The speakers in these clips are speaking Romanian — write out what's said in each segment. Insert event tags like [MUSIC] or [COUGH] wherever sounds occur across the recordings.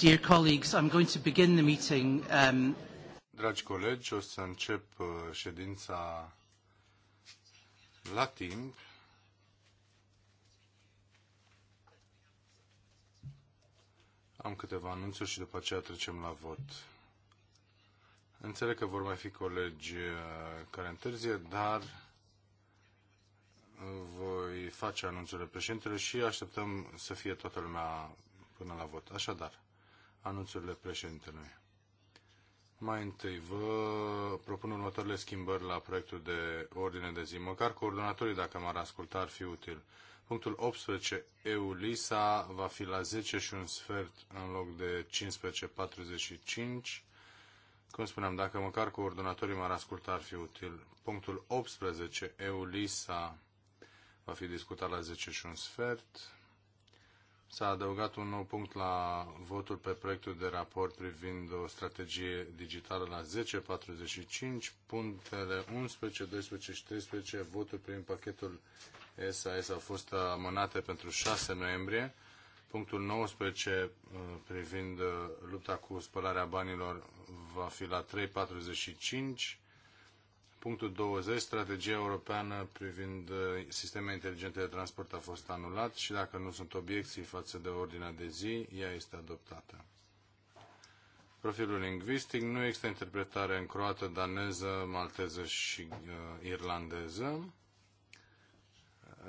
Dear colleagues, I'm going to begin the meeting. Um, Dragi colegi, o să încep uh, ședința la timp. Am câteva anunțuri și după aceea trecem la vot. Înțeleg că vor mai fi colegi uh, care întârzie, dar voi face anunțurile președintele și așteptăm să fie toată lumea până la vot. Așadar, anunțurile președintelui. Mai întâi, vă propun următoarele schimbări la proiectul de ordine de zi. Măcar coordonatorii, dacă m-ar asculta, ar fi util. Punctul 18, EULISA, va fi la 10 și un sfert în loc de 15.45. Cum spuneam, dacă măcar coordonatorii m-ar asculta, ar fi util. Punctul 18, EULISA, va fi discutat la 10 și un sfert. S-a adăugat un nou punct la votul pe proiectul de raport privind o strategie digitală la 10.45, punctele 11, 12 și 13, voturi prin pachetul SAS au fost amânate pentru 6 noiembrie, punctul 19 uh, privind uh, lupta cu spălarea banilor va fi la Punctul 20, strategia europeană privind uh, sistemele inteligente de transport a fost anulat și dacă nu sunt obiecții față de ordinea de zi, ea este adoptată. Profilul lingvistic nu există interpretare în croată, daneză, malteză și uh, irlandeză.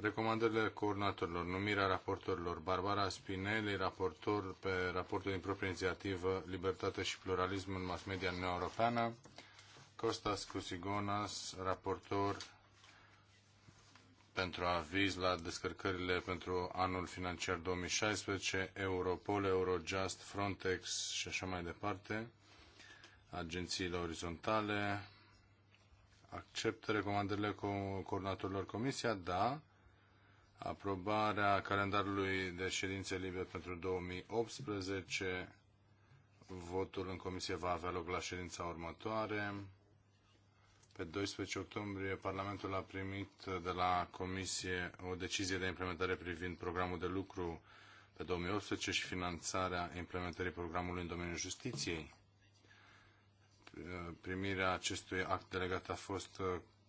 Recomandările coordonatorilor, numirea raportorilor, Barbara Spinelli, raportor pe raportul din proprie inițiativă Libertate și pluralism în mass media în Europeană, Costas Cusigonas, raportor pentru aviz la descărcările pentru anul financiar 2016, Europol, Eurojust, Frontex și așa mai departe, agențiile orizontale. Acceptă recomandările coordonatorilor comisia? Da. Aprobarea calendarului de ședințe libere pentru 2018. Votul în comisie va avea loc la ședința următoare. Pe 12 octombrie, Parlamentul a primit de la Comisie o decizie de implementare privind programul de lucru pe 2018 și finanțarea implementării programului în domeniul justiției. Primirea acestui act delegat a fost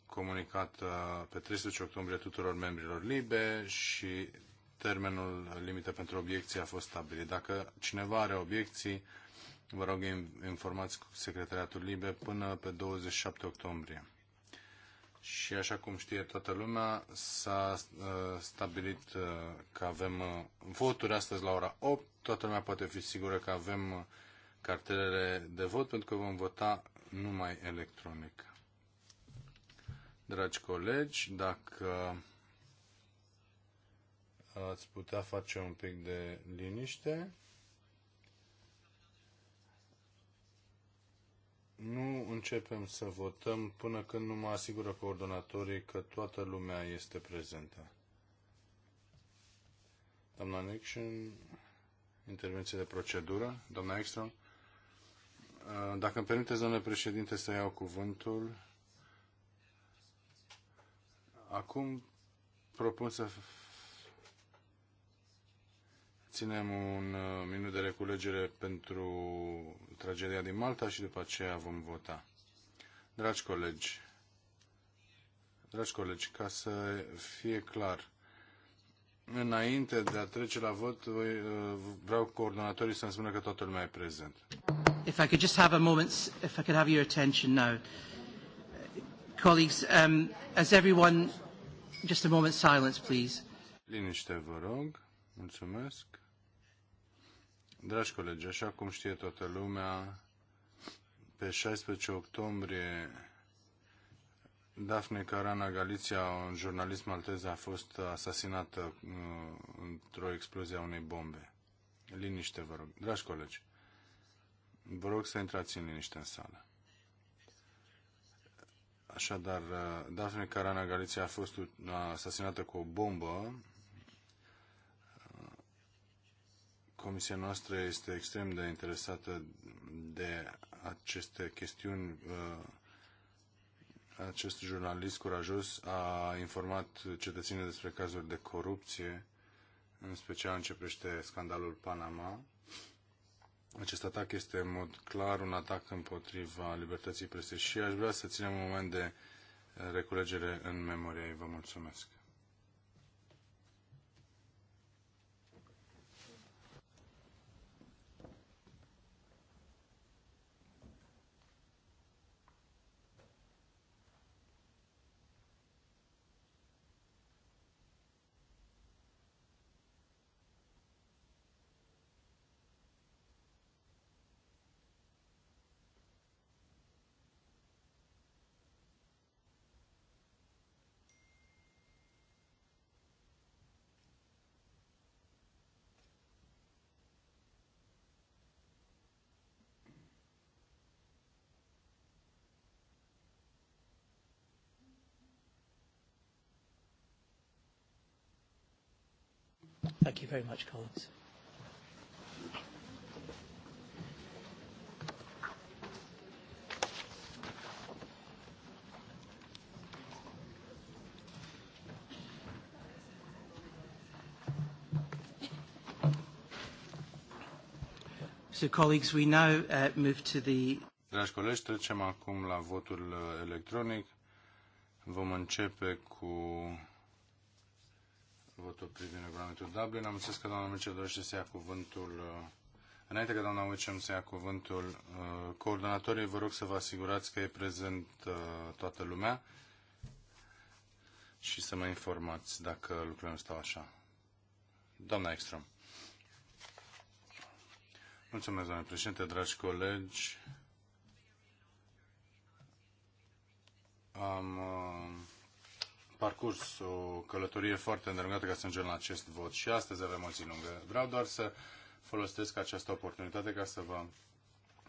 comunicată pe 13 octombrie tuturor membrilor LIBE și termenul limită pentru obiecții a fost stabilit. Dacă cineva are obiecții, Vă rog, informați secretariatul LIBE până pe 27 octombrie. Și așa cum știe toată lumea, s-a uh, stabilit uh, că avem uh, voturi astăzi la ora 8. Toată lumea poate fi sigură că avem cartelele de vot pentru că vom vota numai electronic. Dragi colegi, dacă ați putea face un pic de liniște. nu începem să votăm până când nu mă asigură coordonatorii că toată lumea este prezentă. Doamna Nixon, intervenție de procedură. Doamna Extron, uh, dacă îmi permiteți, domnule președinte, să iau cuvântul. Acum propun să ținem un uh, minut de reculegere pentru tragedia din Malta și după aceea vom vota. Dragi colegi, dragi colegi, ca să fie clar, înainte de a trece la vot, uh, vreau coordonatorii să-mi spună că toată lumea e prezent. If I could just have a moment, if I could have your attention now. Colleagues, um, as everyone, just a moment silence, please. Liniște, vă rog. Mulțumesc. Dragi colegi, așa cum știe toată lumea, pe 16 octombrie Daphne Carana Galizia, un jurnalist maltez, a fost asasinată uh, într-o explozie a unei bombe. Liniște, vă rog. Dragi colegi, vă rog să intrați în liniște în sală. Așadar, uh, Daphne Carana Galizia a fost uh, asasinată cu o bombă Comisia noastră este extrem de interesată de aceste chestiuni. Uh, acest jurnalist curajos a informat cetățenii despre cazuri de corupție, în special începește scandalul Panama. Acest atac este în mod clar un atac împotriva libertății presei și aș vrea să ținem un moment de reculegere în memoria ei. Vă mulțumesc. Thank you very much, Collins. So, colleagues, we now uh, move to the... Dragi colegi, trecem acum la votul electronic. Vom începe cu votul privind regulamentul Dublin. Am înțeles că doamna Mircea dorește să ia cuvântul. Uh, înainte că doamna Mircea să ia cuvântul, uh, coordonatorii vă rog să vă asigurați că e prezent uh, toată lumea și să mă informați dacă lucrurile nu stau așa. Doamna Ekström. Mulțumesc, doamne președinte, dragi colegi. Am uh, parcurs o călătorie foarte îndelungată ca să ajungem la acest vot și astăzi avem o zi lungă. Vreau doar să folosesc această oportunitate ca să vă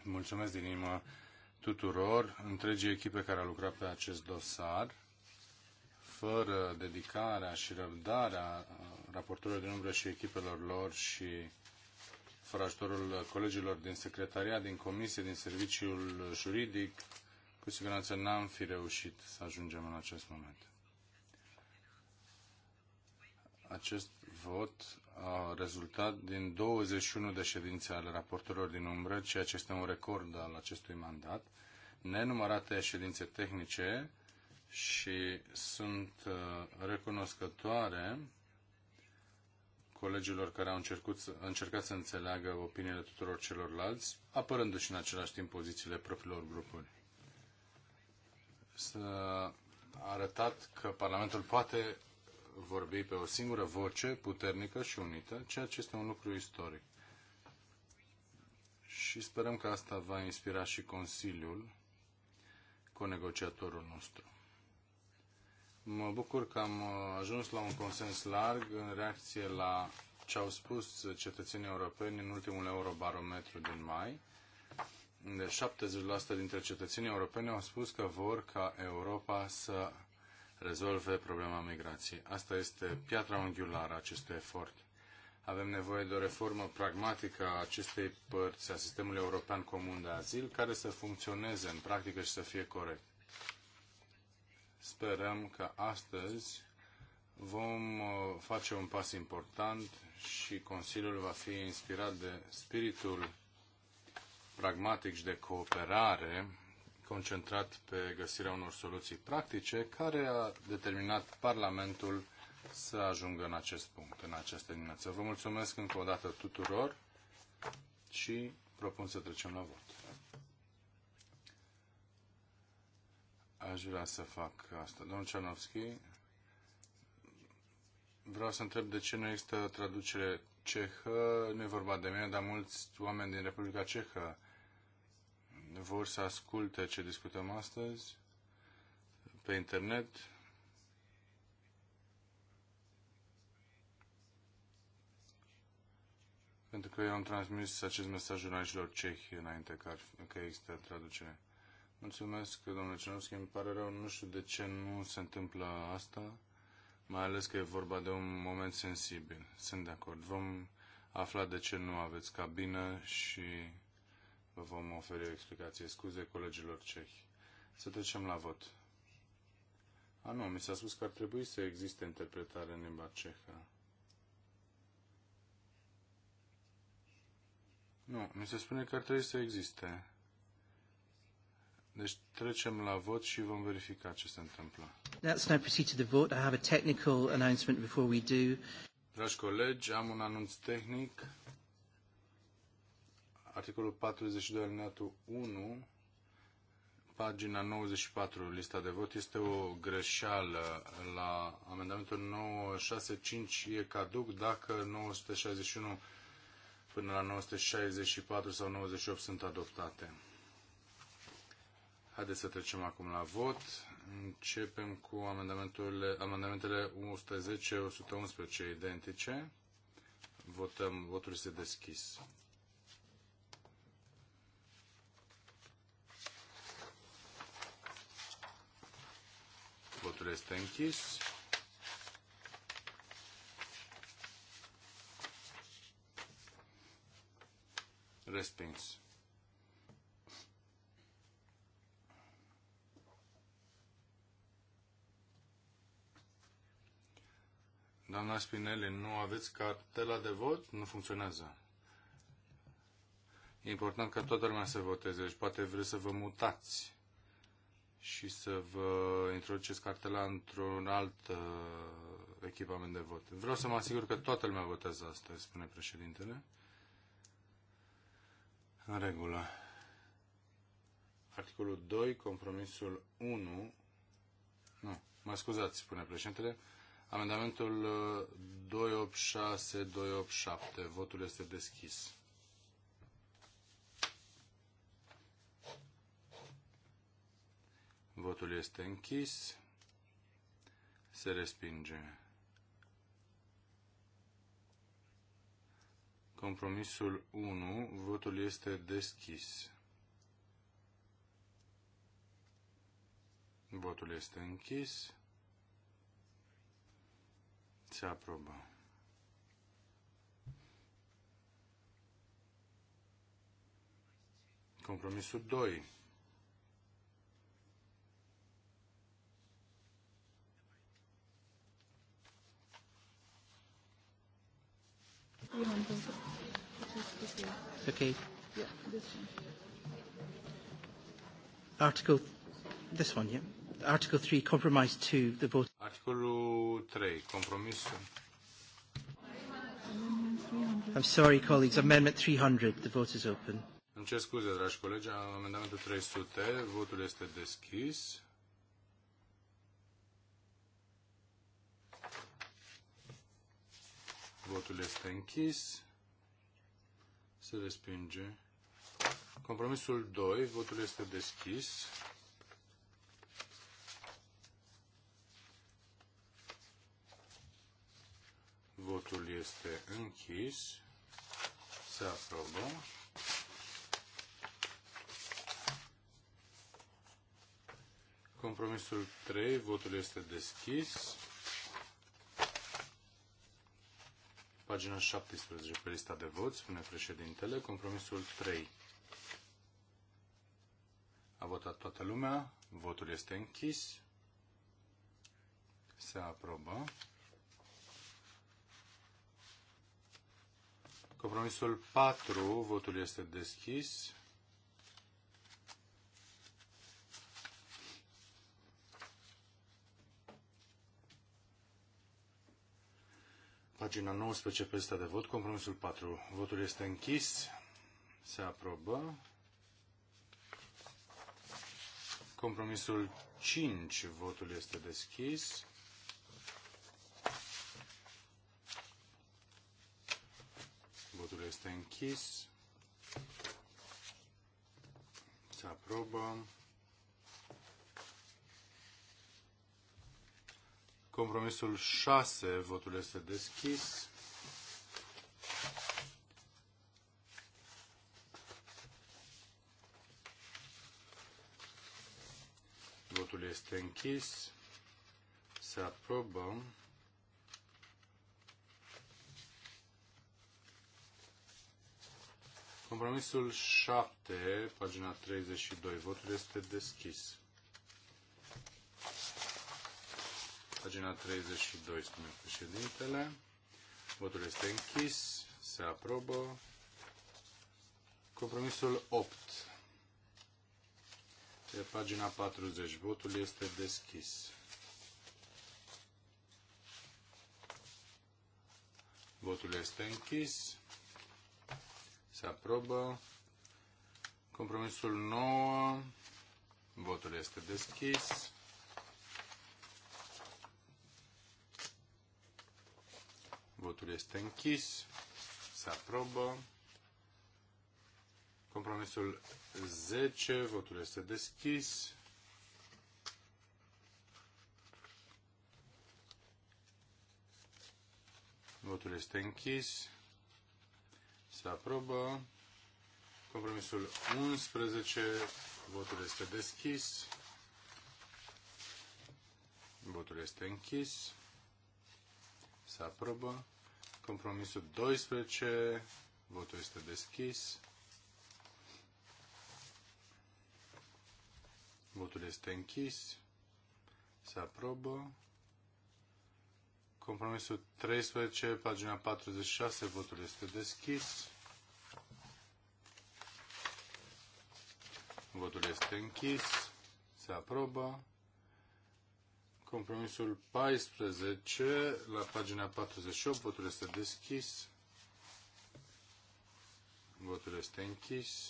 mulțumesc din inimă tuturor, întregii echipe care a lucrat pe acest dosar. Fără dedicarea și răbdarea uh, raportorilor din umbră și echipelor lor și fără ajutorul colegilor din secretariat, din comisie, din serviciul juridic, cu siguranță n-am fi reușit să ajungem în acest moment acest vot a rezultat din 21 de ședințe ale raportorilor din umbră, ceea ce este un record al acestui mandat, nenumărate ședințe tehnice și sunt uh, recunoscătoare colegilor care au încercut, încercat să înțeleagă opiniile tuturor celorlalți, apărându-și în același timp pozițiile propriilor grupuri. S-a arătat că Parlamentul poate vorbi pe o singură voce puternică și unită, ceea ce este un lucru istoric. Și sperăm că asta va inspira și Consiliul cu negociatorul nostru. Mă bucur că am uh, ajuns la un consens larg în reacție la ce au spus cetățenii europeni în ultimul eurobarometru din mai. De 70% dintre cetățenii europeni au spus că vor ca Europa să rezolve problema migrației. Asta este piatra unghiulară a acestui efort. Avem nevoie de o reformă pragmatică a acestei părți a sistemului european comun de azil, care să funcționeze în practică și să fie corect. Sperăm că astăzi vom uh, face un pas important și Consiliul va fi inspirat de spiritul pragmatic și de cooperare concentrat pe găsirea unor soluții practice care a determinat Parlamentul să ajungă în acest punct, în această dimineață. Vă mulțumesc încă o dată tuturor și propun să trecem la vot. Aș vrea să fac asta. Domnul Cianovski, vreau să întreb de ce nu există traducere cehă. Nu e vorba de mine, dar mulți oameni din Republica Cehă vor să asculte ce discutăm astăzi pe internet. Pentru că eu am transmis acest mesaj jurnaliștilor cehi înainte că, ar, că există traducere. Mulțumesc, domnule Cenovski. Îmi pare rău, nu știu de ce nu se întâmplă asta, mai ales că e vorba de un moment sensibil. Sunt de acord. Vom afla de ce nu aveți cabină și vă vom oferi o explicație. Scuze colegilor cehi. Să trecem la vot. A, nu, mi s-a spus că ar trebui să existe interpretare în limba cehă. Nu, mi se spune că ar trebui să existe. Deci trecem la vot și vom verifica ce se întâmplă. Let's now proceed to the vote. I have a technical announcement before we do. Dragi colegi, am un anunț tehnic articolul 42 alineatul 1, pagina 94, lista de vot, este o greșeală la amendamentul 965, e caduc dacă 961 până la 964 sau 98 sunt adoptate. Haideți să trecem acum la vot. Începem cu amendamentele, amendamentele 110-111 identice. Votăm, votul este deschis. Votul este închis. Respins. Doamna Spinelli, nu aveți cartela de vot? Nu funcționează. E important ca toată lumea să voteze. Deci poate vreți să vă mutați și să vă introduceți cartela într-un alt uh, echipament de vot. Vreau să mă asigur că toată lumea votează asta, spune președintele. În regulă. Articolul 2, compromisul 1. Nu, mă scuzați, spune președintele. Amendamentul 286-287. Uh, Votul este deschis. Votul este închis. Se respinge. Compromisul 1. Votul este deschis. Votul este închis. Se aprobă. Compromisul 2. Okay. Article, this one, yeah. Article 3, compromise 2, the vote. Articolul 3, compromisul. I'm sorry, colleagues, amendment 300, the vote is open. Îmi cer scuze, dragi colegi, amendamentul 300, votul este deschis. Votul este închis. Se respinge. Compromisul 2. Votul este deschis. Votul este închis. Se aprobă. Compromisul 3. Votul este deschis. pagina 17 pe lista de vot, spune președintele, compromisul 3. A votat toată lumea, votul este închis, se aprobă. Compromisul 4, votul este deschis. Pagina 19 pe lista de vot, compromisul 4. Votul este închis. Se aprobă. Compromisul 5. Votul este deschis. Votul este închis. Se aprobă. Compromisul 6, votul este deschis. Votul este închis. Se aprobă. Compromisul 7, pagina 32. Votul este deschis. Pagina 32, spune președintele. Votul este închis. Se aprobă. Compromisul 8. Pe pagina 40. Votul este deschis. Votul este închis. Se aprobă. Compromisul 9. Votul este deschis. Votul este închis. Se aprobă. Compromisul 10. Votul este deschis. Votul este închis. Se aprobă. Compromisul 11. Votul este deschis. Votul este închis. Se aprobă. Compromisul 12. Votul este deschis. Votul este închis. Se aprobă. Compromisul 13, pagina 46, votul este deschis. Votul este închis. Se aprobă. Compromisul 14, la pagina 48, votul este deschis. Votul este închis.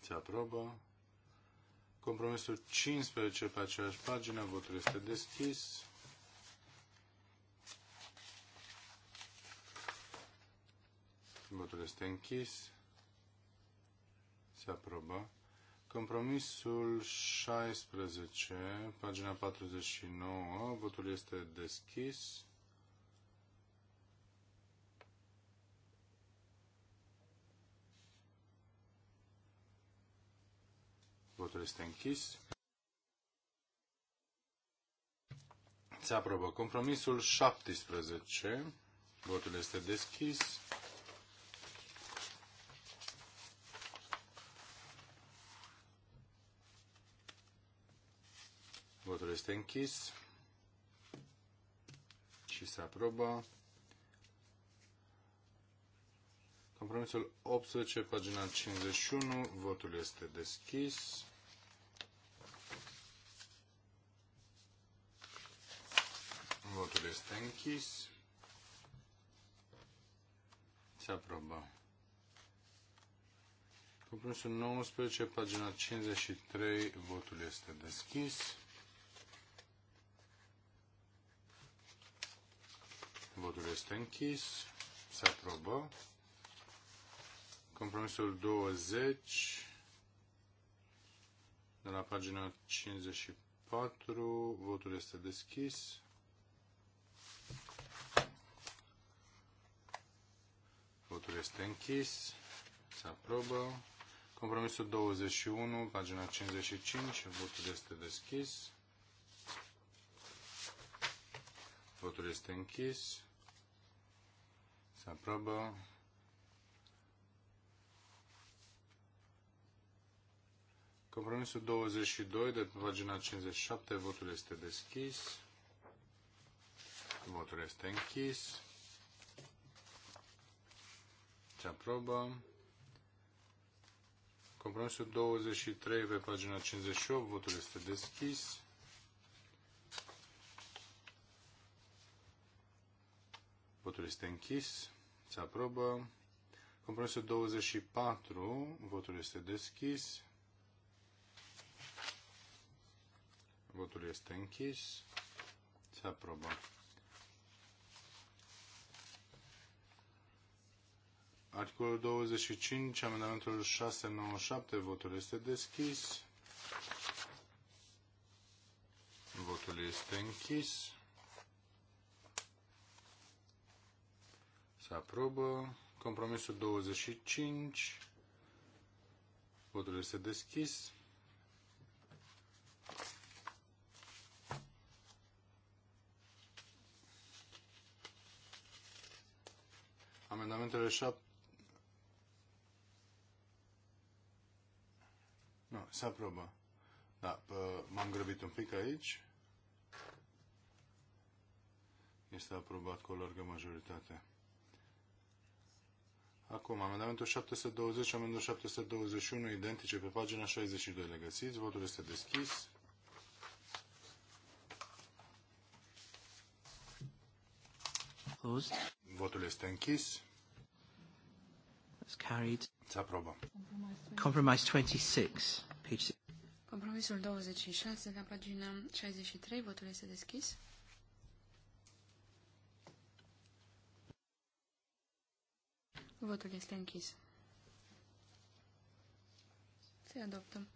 Se aprobă. Compromisul 15 pe aceeași pagină, votul este deschis. Votul este închis. Se aprobă. Compromisul 16, pagina 49, votul este deschis. Votul este închis. Se aprobă. Compromisul 17, votul este deschis. Votul este închis și se aprobă. Compromisul 18, pagina 51, votul este deschis. Votul este închis. Se aprobă. Compromisul 19, pagina 53, votul este deschis. Votul este închis. Se aprobă. Compromisul 20 de la pagina 54. Votul este deschis. Votul este închis. Se aprobă. Compromisul 21, pagina 55. Votul este deschis. Votul este închis. Se aprobă. Compromisul 22 de pagina 57. Votul este deschis. Votul este închis. Se aprobă. Compromisul 23 pe pagina 58. Votul este deschis. Votul este închis. Se aprobă. Compromisul 24. Votul este deschis. Votul este închis. Se aprobă. Articolul 25, amendamentul 697, votul este deschis. Votul este închis. Se aprobă. Compromisul 25. Votul este deschis. Amendamentele 7. Nu, se aprobă. Da, m-am grăbit un pic aici. Este aprobat cu o largă majoritate. Acum, amendamentul 720, amendamentul 721, identice pe pagina 62 le găsiți. Votul este deschis. Closed. Votul este închis. It's carried. Se aprobă. Compromise 26. Compromisul 26, la pagina 63, votul este deschis. Votul este închis. Se adoptă.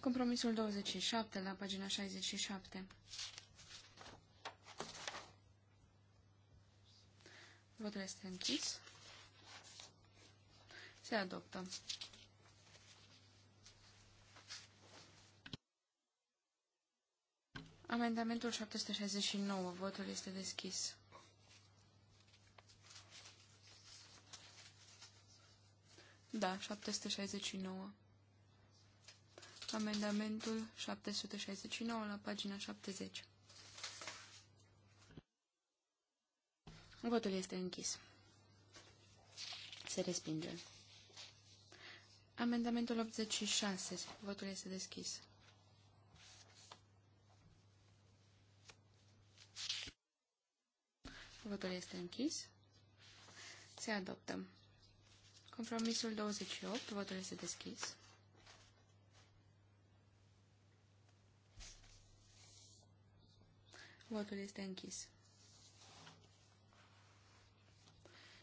Compromisul 27 la pagina 67. Votul este închis. Se adoptă. Amendamentul 769. Votul este deschis. Da, 769. Amendamentul 769 la pagina 70. Votul este închis. Se respinge. Amendamentul 86. Votul este deschis. Votul este închis. Se adoptă. Compromisul 28, votul este deschis. Votul este închis.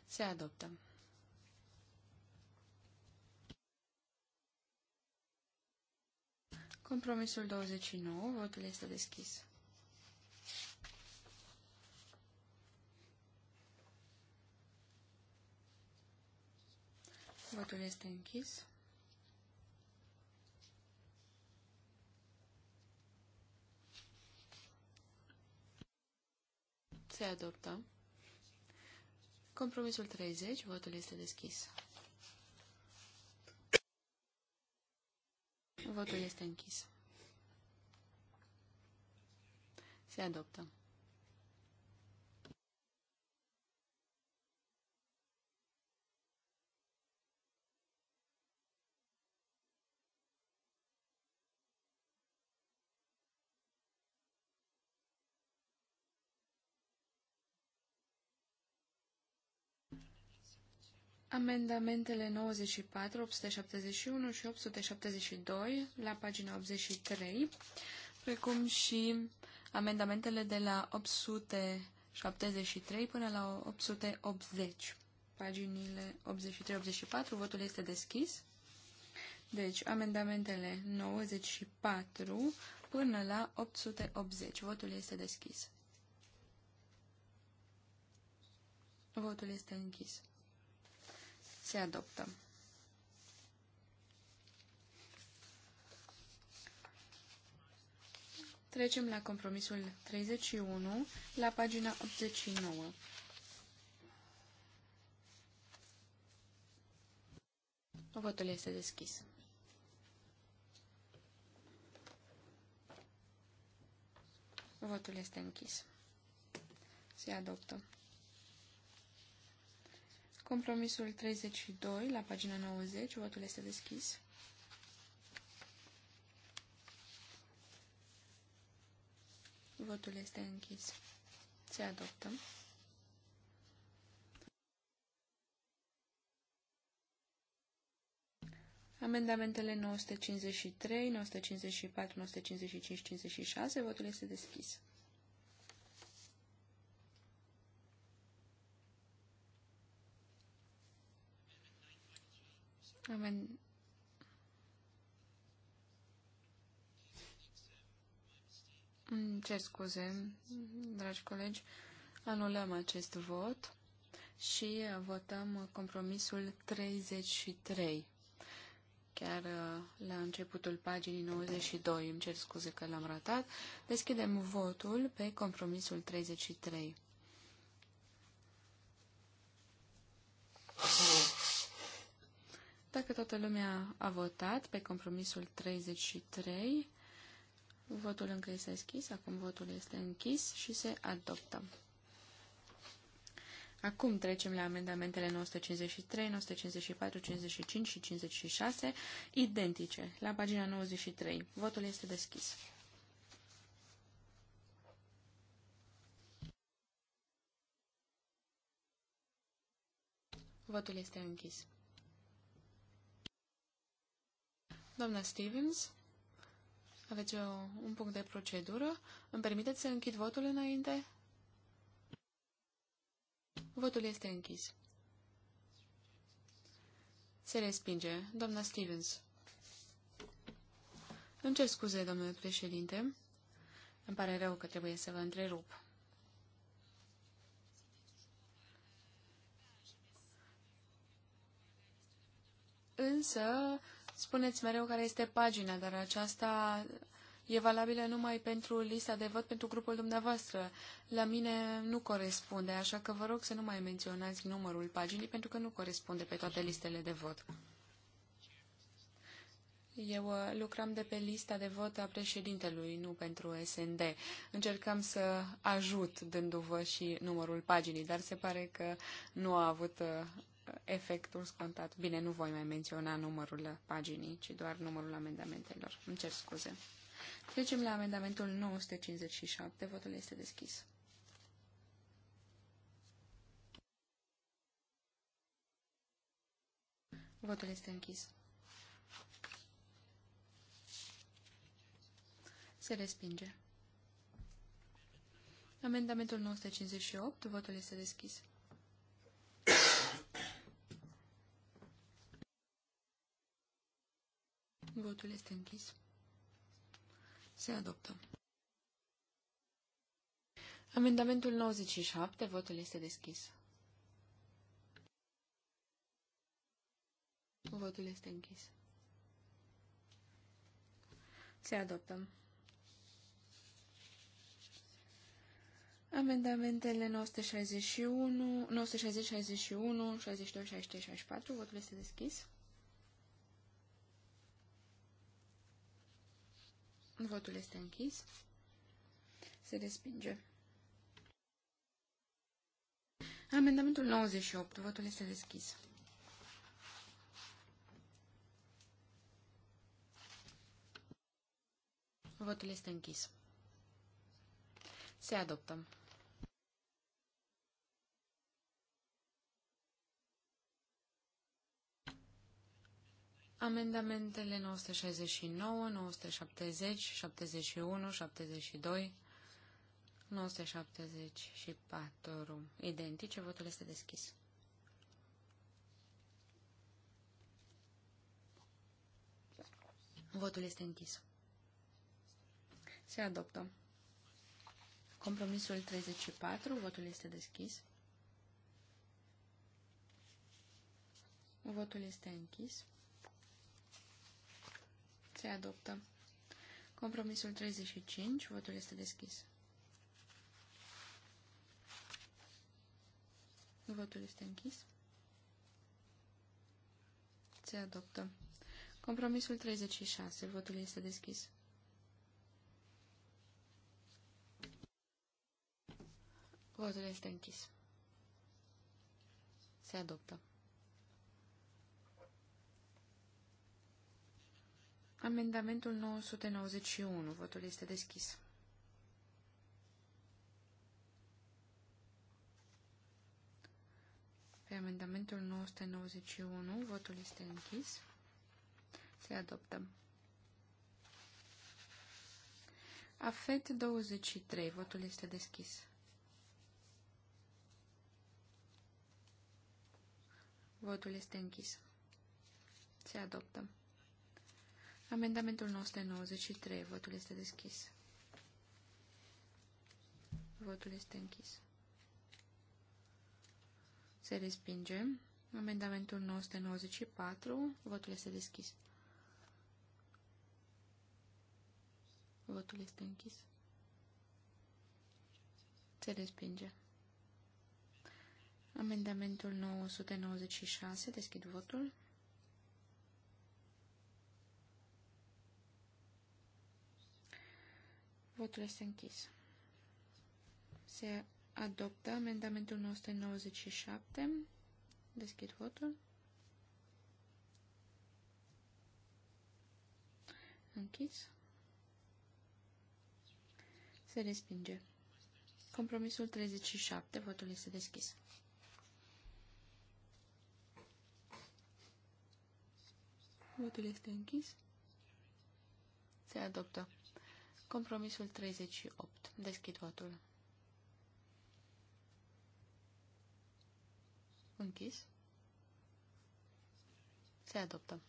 Se adoptă. Compromisul 29, votul este deschis. Votul este închis. Se adoptă. Compromisul 30. Votul este deschis. Votul este închis. Se adoptă. Amendamentele 94, 871 și 872 la pagina 83, precum și amendamentele de la 873 până la 880. Paginile 83-84, votul este deschis. Deci, amendamentele 94 până la 880. Votul este deschis. Votul este închis. Se adoptă. Trecem la compromisul 31, la pagina 89. Votul este deschis. Votul este închis. Se adoptă. Compromisul 32, la pagina 90, votul este deschis. Votul este închis. Se adoptă. Amendamentele 953, 954, 955, 56, votul este deschis. Amen. Îmi cer scuze, dragi colegi, anulăm acest vot și votăm compromisul 33, chiar uh, la începutul paginii 92. Îmi cer scuze că l-am ratat. Deschidem votul pe compromisul 33. [LAUGHS] Dacă toată lumea a votat pe compromisul 33, votul încă este deschis, acum votul este închis și se adoptă. Acum trecem la amendamentele 953, 954, 55 și 56, identice, la pagina 93. Votul este deschis. Votul este închis. Doamna Stevens, aveți o, un punct de procedură. Îmi permiteți să închid votul înainte? Votul este închis. Se respinge. Doamna Stevens. Îmi cer scuze, domnule președinte. Îmi pare rău că trebuie să vă întrerup. Însă, Spuneți mereu care este pagina, dar aceasta e valabilă numai pentru lista de vot pentru grupul dumneavoastră. La mine nu corespunde, așa că vă rog să nu mai menționați numărul paginii, pentru că nu corespunde pe toate listele de vot. Eu uh, lucram de pe lista de vot a președintelui, nu pentru SND. Încercam să ajut dându-vă și numărul paginii, dar se pare că nu a avut uh, efectul scontat. Bine, nu voi mai menționa numărul paginii, ci doar numărul amendamentelor. Îmi cer scuze. Trecem la amendamentul 957. Votul este deschis. Votul este închis. Se respinge. Amendamentul 958. Votul este deschis. Votul este închis. Se adoptă. Amendamentul 97. Votul este deschis. Votul este închis. Se adoptă. Amendamentele 961, 960, 61, 62, 63, 64. Votul este deschis. Votul este închis. Se respinge. Amendamentul 98. Votul este deschis. Votul este închis. Se adoptă. Amendamentele 969, 970, 71, 72, 974 identice. Votul este deschis. Votul este închis. Se adoptă. Compromisul 34, votul este deschis. Votul este închis se adoptă. Compromisul 35, votul este deschis. Votul este închis. Se adoptă. Compromisul 36, votul este deschis. Votul este închis. Se adoptă. Amendamentul 991. Votul este deschis. Pe amendamentul 991, votul este închis. Se adoptă. AFET 23. Votul este deschis. Votul este închis. Se adoptă. Amendamentul 993. Votul este deschis. Votul este închis. Se respinge. Amendamentul 994. Votul este deschis. Votul este închis. Se respinge. Amendamentul 996. Deschid votul. Votul este închis. Se adoptă amendamentul 997. Deschid votul. Închis. Se respinge. Compromisul 37. Votul este deschis. Votul este închis. Se adoptă. Compromisul 38. Deschid votul. Închis. Se adoptă.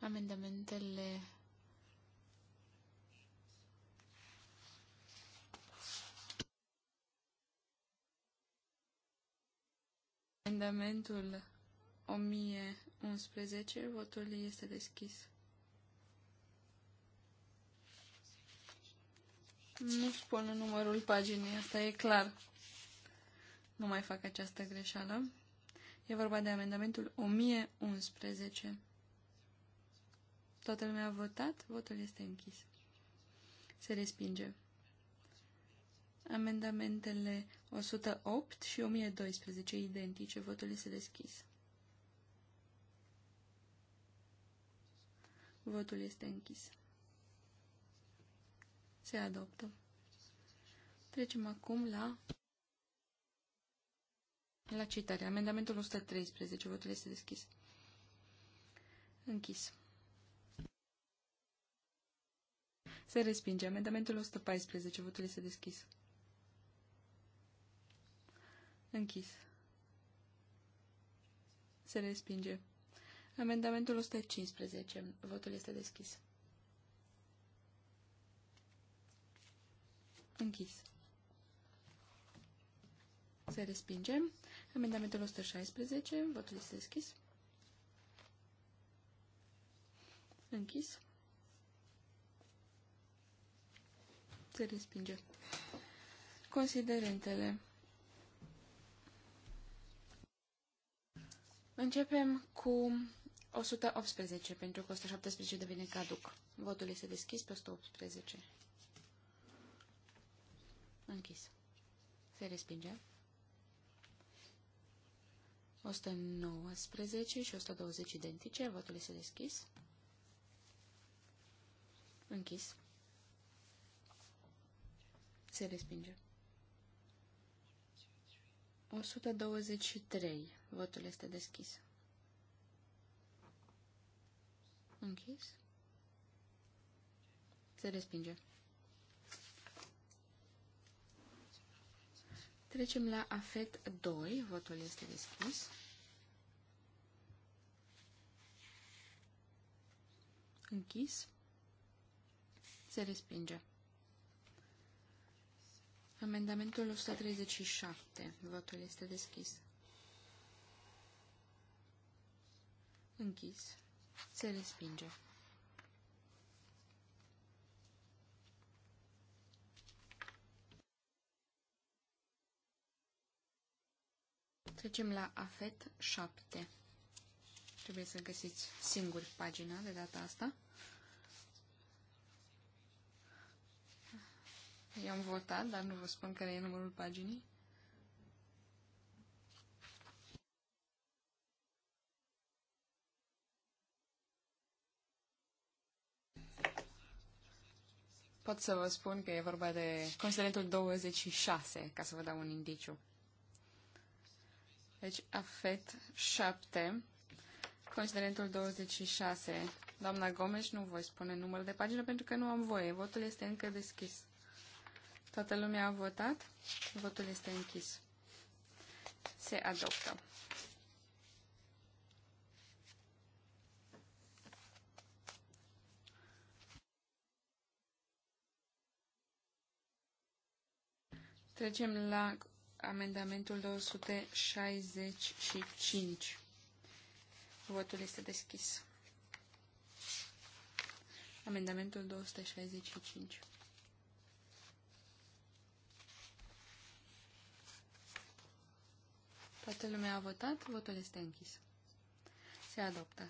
Amendamentele Amendamentul 1011. Votul este deschis. Nu spun numărul paginii, asta e clar. Nu mai fac această greșeală. E vorba de amendamentul 1011. Toată lumea a votat, votul este închis. Se respinge. Amendamentele 108 și 1012 identice, votul este deschis. Votul este închis. Se adoptă. Trecem acum la la citare. Amendamentul 113. Votul este deschis. Închis. Se respinge. Amendamentul 114. Votul este deschis. Închis. Se respinge. Amendamentul 115. Votul este deschis. Închis. Se respinge. Amendamentul 116. Votul este deschis. Închis. Se respinge. Considerentele. Începem cu 118, pentru că 117 devine caduc. Votul este deschis pe 118. Închis. Se respinge. 119 și 120 identice. Votul este deschis. Închis. Se respinge. 123. Votul este deschis. Închis. Se respinge. Trecem la afet 2. Votul este deschis. Închis. Se respinge. Amendamentul 137. Votul este deschis. Închis se respinge. Trecem la afet 7. Trebuie să găsiți singur pagina de data asta. I-am votat, dar nu vă spun care e numărul paginii. pot să vă spun că e vorba de considerentul 26, ca să vă dau un indiciu. Deci, afet 7, considerentul 26. Doamna Gomes, nu voi spune numărul de pagină pentru că nu am voie. Votul este încă deschis. Toată lumea a votat. Votul este închis. Se adoptă. Trecem la amendamentul 265. Votul este deschis. Amendamentul 265. Toată lumea a votat, votul este închis. Se adoptă.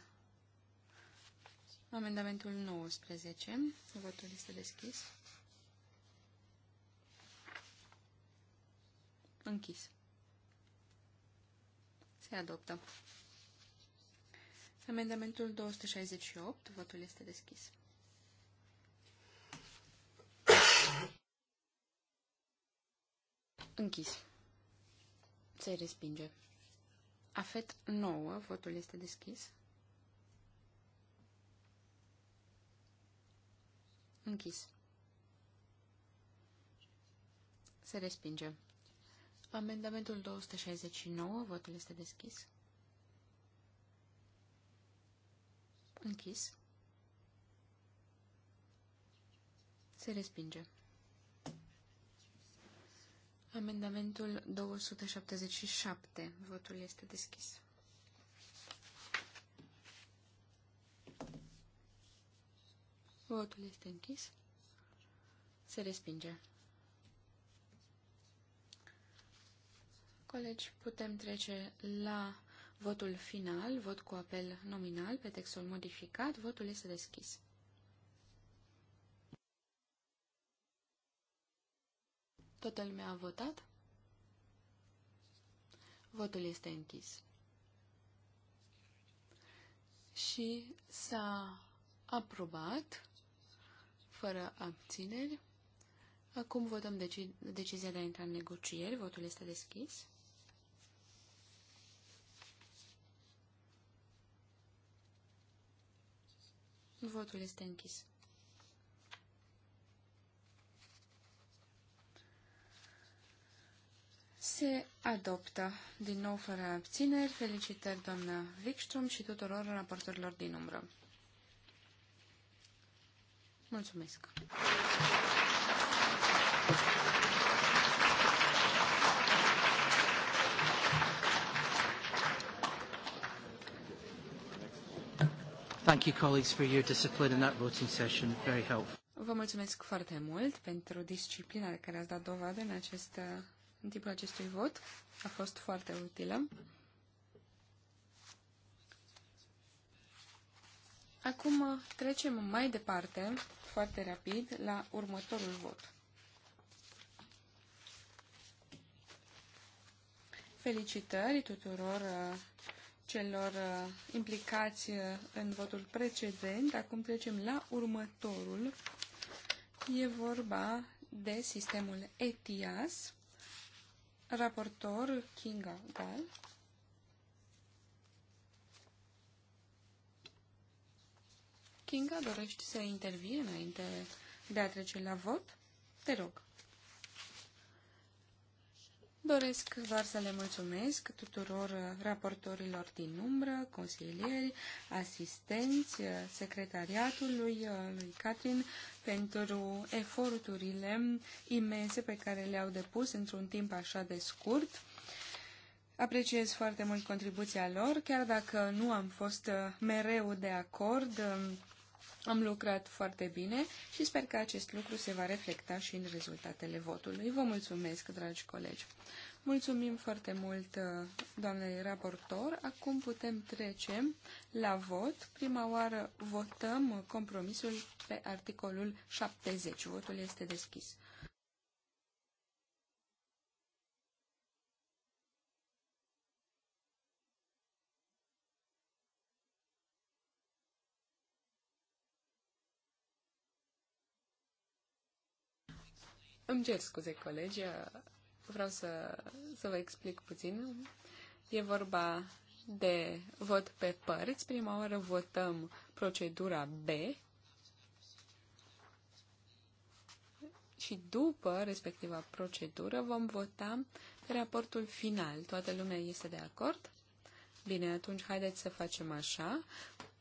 Amendamentul 19. Votul este deschis. închis. Se adoptă. Amendamentul 268, votul este deschis. Închis. Se respinge. Afet 9, votul este deschis. Închis. Se respinge. Amendamentul 269, votul este deschis. Închis. Se respinge. Amendamentul 277. Votul este deschis. Votul este închis. Se respinge. Colegi, putem trece la votul final, vot cu apel nominal pe textul modificat. Votul este deschis. Toată lumea a votat? Votul este închis. Și s-a aprobat, fără abțineri. Acum votăm deci decizia de a intra în negocieri. Votul este deschis. Votul este închis. Se adoptă din nou fără abțineri. Felicitări doamna Wikström și tuturor raportorilor din umbră. Mulțumesc! Thank you, colleagues, for your discipline in that voting session. Very helpful. Vă mulțumesc foarte mult pentru disciplina de care ați dat dovadă în, acest, uh, în timpul acestui vot. A fost foarte utilă. Acum uh, trecem mai departe, foarte rapid, la următorul vot. Felicitări tuturor uh, celor uh, implicați uh, în votul precedent. Acum trecem la următorul. E vorba de sistemul ETIAS. Raportor Kinga Gal. Kinga, dorești să intervii înainte de a trece la vot? Te rog. Doresc doar să le mulțumesc tuturor raportorilor din umbră, consilieri, asistenți, secretariatului lui Catrin pentru eforturile imense pe care le-au depus într-un timp așa de scurt. Apreciez foarte mult contribuția lor, chiar dacă nu am fost mereu de acord am lucrat foarte bine și sper că acest lucru se va reflecta și în rezultatele votului. Vă mulțumesc, dragi colegi! Mulțumim foarte mult, uh, doamnei raportor. Acum putem trece la vot. Prima oară votăm compromisul pe articolul 70. Votul este deschis. Îmi cer scuze, colegi, vreau să, să vă explic puțin. E vorba de vot pe părți. Prima oară votăm procedura B și după respectiva procedură vom vota raportul final. Toată lumea este de acord? Bine, atunci haideți să facem așa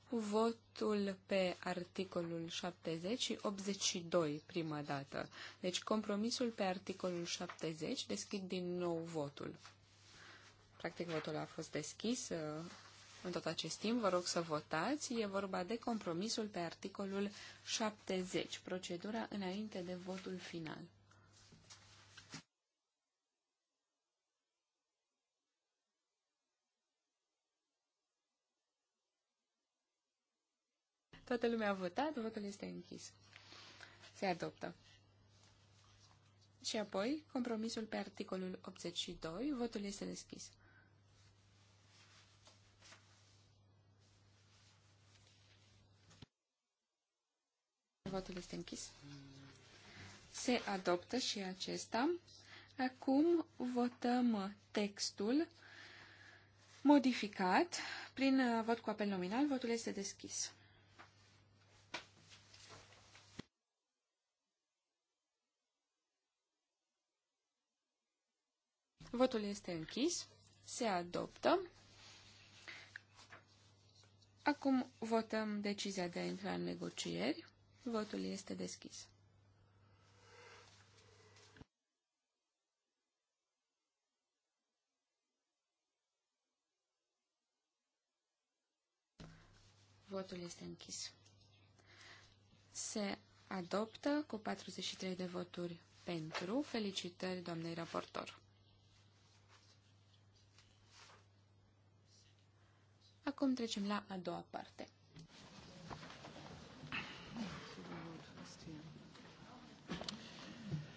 cu votul pe articolul 70 și 82 prima dată. Deci compromisul pe articolul 70, deschid din nou votul. Practic votul a fost deschis uh, în tot acest timp. Vă rog să votați. E vorba de compromisul pe articolul 70, procedura înainte de votul final. Toată lumea a votat, votul este închis. Se adoptă. Și apoi, compromisul pe articolul 82, votul este deschis. Votul este închis. Se adoptă și acesta. Acum votăm textul modificat prin vot cu apel nominal. Votul este deschis. Votul este închis. Se adoptă. Acum votăm decizia de a intra în negocieri. Votul este deschis. Votul este închis. Se adoptă cu 43 de voturi pentru. Felicitări, doamnei raportor. Acum trecem la a doua parte.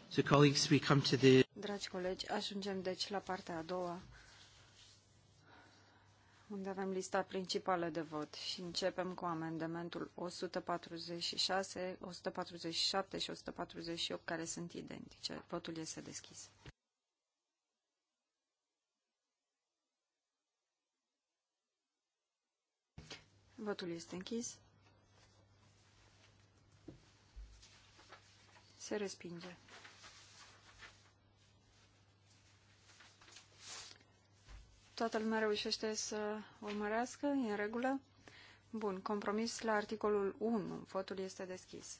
So, colleagues, we come to the... Dragi colegi, ajungem deci la partea a doua, unde avem lista principală de vot și începem cu amendamentul 146, 147 și 148, care sunt identice. Votul este deschis. Votul este închis. Se respinge. Toată lumea reușește să urmărească? E în regulă? Bun, compromis la articolul 1. Votul este deschis.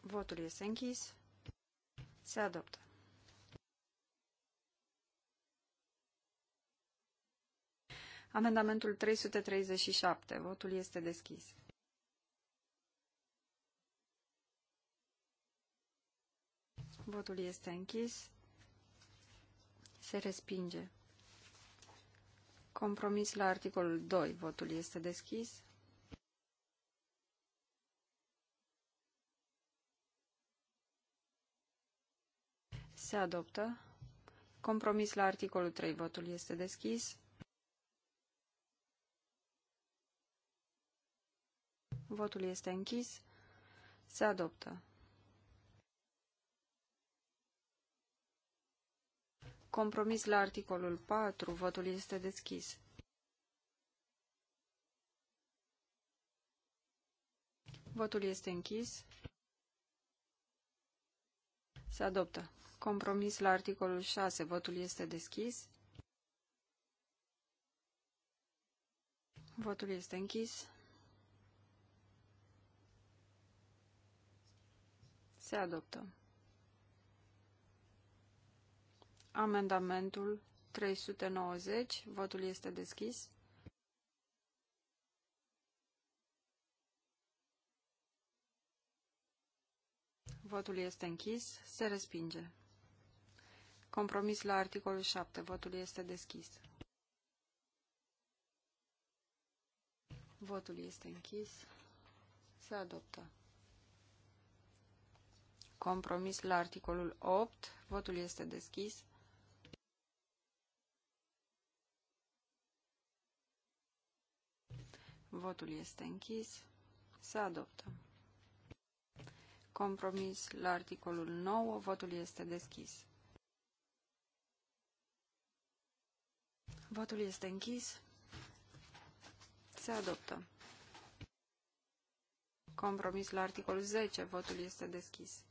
Votul este închis. Se adoptă. Amendamentul 337. Votul este deschis. Votul este închis. Se respinge. Compromis la articolul 2. Votul este deschis. Se adoptă. Compromis la articolul 3. Votul este deschis. Votul este închis. Se adoptă. Compromis la articolul 4. Votul este deschis. Votul este închis. Se adoptă. Compromis la articolul 6. Votul este deschis. Votul este închis. Se adoptă. Amendamentul 390. Votul este deschis. Votul este închis. Se respinge. Compromis la articolul 7. Votul este deschis. Votul este închis. Se adoptă compromis la articolul 8. Votul este deschis. Votul este închis. Se adoptă. Compromis la articolul 9. Votul este deschis. Votul este închis. Se adoptă. Compromis la articolul 10. Votul este deschis.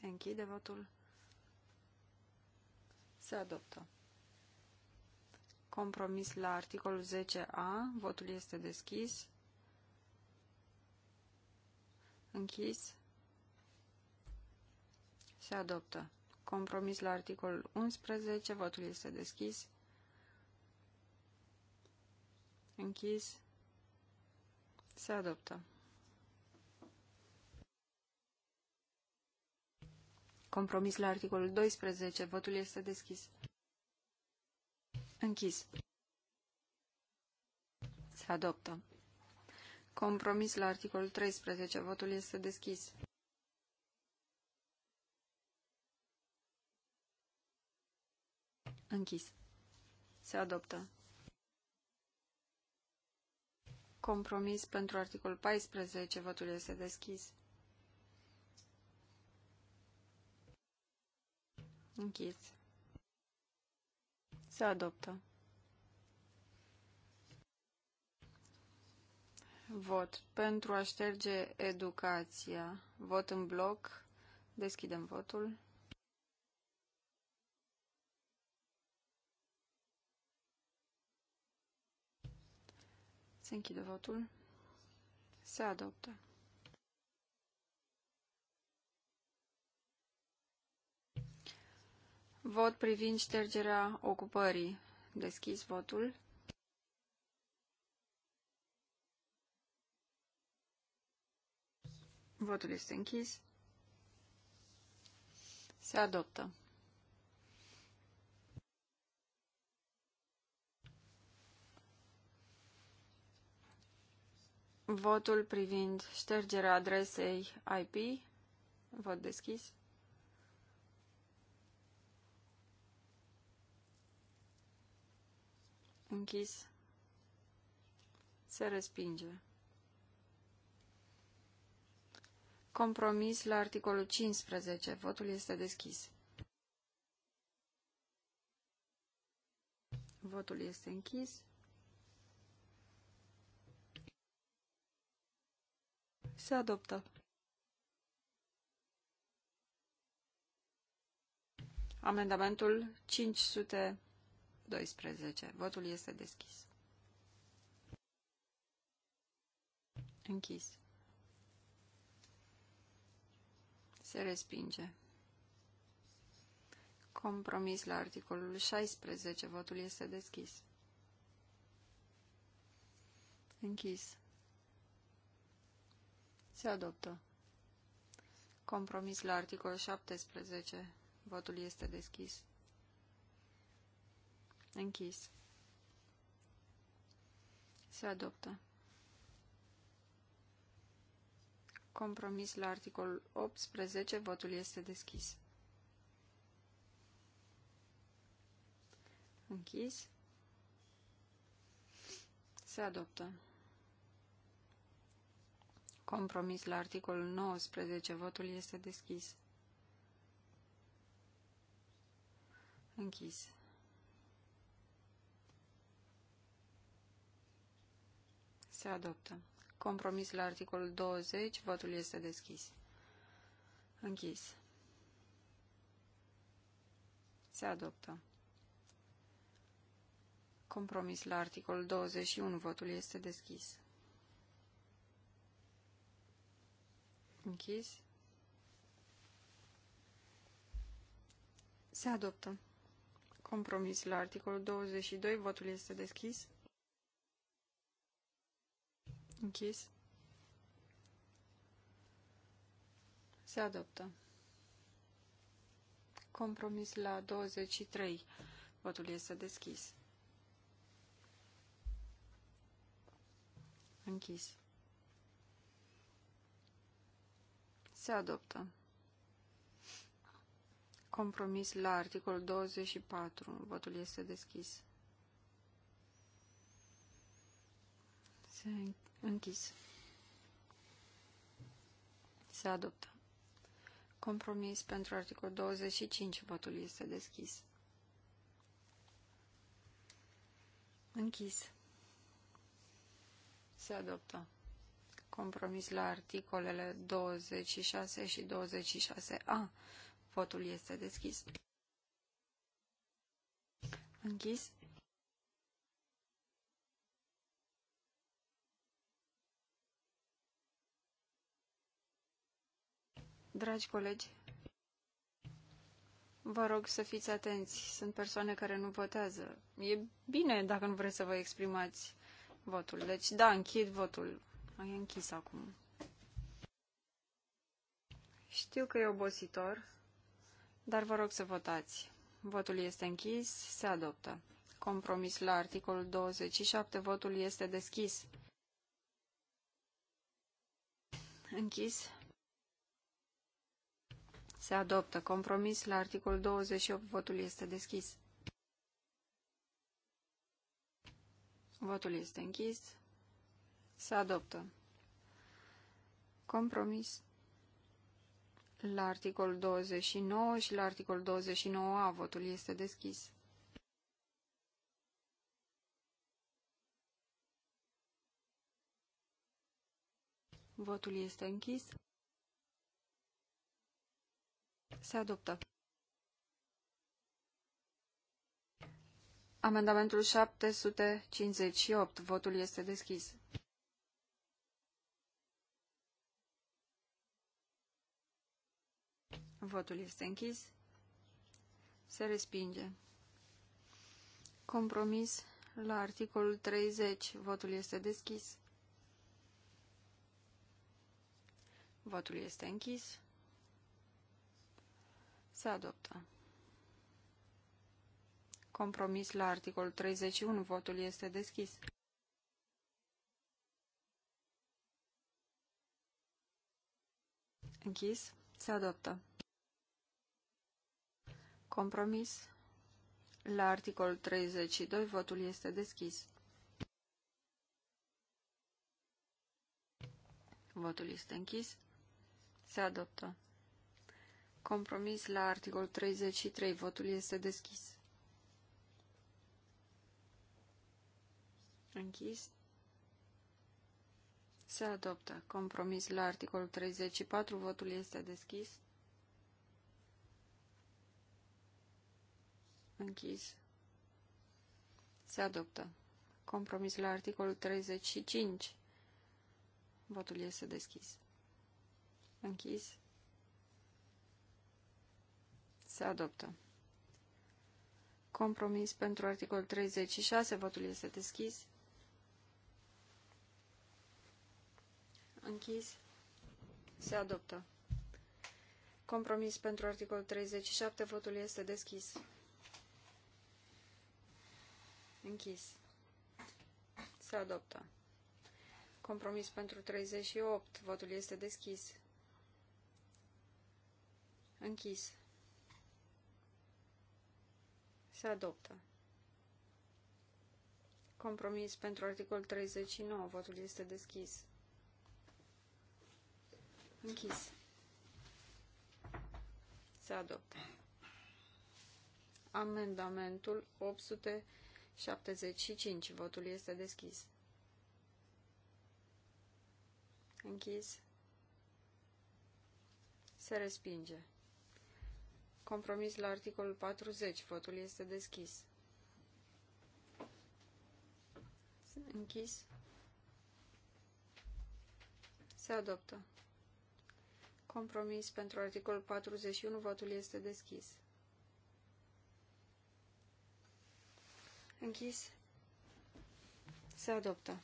Se închide votul. Se adoptă. Compromis la articolul 10a. Votul este deschis. Închis. Se adoptă. Compromis la articolul 11. Votul este deschis. Închis. Se adoptă. compromis la articolul 12. Votul este deschis. Închis. Se adoptă. Compromis la articolul 13. Votul este deschis. Închis. Se adoptă. Compromis pentru articolul 14. Votul este deschis. Închis. Se adoptă. Vot pentru a șterge educația. Vot în bloc. Deschidem votul. Se închide votul. Se adoptă. Vot privind ștergerea ocupării. Deschis votul. Votul este închis. Se adoptă. Votul privind ștergerea adresei IP. Vot deschis. închis, se respinge. Compromis la articolul 15. Votul este deschis. Votul este închis. Se adoptă. Amendamentul 500. 12. Votul este deschis. Închis. Se respinge. Compromis la articolul 16. Votul este deschis. Închis. Se adoptă. Compromis la articolul 17. Votul este deschis. Închis. Se adoptă. Compromis la articolul 18. Votul este deschis. Închis. Se adoptă. Compromis la articolul 19. Votul este deschis. Închis. Se adoptă. Compromis la articolul 20. Votul este deschis. Închis. Se adoptă. Compromis la articolul 21. Votul este deschis. Închis. Se adoptă. Compromis la articolul 22. Votul este deschis. Închis. Se adoptă. Compromis la 23. Votul este deschis. Închis. Se adoptă. Compromis la articolul 24. Votul este deschis. Se Închis. Se adoptă. Compromis pentru articol 25. Votul este deschis. Închis. Se adoptă. Compromis la articolele 26 și 26a. Votul este deschis. Închis. Dragi colegi, vă rog să fiți atenți. Sunt persoane care nu votează. E bine dacă nu vreți să vă exprimați votul. Deci, da, închid votul. Ai închis acum. Știu că e obositor, dar vă rog să votați. Votul este închis, se adoptă. Compromis la articolul 27, votul este deschis. Închis. Se adoptă. Compromis la articolul 28. Votul este deschis. Votul este închis. Se adoptă. Compromis la articolul 29 și la articolul 29a. Votul este deschis. Votul este închis. Se adoptă. Amendamentul 758. Votul este deschis. Votul este închis. Se respinge. Compromis la articolul 30. Votul este deschis. Votul este închis. Se adoptă. Compromis la articolul 31. Votul este deschis. Închis. Se adoptă. Compromis la articolul 32. Votul este deschis. Votul este închis. Se adoptă. Compromis la articol 33. Votul este deschis. Închis. Se adoptă. Compromis la articol 34. Votul este deschis. Închis. Se adoptă. Compromis la articolul 35. Votul este deschis. Închis. Se adoptă. Compromis pentru articol 36. Votul este deschis. Închis. Se adoptă. Compromis pentru articol 37. Votul este deschis. Închis. Se adoptă. Compromis pentru 38. Votul este deschis. Închis. Se adoptă. Compromis pentru articol 39. Votul este deschis. Închis. Se adoptă. Amendamentul 875. Votul este deschis. Închis. Se respinge. Compromis la articolul 40. Votul este deschis. Închis. Se adoptă. Compromis pentru articolul 41. Votul este deschis. Închis. Se adoptă.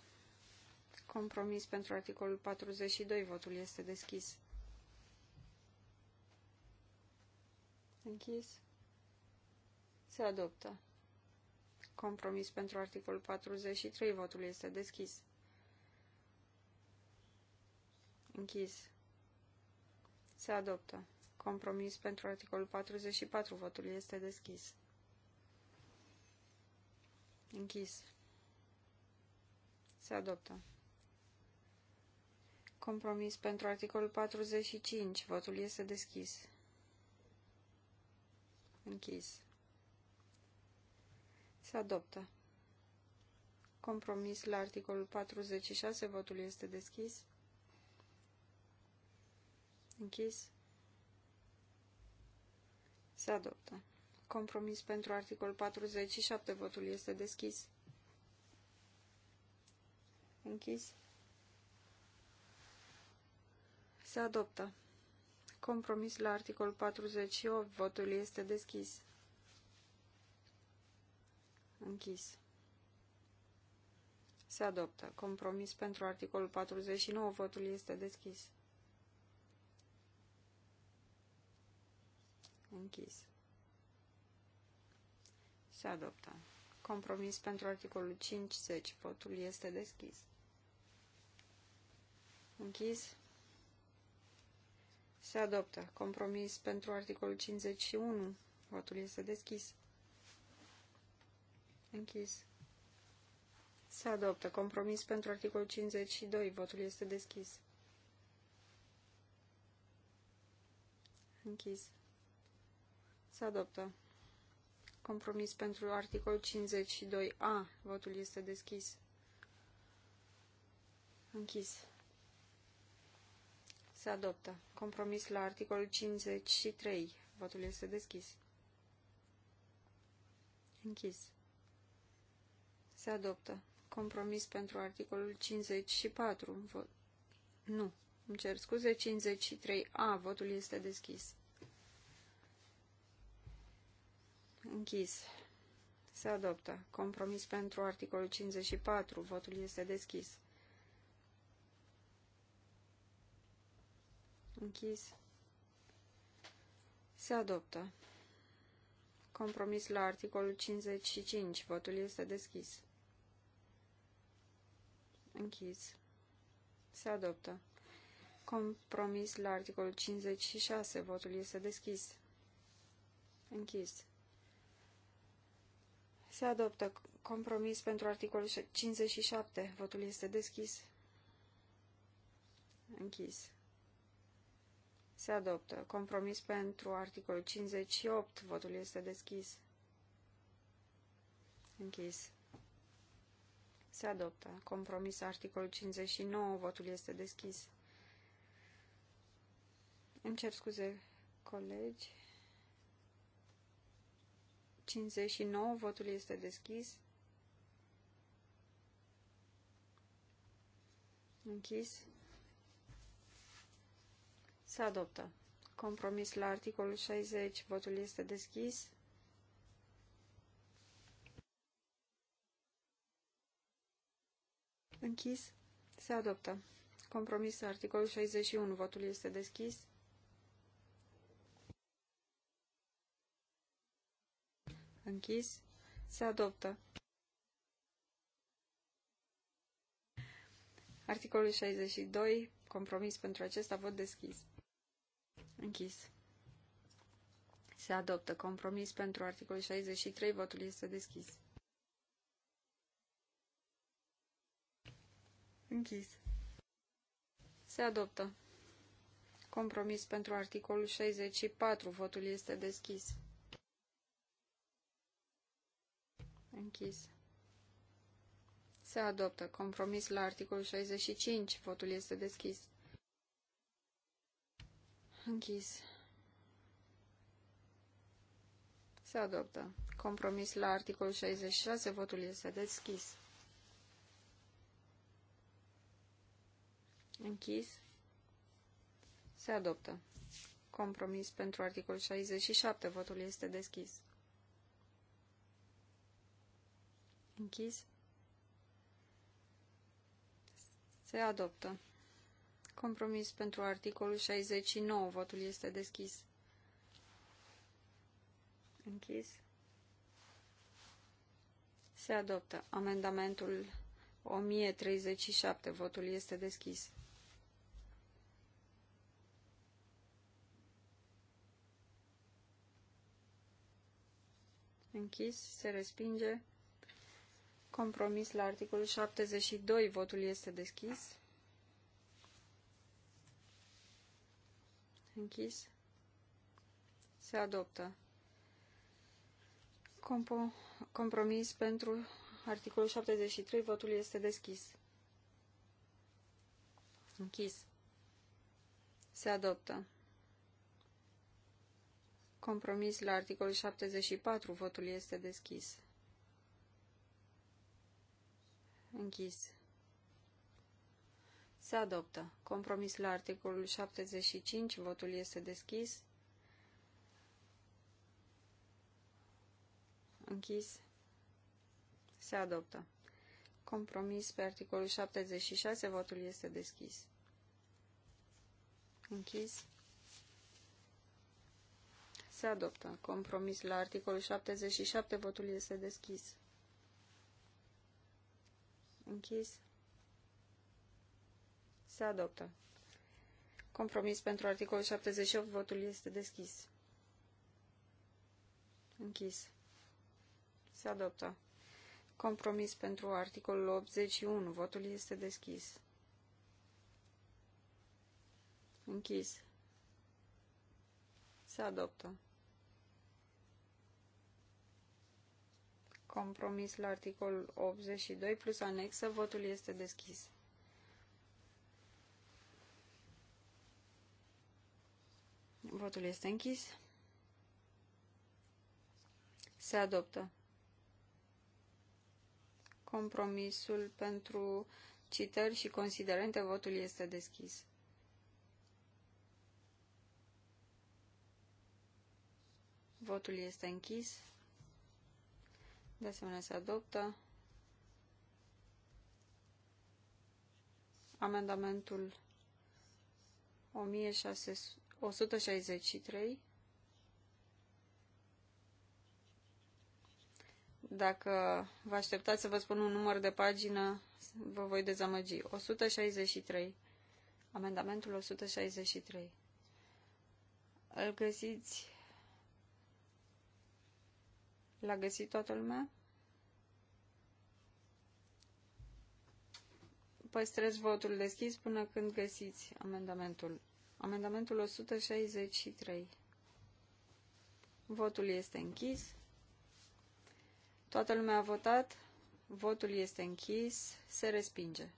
Compromis pentru articolul 42. Votul este deschis. Închis. Se adoptă. Compromis pentru articolul 43. Votul este deschis. Închis. Se adoptă. Compromis pentru articolul 44. Votul este deschis. Închis. Se adoptă. Compromis pentru articolul 45. Votul este deschis. Închis. Se adoptă. Compromis la articolul 46. Votul este deschis. Închis. Se adoptă. Compromis pentru articolul 47. Votul este deschis. Închis. Se adoptă. Compromis la articol 48. Votul este deschis. Închis. Se adoptă. Compromis pentru articolul 49. Votul este deschis. Închis. Se adoptă. Compromis pentru articolul 50. Votul este deschis. Închis. Se adoptă. Compromis pentru articolul 51. Votul este deschis. Închis. Se adoptă. Compromis pentru articolul 52. Votul este deschis. Închis. Se adoptă. Compromis pentru articolul 52A. Votul este deschis. Închis. Se adoptă. Compromis la articolul 53. Votul este deschis. Închis. Se adoptă. Compromis pentru articolul 54. Vot... Nu. Îmi cer scuze. 53A. Votul este deschis. Închis. Se adoptă. Compromis pentru articolul 54. Votul este deschis. Închis. Se adoptă. Compromis la articolul 55. Votul este deschis. Închis. Se adoptă. Compromis la articolul 56. Votul este deschis. Închis. Se adoptă compromis pentru articolul 57. Votul este deschis. Închis. Se adoptă. Compromis pentru articolul 58. Votul este deschis. Închis. Se adoptă. Compromis articolul 59. Votul este deschis. Îmi cer scuze, colegi. 59. Votul este deschis. Închis. Se adoptă. Compromis la articolul 60. Votul este deschis. Închis. Se adoptă. Compromis la articolul 61. Votul este deschis. Închis. Se adoptă. Articolul 62. Compromis pentru acesta. Vot deschis. Închis. Se adoptă compromis pentru articolul 63. Votul este deschis. Închis. Se adoptă. Compromis pentru articolul 64. Votul este deschis. Închis. Se adoptă. Compromis la articolul 65. Votul este deschis. Închis. Se adoptă. Compromis la articolul 66. Votul este deschis. Închis. Se adoptă. Compromis pentru articolul 67. Votul este deschis. Închis. Se adoptă. Compromis pentru articolul 69. Votul este deschis. Închis. Se adoptă. Amendamentul 1037. Votul este deschis. Închis. Se respinge. Compromis la articolul 72. Votul este deschis. închis, se adoptă. Compo compromis pentru articolul 73, votul este deschis. Închis. Se adoptă. Compromis la articolul 74, votul este deschis. Închis. Se adoptă. Compromis la articolul 75. Votul este deschis. Închis. Se adoptă. Compromis pe articolul 76. Votul este deschis. Închis. Se adoptă. Compromis la articolul 77. Votul este deschis. Închis. Se adoptă. Compromis pentru articolul 78. Votul este deschis. Închis. Se adoptă. Compromis pentru articolul 81. Votul este deschis. Închis. Se adoptă. Compromis la articolul 82 plus anexă. Votul este deschis. Votul este închis. Se adoptă. Compromisul pentru citări și considerente, votul este deschis. Votul este închis. De asemenea, se adoptă. Amendamentul 1600 163. Dacă vă așteptați să vă spun un număr de pagină, vă voi dezamăgi. 163. Amendamentul 163. Îl găsiți... L-a găsit toată lumea? Păstrez votul deschis până când găsiți amendamentul Amendamentul 163. Votul este închis. Toată lumea a votat. Votul este închis. Se respinge.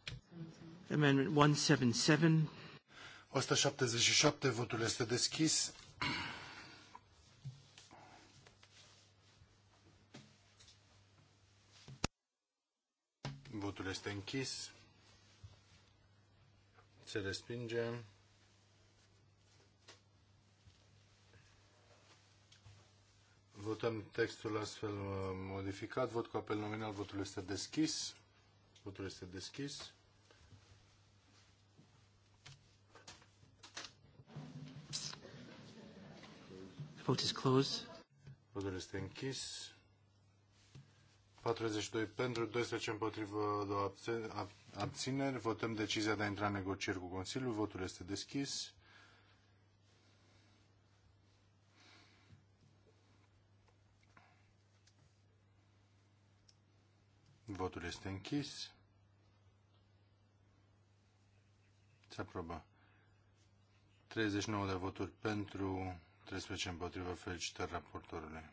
Amendment 177. 177. Votul este deschis. Votul este închis. Se respinge. Votăm textul astfel uh, modificat. Vot cu apel nominal. Votul este deschis. Votul este deschis. Vote is closed. Votul este închis. 42 pentru, 12 împotrivă, 2 abțineri. Votăm decizia de a intra în negocieri cu Consiliul. Votul este deschis. Votul este închis. Se aprobă. 39 de voturi pentru, 13 împotrivă. Felicitări raportorului.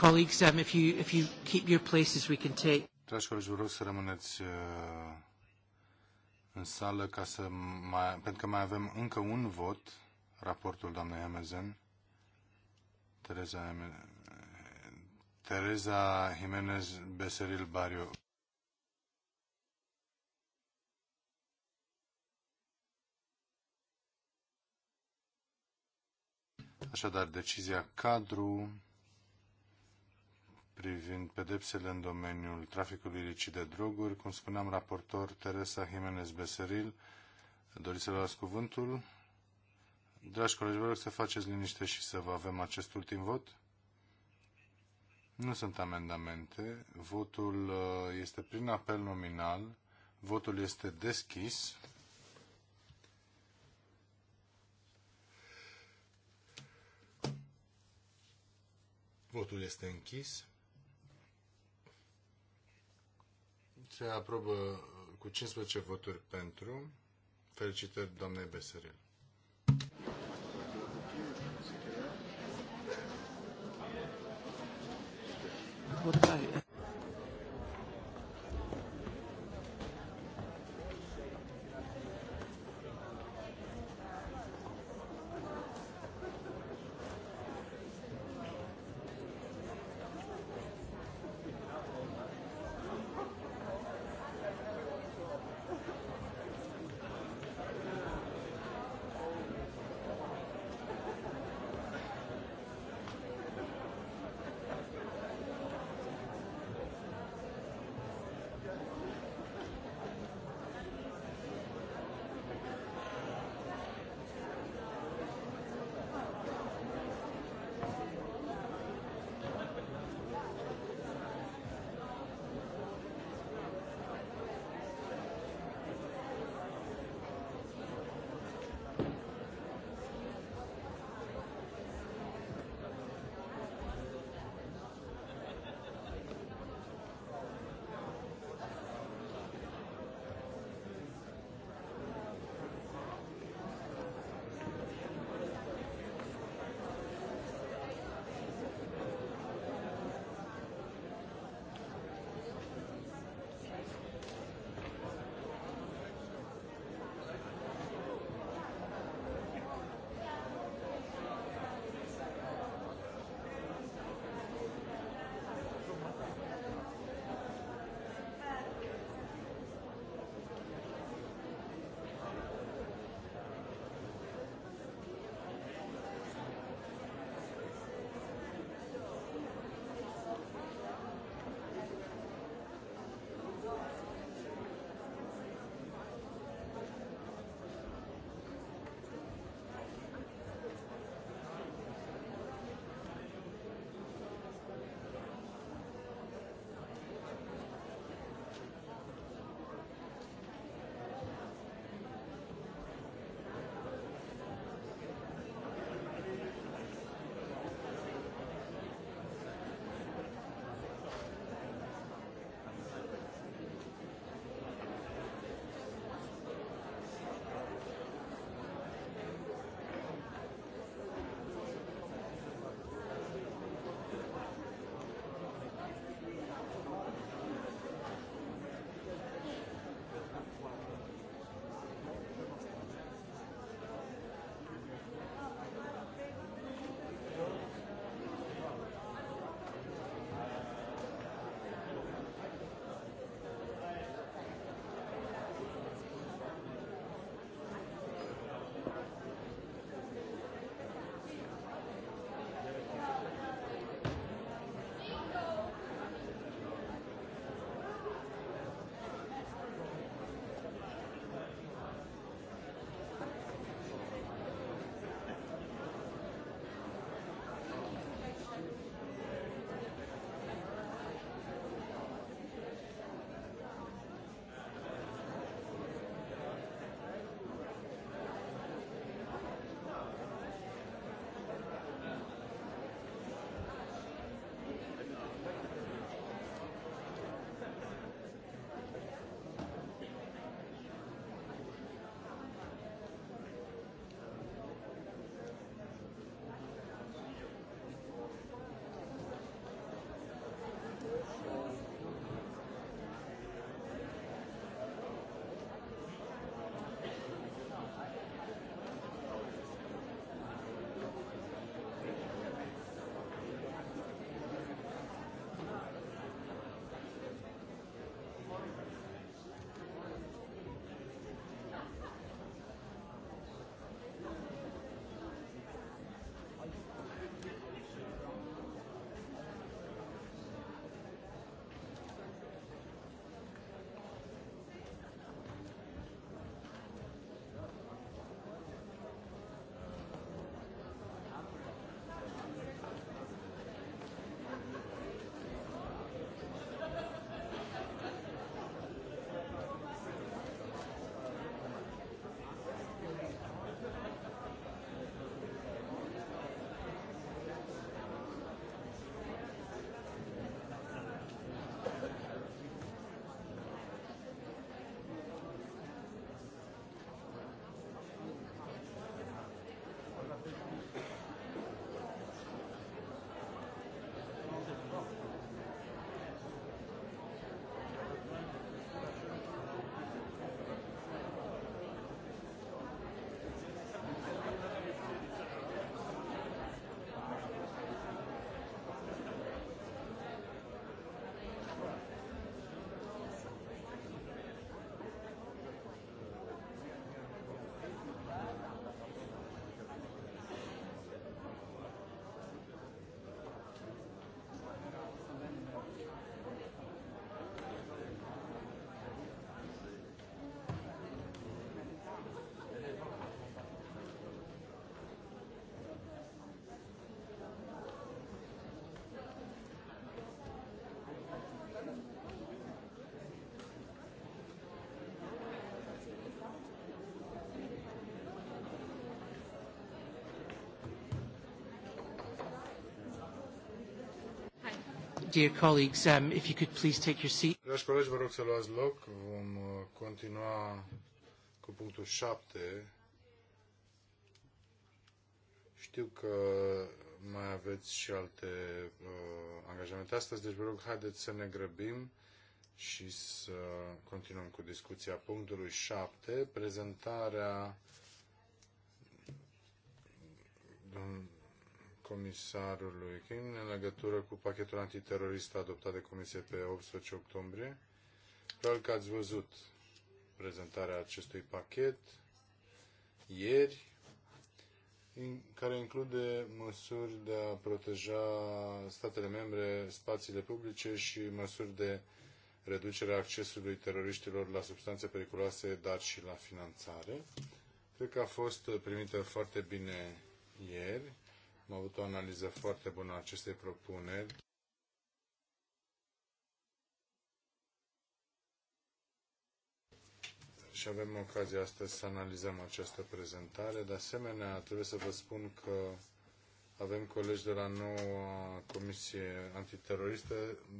Colleagues, um, if you if you keep your places, we can take. Dragi colegi, vă rog să rămâneți uh, în sală ca să mai, pentru că mai avem încă un vot, raportul doamnei Amezen. Tereza, Tereza Jimenez Beseril Barrio. Așadar, decizia cadru privind pedepsele în domeniul traficului ilicit de droguri. Cum spuneam, raportor Teresa Jimenez Beseril. Doriți să luați cuvântul? Dragi colegi, vă rog să faceți liniște și să vă avem acest ultim vot. Nu sunt amendamente. Votul uh, este prin apel nominal. Votul este deschis. Votul este închis. Se aprobă cu 15 voturi pentru. Felicitări doamnei Beserel. What about dear colleagues, um, if you could please take your seat. Dragi colegi, vă rog să luați loc. Vom uh, continua cu punctul 7. Știu că mai aveți și alte uh, angajamente astăzi, deci vă rog, haideți să ne grăbim și să continuăm cu discuția punctului 7, prezentarea uh, comisarului King în legătură cu pachetul antiterorist adoptat de Comisie pe 18 octombrie. Probabil că ați văzut prezentarea acestui pachet ieri, care include măsuri de a proteja statele membre, spațiile publice și măsuri de reducere a accesului teroriștilor la substanțe periculoase, dar și la finanțare. Cred că a fost primită foarte bine ieri am avut o analiză foarte bună a acestei propuneri. și avem ocazia astăzi să analizăm această prezentare. De asemenea, trebuie să vă spun că avem colegi de la noua Comisie Antiteroristă.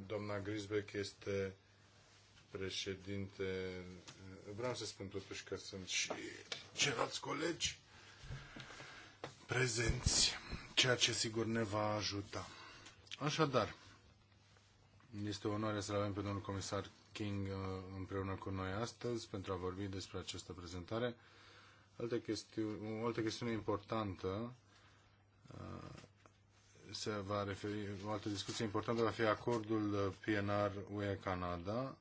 Doamna Grisbeck este președinte. Vreau să spun totuși că sunt și ceilalți colegi prezenți ceea ce sigur ne va ajuta. Așadar, este o onoare să-l avem pe domnul comisar King uh, împreună cu noi astăzi pentru a vorbi despre această prezentare. Alte chestiune, o altă chestiune importantă uh, se va referi, o altă discuție importantă va fi acordul uh, PNR UE-Canada.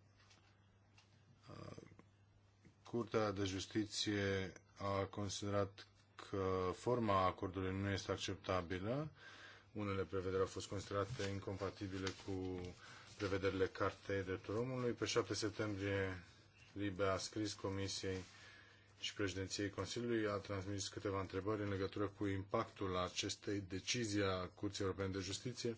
Curtea de Justiție a considerat că forma acordului nu este acceptabilă. Unele prevederi au fost considerate incompatibile cu prevederile Cartei Drepturilor Omului. Pe 7 septembrie, Libe a scris Comisiei și președinției Consiliului, a transmis câteva întrebări în legătură cu impactul acestei decizii a Curții Europene de Justiție.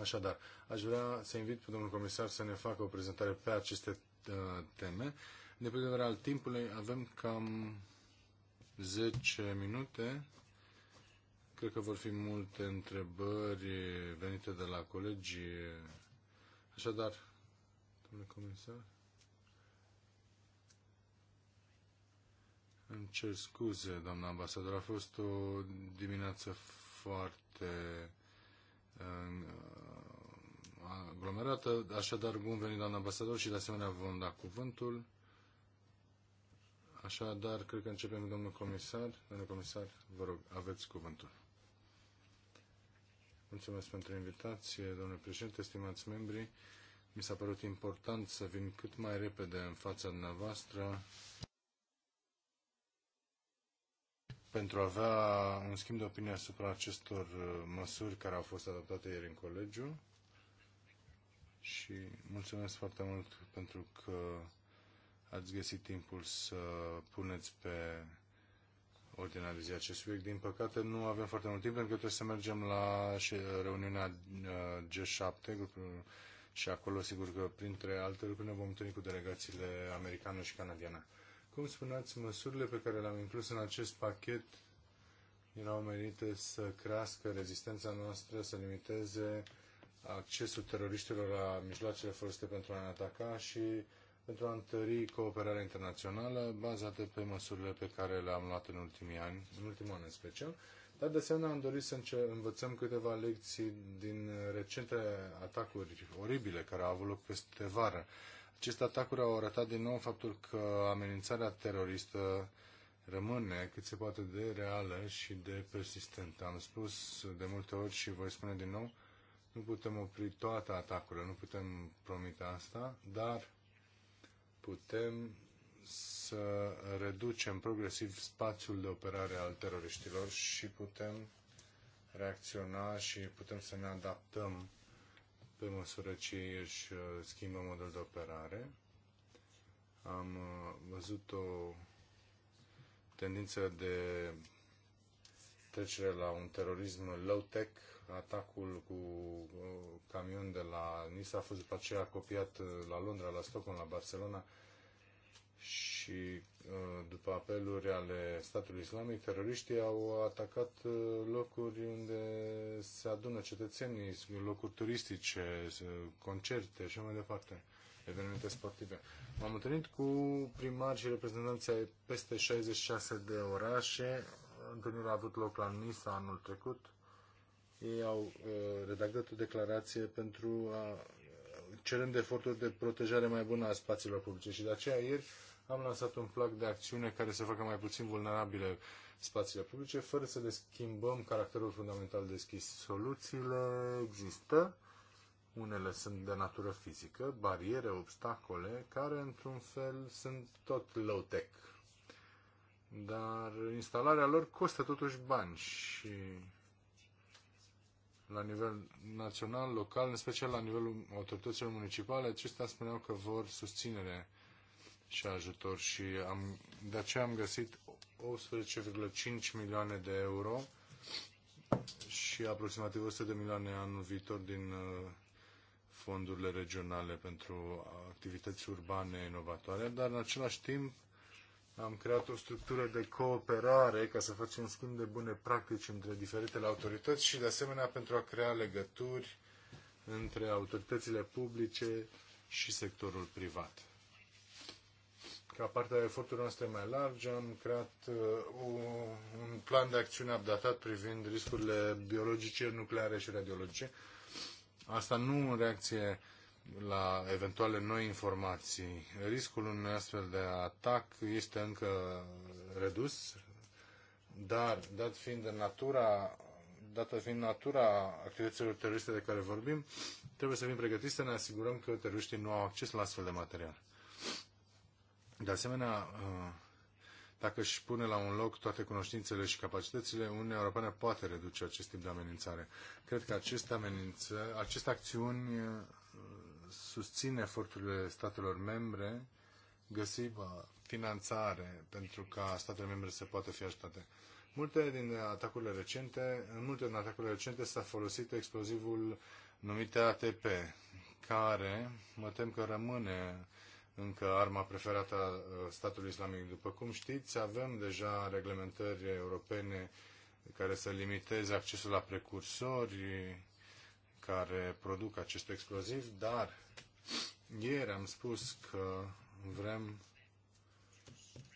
Așadar, aș vrea să invit pe domnul comisar să ne facă o prezentare pe aceste uh, teme. De al timpului, avem cam 10 minute. Cred că vor fi multe întrebări venite de la colegi. Așadar, domnule comisar, îmi cer scuze, doamna ambasador, a fost o dimineață foarte uh, aglomerată, așadar bun venit, doamna ambasador, și de asemenea vom da cuvântul. Așadar, cred că începem, domnul comisar. Domnul comisar, vă rog, aveți cuvântul. Mulțumesc pentru invitație, domnule președinte, stimați membri. Mi s-a părut important să vin cât mai repede în fața dumneavoastră pentru a avea un schimb de opinie asupra acestor uh, măsuri care au fost adoptate ieri în colegiu. Și mulțumesc foarte mult pentru că ați găsit timpul să puneți pe ordinea de zi acest subiect. Din păcate, nu avem foarte mult timp, pentru că trebuie să mergem la reuniunea uh, G7 grupul, și acolo, sigur că, printre alte lucruri, ne vom întâlni cu delegațiile americană și canadiană. Cum spuneați, măsurile pe care le-am inclus în acest pachet erau menite să crească rezistența noastră, să limiteze accesul teroriștilor la mijloacele folosite pentru a ne ataca și pentru a întări cooperarea internațională bazată pe măsurile pe care le-am luat în ultimii ani, în ultimul an în special, dar de asemenea am dorit să învățăm câteva lecții din recente atacuri oribile care au avut loc peste vară. Aceste atacuri au arătat din nou faptul că amenințarea teroristă rămâne cât se poate de reală și de persistentă. Am spus de multe ori și voi spune din nou, nu putem opri toate atacurile, nu putem promite asta, dar putem să reducem progresiv spațiul de operare al teroriștilor și putem reacționa și putem să ne adaptăm pe măsură ce își uh, schimbă modul de operare. Am uh, văzut o tendință de trecere la un terorism low-tech atacul cu uh, camion de la Nisa a fost după aceea copiat uh, la Londra, la Stockholm, la Barcelona și uh, după apeluri ale statului islamic, teroriștii au atacat locuri unde se adună cetățenii, locuri turistice, concerte și mai departe, evenimente sportive. M-am întâlnit cu primari și reprezentanții ai peste 66 de orașe. Întâlnirea a avut loc la Nisa anul trecut ei au uh, redactat o declarație pentru a cerând eforturi de protejare mai bună a spațiilor publice și de aceea ieri am lansat un plac de acțiune care să facă mai puțin vulnerabile spațiile publice, fără să le schimbăm caracterul fundamental deschis. Soluțiile există, unele sunt de natură fizică, bariere, obstacole, care într-un fel sunt tot low-tech. Dar instalarea lor costă totuși bani și la nivel național, local, în special la nivelul autorităților municipale, acestea spuneau că vor susținere și ajutor și am, de aceea am găsit 18,5 milioane de euro și aproximativ 100 de milioane anul viitor din uh, fondurile regionale pentru activități urbane inovatoare, dar în același timp am creat o structură de cooperare ca să facem schimb de bune practici între diferitele autorități și, de asemenea, pentru a crea legături între autoritățile publice și sectorul privat. Ca parte a eforturilor noastre mai largi, am creat uh, un plan de acțiune updatat privind riscurile biologice, nucleare și radiologice. Asta nu în reacție la eventuale noi informații. Riscul unui astfel de atac este încă redus, dar dat fiind natura dată fiind natura activităților teroriste de care vorbim, trebuie să fim pregătiți să ne asigurăm că teroriștii nu au acces la astfel de material. De asemenea, dacă își pune la un loc toate cunoștințele și capacitățile, Uniunea Europeană poate reduce acest tip de amenințare. Cred că aceste, amenință, aceste acțiuni susține eforturile statelor membre, găsim finanțare pentru ca statele membre să poată fi ajutate. Multe din atacurile recente, în multe din atacurile recente s-a folosit explozivul numit ATP, care mă tem că rămâne încă arma preferată a ă, statului islamic. După cum știți, avem deja reglementări europene care să limiteze accesul la precursori, care produc acest exploziv, dar ieri am spus că vrem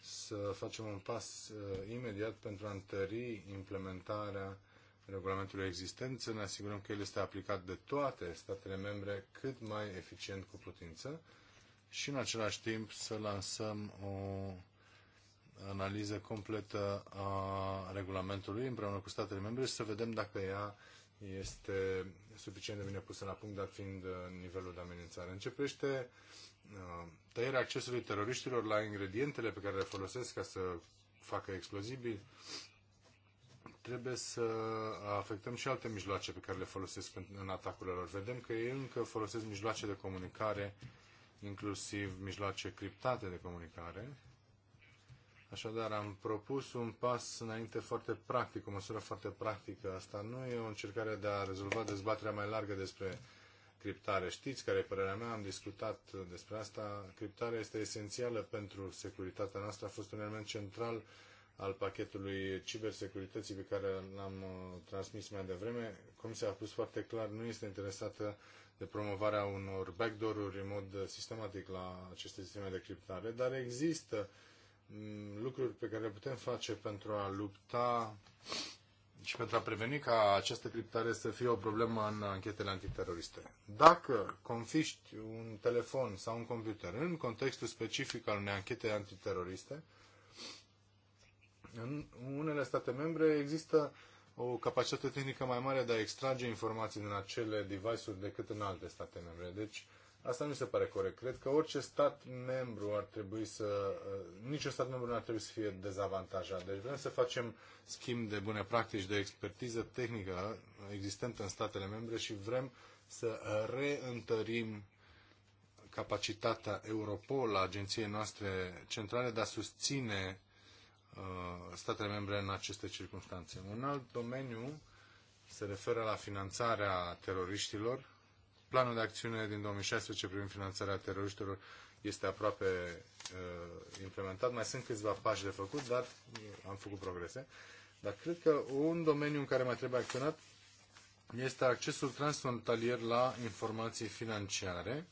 să facem un pas uh, imediat pentru a întări implementarea regulamentului existent, să ne asigurăm că el este aplicat de toate statele membre cât mai eficient cu putință și în același timp să lansăm o analiză completă a regulamentului împreună cu statele membre și să vedem dacă ea este suficient de bine pusă la punct, dar fiind uh, nivelul de amenințare. Începește uh, tăierea accesului teroriștilor la ingredientele pe care le folosesc ca să facă explozibili. Trebuie să afectăm și alte mijloace pe care le folosesc în atacurile lor. Vedem că ei încă folosesc mijloace de comunicare, inclusiv mijloace criptate de comunicare, Așadar, am propus un pas înainte foarte practic, o măsură foarte practică. Asta nu e o încercare de a rezolva dezbaterea mai largă despre criptare. Știți care e părerea mea, am discutat despre asta. Criptarea este esențială pentru securitatea noastră, a fost un element central al pachetului cibersecurității pe care l-am uh, transmis mai devreme. Comisia a pus foarte clar, nu este interesată de promovarea unor backdoor-uri în mod uh, sistematic la aceste sisteme de criptare, dar există Mm, lucruri pe care le putem face pentru a lupta și pentru a preveni ca această criptare să fie o problemă în anchetele antiteroriste. Dacă confiști un telefon sau un computer în contextul specific al unei anchete antiteroriste, în unele state membre există o capacitate tehnică mai mare de a extrage informații din acele device-uri decât în alte state membre. Deci, Asta nu mi se pare corect. Cred că orice stat membru ar trebui să... Uh, niciun stat membru nu ar trebui să fie dezavantajat. Deci vrem să facem schimb de bune practici, de expertiză tehnică existentă în statele membre și vrem să reîntărim capacitatea Europol, a agenției noastre centrale, de a susține uh, statele membre în aceste circunstanțe. Un alt domeniu se referă la finanțarea teroriștilor Planul de acțiune din 2016 privind finanțarea teroriștilor este aproape uh, implementat. Mai sunt câțiva pași de făcut, dar am făcut progrese. Dar cred că un domeniu în care mai trebuie acționat este accesul transfrontalier la informații financiare,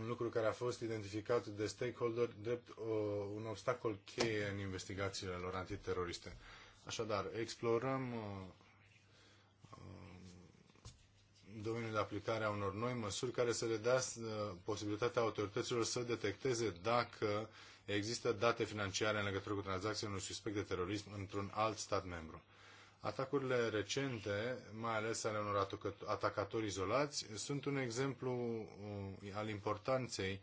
un lucru care a fost identificat de stakeholder drept o, uh, un obstacol cheie în investigațiile lor antiteroriste. Așadar, explorăm uh, domeniul de aplicare a unor noi măsuri care să le dea uh, posibilitatea autorităților să detecteze dacă există date financiare în legătură cu tranzacțiile unui suspect de terorism într-un alt stat membru. Atacurile recente, mai ales ale unor atacatori izolați, sunt un exemplu uh, al importanței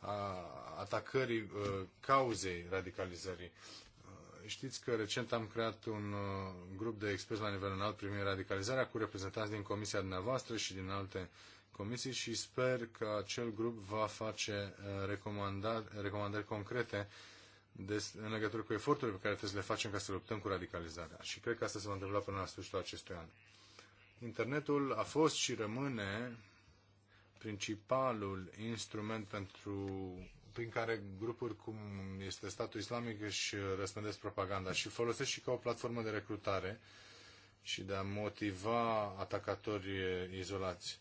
a uh, atacării cauzei radicalizării. Știți că recent am creat un uh, grup de experți la nivel înalt privind radicalizarea cu reprezentanți din comisia dumneavoastră și din alte comisii și sper că acel grup va face uh, recomandări, recomandări concrete des, în legătură cu eforturile pe care trebuie să le facem ca să luptăm cu radicalizarea. Și cred că asta se va întâmpla până la sfârșitul acestui an. Internetul a fost și rămâne principalul instrument pentru prin care grupuri cum este statul islamic își răspândesc propaganda și folosesc și ca o platformă de recrutare și de a motiva atacatori izolați.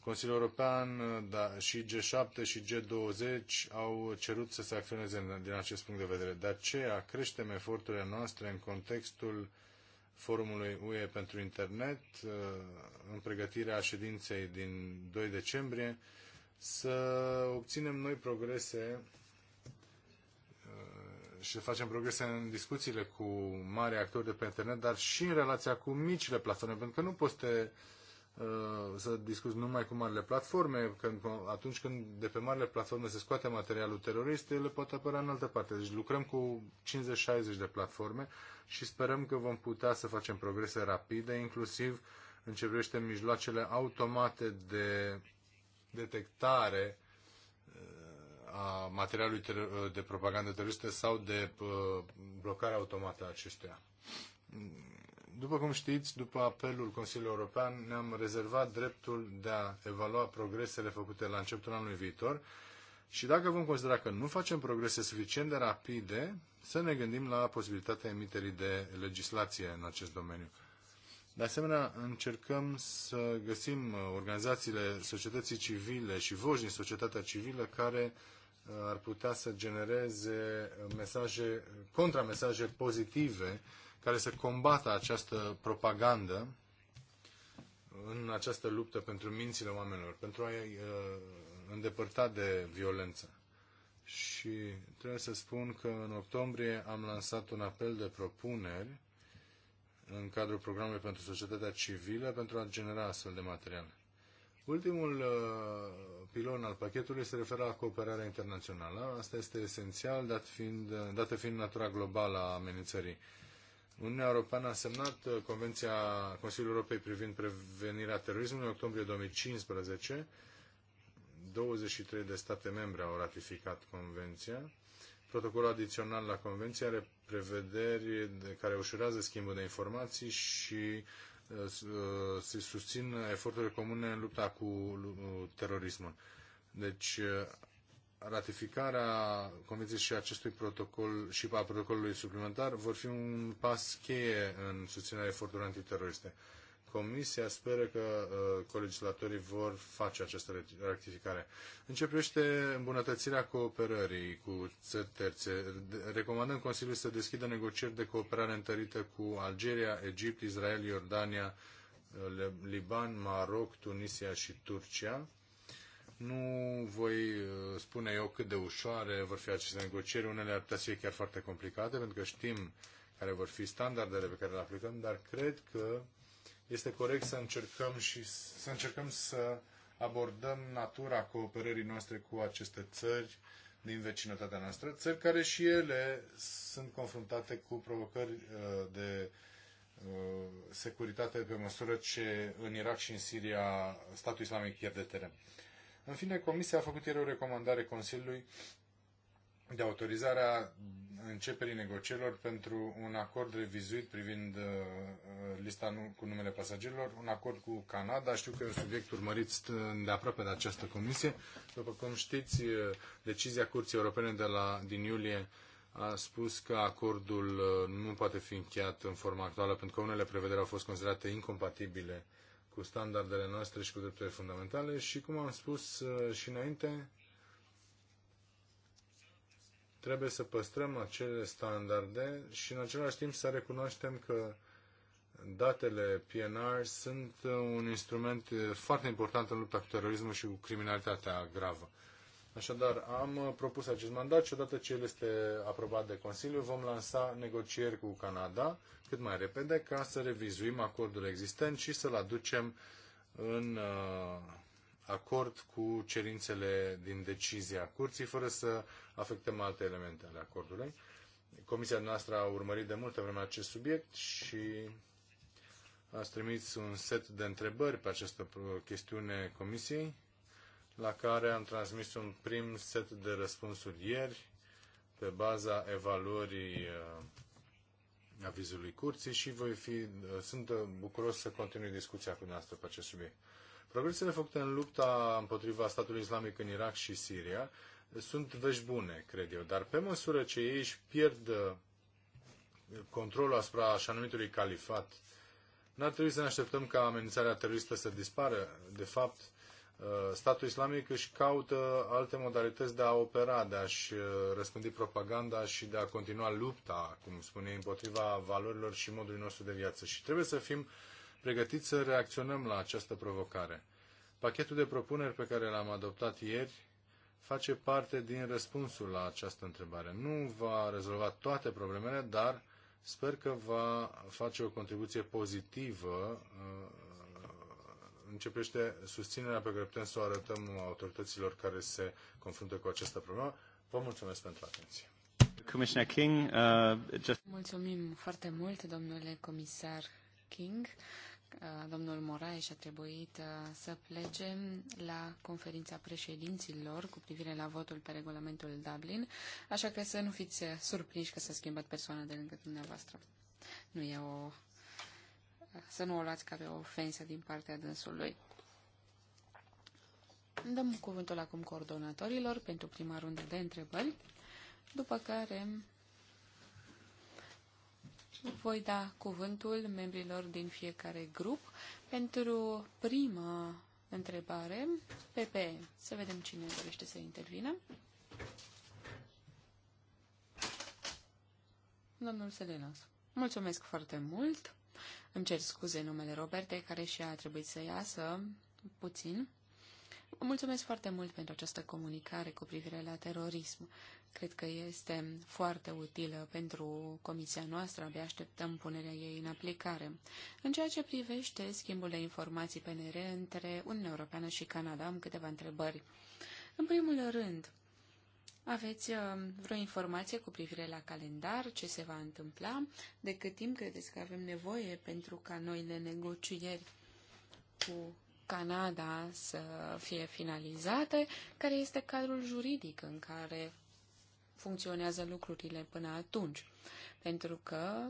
Consiliul European da, și G7 și G20 au cerut să se acționeze din acest punct de vedere. De aceea creștem eforturile noastre în contextul forumului UE pentru internet, în pregătirea ședinței din 2 decembrie, să obținem noi progrese uh, și să facem progrese în discuțiile cu mari actori de pe internet, dar și în relația cu micile platforme, pentru că nu poți te, uh, să discuți numai cu marile platforme, că atunci când de pe marile platforme se scoate materialul terorist, ele pot apărea în altă parte. Deci lucrăm cu 50-60 de platforme și sperăm că vom putea să facem progrese rapide, inclusiv în ce privește mijloacele automate de detectare uh, a materialului de propagandă teroristă sau de uh, blocare automată a acestuia. După cum știți, după apelul Consiliului European, ne-am rezervat dreptul de a evalua progresele făcute la începutul anului viitor și dacă vom considera că nu facem progrese suficient de rapide, să ne gândim la posibilitatea emiterii de legislație în acest domeniu. De asemenea, încercăm să găsim uh, organizațiile societății civile și voci din societatea civilă care uh, ar putea să genereze uh, mesaje, contramesaje pozitive care să combată această propagandă în această luptă pentru mințile oamenilor, pentru a-i îndepărta de violență. Și trebuie să spun că în octombrie am lansat un apel de propuneri în cadrul programului pentru societatea civilă pentru a genera astfel de materiale. Ultimul uh, pilon al pachetului se referă la cooperarea internațională. Asta este esențial, dat fiind, uh, dată fiind natura globală a amenințării. Uniunea Europeană a semnat uh, Convenția Consiliului Europei privind prevenirea terorismului în octombrie 2015. 23 de state membre au ratificat convenția Protocolul adițional la convenție are prevederi de care ușurează schimbul de informații și uh, se uh, susțin eforturile comune în lupta cu uh, terorismul. Deci, ratificarea convenției și acestui protocol și a protocolului suplimentar vor fi un pas cheie în susținerea eforturilor antiteroriste. Comisia speră că uh, colegislatorii vor face această rectificare. În ce privește îmbunătățirea cooperării cu țări terțe, recomandăm Consiliului să deschidă negocieri de cooperare întărită cu Algeria, Egipt, Israel, Iordania, uh, Liban, Maroc, Tunisia și Turcia. Nu voi uh, spune eu cât de ușoare vor fi aceste negocieri, unele ar putea să fie chiar foarte complicate, pentru că știm care vor fi standardele pe care le aplicăm, dar cred că este corect să încercăm și să încercăm să abordăm natura cooperării noastre cu aceste țări din vecinătatea noastră, țări care și ele sunt confruntate cu provocări uh, de uh, securitate pe măsură ce în Irak și în Siria statul islamic pierde teren. În fine, Comisia a făcut ieri o recomandare Consiliului de autorizarea începerii negocierilor pentru un acord revizuit privind uh, uh, lista cu numele pasagerilor, un acord cu Canada. Știu că e un subiect urmărit de aproape de această comisie. După cum știți, uh, decizia Curții Europene de la, din iulie a spus că acordul nu poate fi încheiat în forma actuală pentru că unele prevederi au fost considerate incompatibile cu standardele noastre și cu drepturile fundamentale și, cum am spus și înainte, Trebuie să păstrăm acele standarde și în același timp să recunoaștem că datele PNR sunt uh, un instrument uh, foarte important în lupta cu terorismul și cu criminalitatea gravă. Așadar, am uh, propus acest mandat și odată ce el este aprobat de Consiliu, vom lansa negocieri cu Canada cât mai repede ca să revizuim acordul existent și să-l aducem în uh, acord cu cerințele din decizia curții, fără să afectăm alte elemente ale acordului. Comisia noastră a urmărit de multă vreme acest subiect și a trimis un set de întrebări pe această chestiune Comisiei, la care am transmis un prim set de răspunsuri ieri, pe baza evaluării uh, avizului curții și voi fi, sunt uh, bucuros să continui discuția cu noastră pe acest subiect. Progresele făcute în lupta împotriva statului islamic în Irak și Siria sunt vești bune, cred eu, dar pe măsură ce ei își pierd uh, controlul asupra așa numitului califat, n-ar trebui să ne așteptăm ca amenințarea teroristă să dispară. De fapt, uh, statul islamic își caută alte modalități de a opera, de a-și uh, răspândi propaganda și de a continua lupta, cum spune, împotriva valorilor și modului nostru de viață. Și trebuie să fim pregătiți să reacționăm la această provocare. Pachetul de propuneri pe care l-am adoptat ieri face parte din răspunsul la această întrebare. Nu va rezolva toate problemele, dar sper că va face o contribuție pozitivă uh, începește susținerea pe care putem să o arătăm autorităților care se confruntă cu această problemă. Vă mulțumesc pentru atenție. Commissioner King, uh, just... Mulțumim foarte mult, domnule comisar King. Uh, domnul Moraes a trebuit uh, să plece la conferința președinților cu privire la votul pe regulamentul Dublin, așa că să nu fiți uh, surprinși că s-a schimbat persoana de lângă dumneavoastră. Nu e o... să nu o luați ca pe o ofensă din partea dânsului. Dăm cuvântul acum coordonatorilor pentru prima rundă de întrebări, după care voi da cuvântul membrilor din fiecare grup pentru prima întrebare. PPE. Să vedem cine dorește să intervină. Domnul Selenos. Mulțumesc foarte mult. Îmi cer scuze numele Roberte, care și-a trebuit să iasă puțin. Mulțumesc foarte mult pentru această comunicare cu privire la terorism. Cred că este foarte utilă pentru comisia noastră, abia așteptăm punerea ei în aplicare. În ceea ce privește schimbul de informații PNR între Uniunea Europeană și Canada, am câteva întrebări. În primul rând, aveți uh, vreo informație cu privire la calendar, ce se va întâmpla, de cât timp credeți că avem nevoie pentru ca noile negocieri cu Canada să fie finalizate, care este cadrul juridic în care funcționează lucrurile până atunci. Pentru că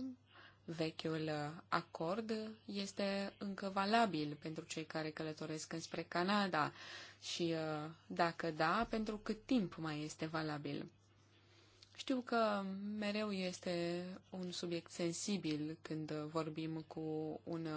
vechiul acord este încă valabil pentru cei care călătoresc înspre Canada și, uh, dacă da, pentru cât timp mai este valabil. Știu că mereu este un subiect sensibil când vorbim cu un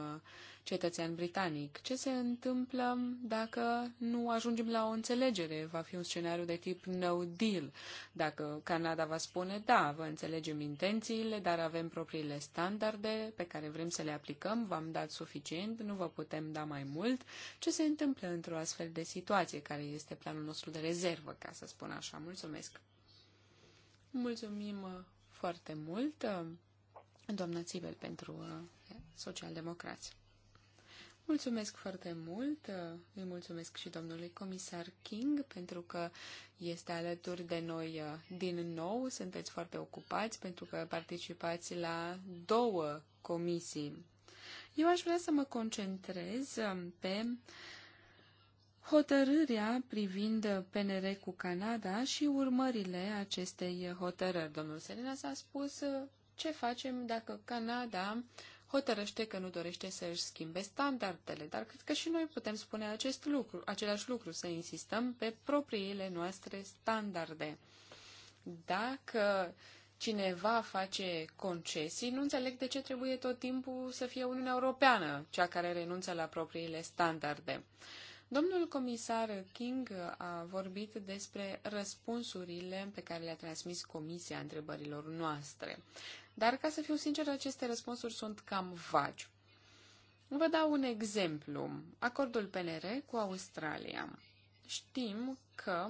cetățean britanic. Ce se întâmplă dacă nu ajungem la o înțelegere? Va fi un scenariu de tip no deal. Dacă Canada va spune, da, vă înțelegem intențiile, dar avem propriile standarde pe care vrem să le aplicăm, v-am dat suficient, nu vă putem da mai mult. Ce se întâmplă într-o astfel de situație? Care este planul nostru de rezervă, ca să spun așa? Mulțumesc! Mulțumim uh, foarte mult, uh, doamna Țibel, pentru uh, socialdemocrați. Mulțumesc foarte mult, îi mulțumesc și domnului comisar King pentru că este alături de noi din nou, sunteți foarte ocupați pentru că participați la două comisii. Eu aș vrea să mă concentrez pe uh, hotărârea privind PNR cu Canada și urmările acestei hotărâri. Domnul Serena s-a spus uh, ce facem dacă Canada hotărăște că nu dorește să își schimbe standardele, dar cred că și noi putem spune acest lucru, același lucru, să insistăm pe propriile noastre standarde. Dacă cineva face concesii, nu înțeleg de ce trebuie tot timpul să fie Uniunea Europeană cea care renunță la propriile standarde. Domnul comisar King a vorbit despre răspunsurile pe care le-a transmis Comisia întrebărilor noastre. Dar, ca să fiu sincer, aceste răspunsuri sunt cam vagi. Vă dau un exemplu. Acordul PNR cu Australia. Știm că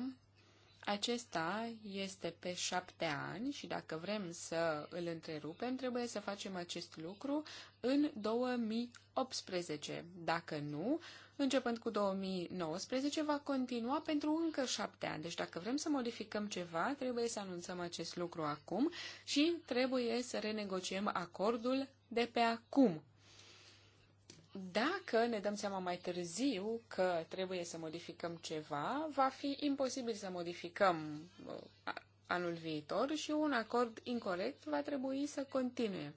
acesta este pe șapte ani și dacă vrem să îl întrerupem, trebuie să facem acest lucru în 2018. Dacă nu, începând cu 2019, va continua pentru încă șapte ani. Deci dacă vrem să modificăm ceva, trebuie să anunțăm acest lucru acum și trebuie să renegociem acordul de pe acum. Dacă ne dăm seama mai târziu că trebuie să modificăm ceva, va fi imposibil să modificăm uh, anul viitor și un acord incorrect va trebui să continue.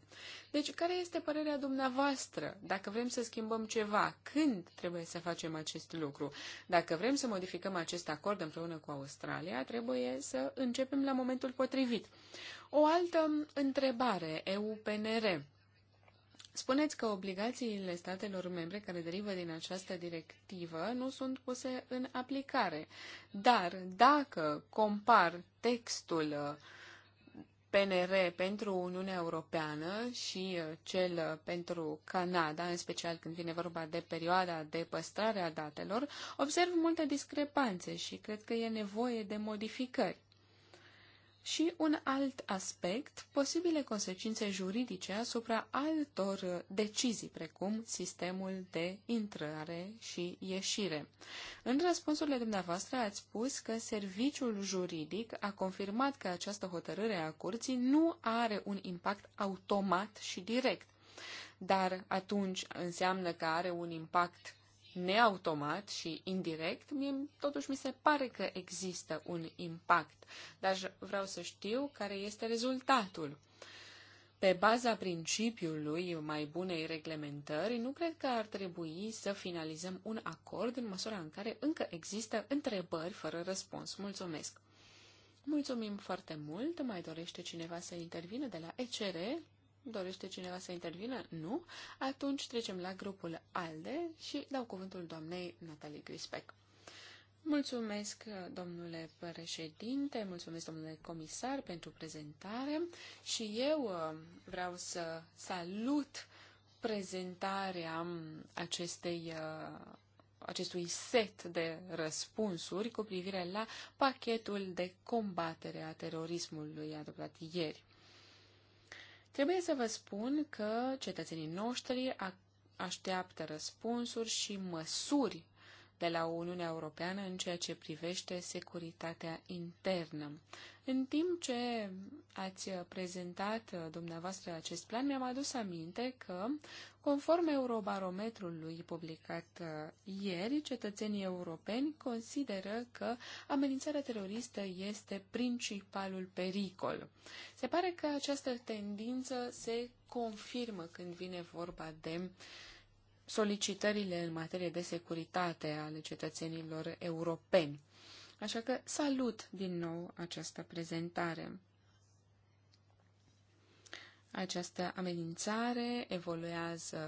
Deci, care este părerea dumneavoastră? Dacă vrem să schimbăm ceva, când trebuie să facem acest lucru? Dacă vrem să modificăm acest acord împreună cu Australia, trebuie să începem la momentul potrivit. O altă întrebare, EUPNR. Spuneți că obligațiile statelor membre care derivă din această directivă nu sunt puse în aplicare. Dar dacă compar textul uh, PNR pentru Uniunea Europeană și uh, cel uh, pentru Canada, în special când vine vorba de perioada de păstrare a datelor, observ multe discrepanțe și cred că e nevoie de modificări și un alt aspect, posibile consecințe juridice asupra altor decizii, precum sistemul de intrare și ieșire. În răspunsurile dumneavoastră ați spus că serviciul juridic a confirmat că această hotărâre a curții nu are un impact automat și direct. Dar atunci înseamnă că are un impact neautomat și indirect, mie, totuși mi se pare că există un impact, dar vreau să știu care este rezultatul. Pe baza principiului mai bunei reglementări, nu cred că ar trebui să finalizăm un acord în măsura în care încă există întrebări fără răspuns. Mulțumesc! Mulțumim foarte mult! Mai dorește cineva să intervină de la ECR? Dorește cineva să intervină? Nu? Atunci trecem la grupul ALDE și dau cuvântul doamnei Natalie Grispec. Mulțumesc, domnule președinte, mulțumesc, domnule comisar, pentru prezentare și eu uh, vreau să salut prezentarea um, acestei uh, acestui set de răspunsuri cu privire la pachetul de combatere a terorismului adoptat ieri. Trebuie să vă spun că cetățenii noștri așteaptă răspunsuri și măsuri de la Uniunea Europeană în ceea ce privește securitatea internă. În timp ce ați prezentat uh, dumneavoastră acest plan, mi-am adus aminte că, conform Eurobarometrului publicat uh, ieri, cetățenii europeni consideră că amenințarea teroristă este principalul pericol. Se pare că această tendință se confirmă când vine vorba de uh, solicitările în materie de securitate ale cetățenilor europeni. Așa că salut din nou această prezentare. Această amenințare evoluează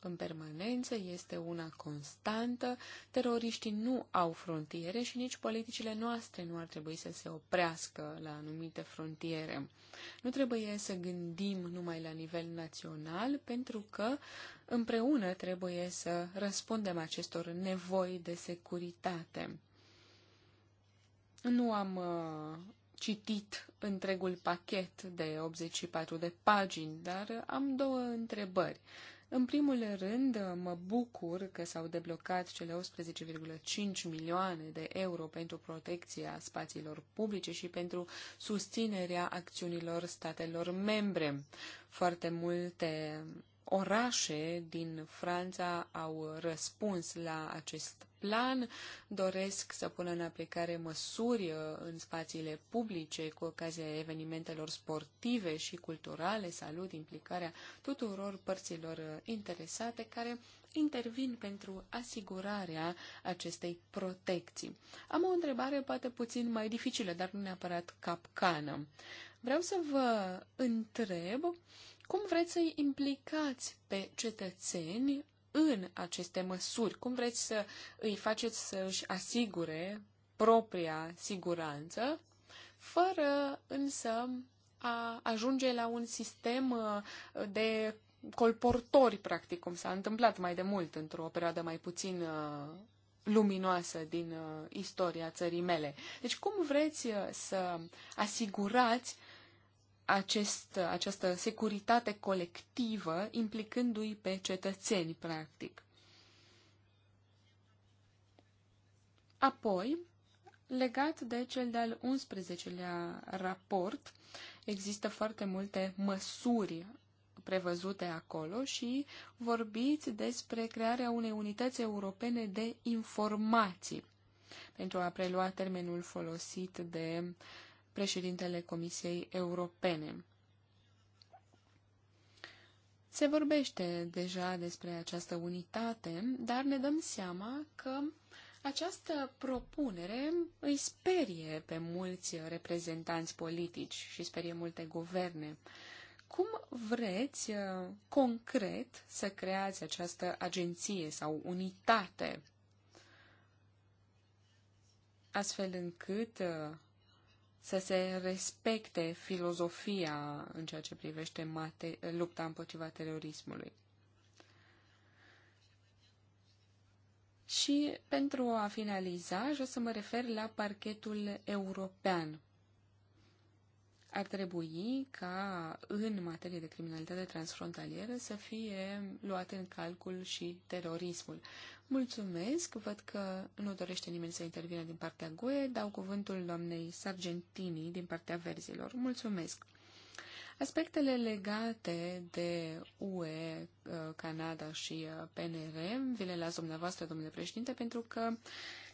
în permanență, este una constantă. Teroriștii nu au frontiere și nici politicile noastre nu ar trebui să se oprească la anumite frontiere. Nu trebuie să gândim numai la nivel național, pentru că împreună trebuie să răspundem acestor nevoi de securitate. Nu am uh, citit întregul pachet de 84 de pagini, dar am două întrebări. În primul rând, mă bucur că s-au deblocat cele 18,5 milioane de euro pentru protecția spațiilor publice și pentru susținerea acțiunilor statelor membre. Foarte multe orașe din Franța au răspuns la acest plan, doresc să pună în aplicare măsuri uh, în spațiile publice cu ocazia evenimentelor sportive și culturale, salut implicarea tuturor părților uh, interesate care intervin pentru asigurarea acestei protecții. Am o întrebare poate puțin mai dificilă, dar nu neapărat capcană. Vreau să vă întreb cum vreți să-i implicați pe cetățeni în aceste măsuri? Cum vreți să îi faceți să își asigure propria siguranță, fără însă a ajunge la un sistem uh, de colportori, practic, cum s-a întâmplat mai de mult într-o perioadă mai puțin uh, luminoasă din uh, istoria țării mele. Deci cum vreți să asigurați acest, această securitate colectivă implicându-i pe cetățeni, practic. Apoi, legat de cel de-al 11-lea raport, există foarte multe măsuri prevăzute acolo și vorbiți despre crearea unei unități europene de informații, pentru a prelua termenul folosit de uh, președintele Comisiei Europene. Se vorbește deja despre această unitate, dar ne dăm seama că această propunere îi sperie pe mulți reprezentanți politici și sperie multe guverne. Cum vreți uh, concret să creați această agenție sau unitate astfel încât uh, să se respecte filozofia în ceea ce privește mate, lupta împotriva terorismului. Și pentru a finaliza, aș să mă refer la parchetul european ar trebui ca în materie de criminalitate transfrontalieră să fie luat în calcul și terorismul. Mulțumesc, văd că nu dorește nimeni să intervină din partea GUE, dau cuvântul doamnei Sargentini din partea verzilor. Mulțumesc! Aspectele legate de UE, uh, Canada și uh, PNR vi le las dumneavoastră, domnule președinte, pentru că uh,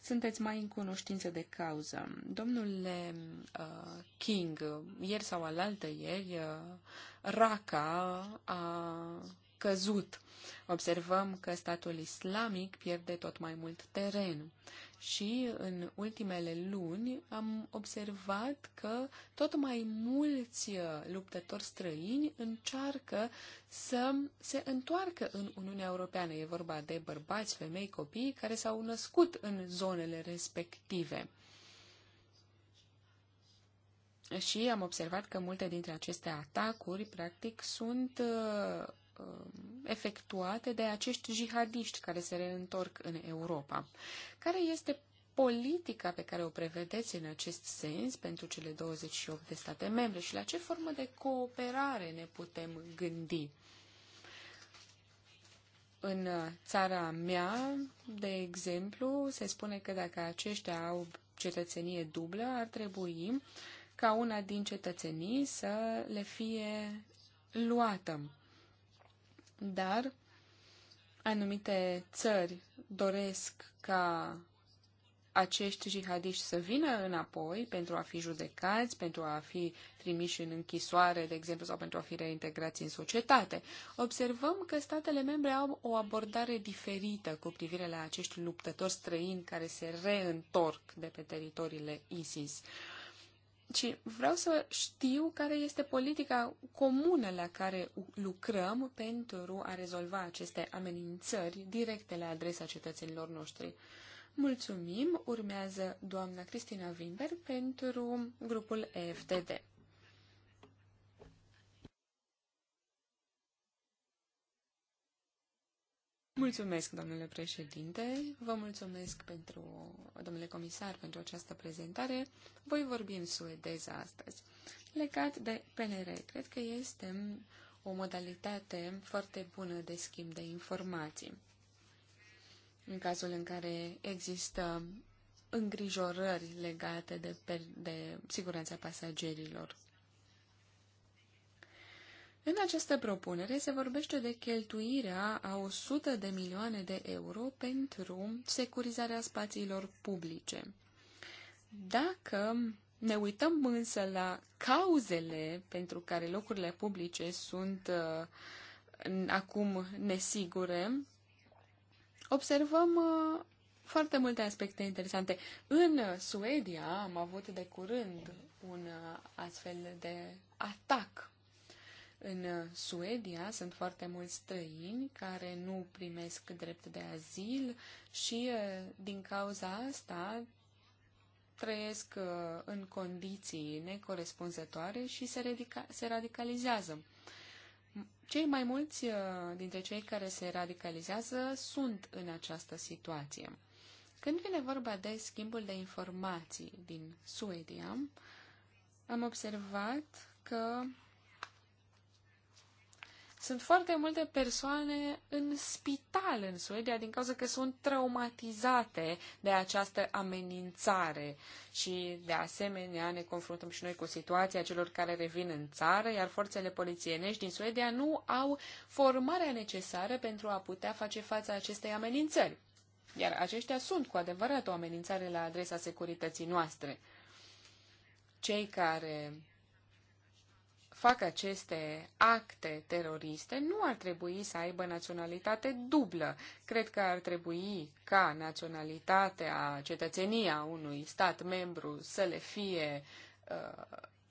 sunteți mai în cunoștință de cauză. Domnule uh, King, ieri sau alaltă ieri, uh, Raca a căzut. Observăm că statul islamic pierde tot mai mult teren și în ultimele luni am observat că tot mai mulți uh, luptători străini încearcă să se întoarcă în Uniunea Europeană. E vorba de bărbați, femei, copii care s-au născut în zonele respective. Și am observat că multe dintre aceste atacuri, practic, sunt uh, Um, efectuate de acești jihadiști care se reîntorc în Europa. Care este politica pe care o prevedeți în acest sens pentru cele 28 de state membre și la ce formă de cooperare ne putem gândi? În țara mea, de exemplu, se spune că dacă aceștia au cetățenie dublă, ar trebui ca una din cetățenii să le fie luată dar anumite țări doresc ca acești jihadiști să vină înapoi pentru a fi judecați, pentru a fi trimiși în închisoare, de exemplu, sau pentru a fi reintegrați în societate. Observăm că statele membre au o abordare diferită cu privire la acești luptători străini care se reîntorc de pe teritoriile ISIS. Uh, ci vreau să știu care este politica comună la care lucrăm pentru a rezolva aceste amenințări directe la adresa cetățenilor noștri. Mulțumim! Urmează doamna Cristina Wimber pentru grupul EFTD. Mulțumesc, domnule președinte, vă mulțumesc pentru, domnule comisar, pentru această prezentare. Voi vorbi în suedeză astăzi. Legat de PNR, cred că este o modalitate foarte bună de schimb de informații. În cazul în care există îngrijorări legate de, de siguranța pasagerilor. În această propunere se vorbește de cheltuirea a 100 de milioane de euro pentru securizarea spațiilor publice. Dacă ne uităm însă la cauzele pentru care locurile publice sunt uh, acum nesigure, observăm uh, foarte multe aspecte interesante. În Suedia am avut de curând un uh, astfel de atac în Suedia sunt foarte mulți străini care nu primesc drept de azil și uh, din cauza asta trăiesc uh, în condiții necorespunzătoare și se, radica- se radicalizează. Cei mai mulți uh, dintre cei care se radicalizează sunt în această situație. Când vine vorba de schimbul de informații din Suedia, am observat că sunt foarte multe persoane în spital în Suedia din cauza că sunt traumatizate de această amenințare și de asemenea ne confruntăm și noi cu situația celor care revin în țară, iar forțele polițienești din Suedia nu au formarea necesară pentru a putea face față acestei amenințări. Iar aceștia sunt cu adevărat o amenințare la adresa securității noastre. Cei care fac aceste acte teroriste nu ar trebui să aibă naționalitate dublă. Cred că ar trebui ca naționalitatea, cetățenia unui stat membru să le fie uh,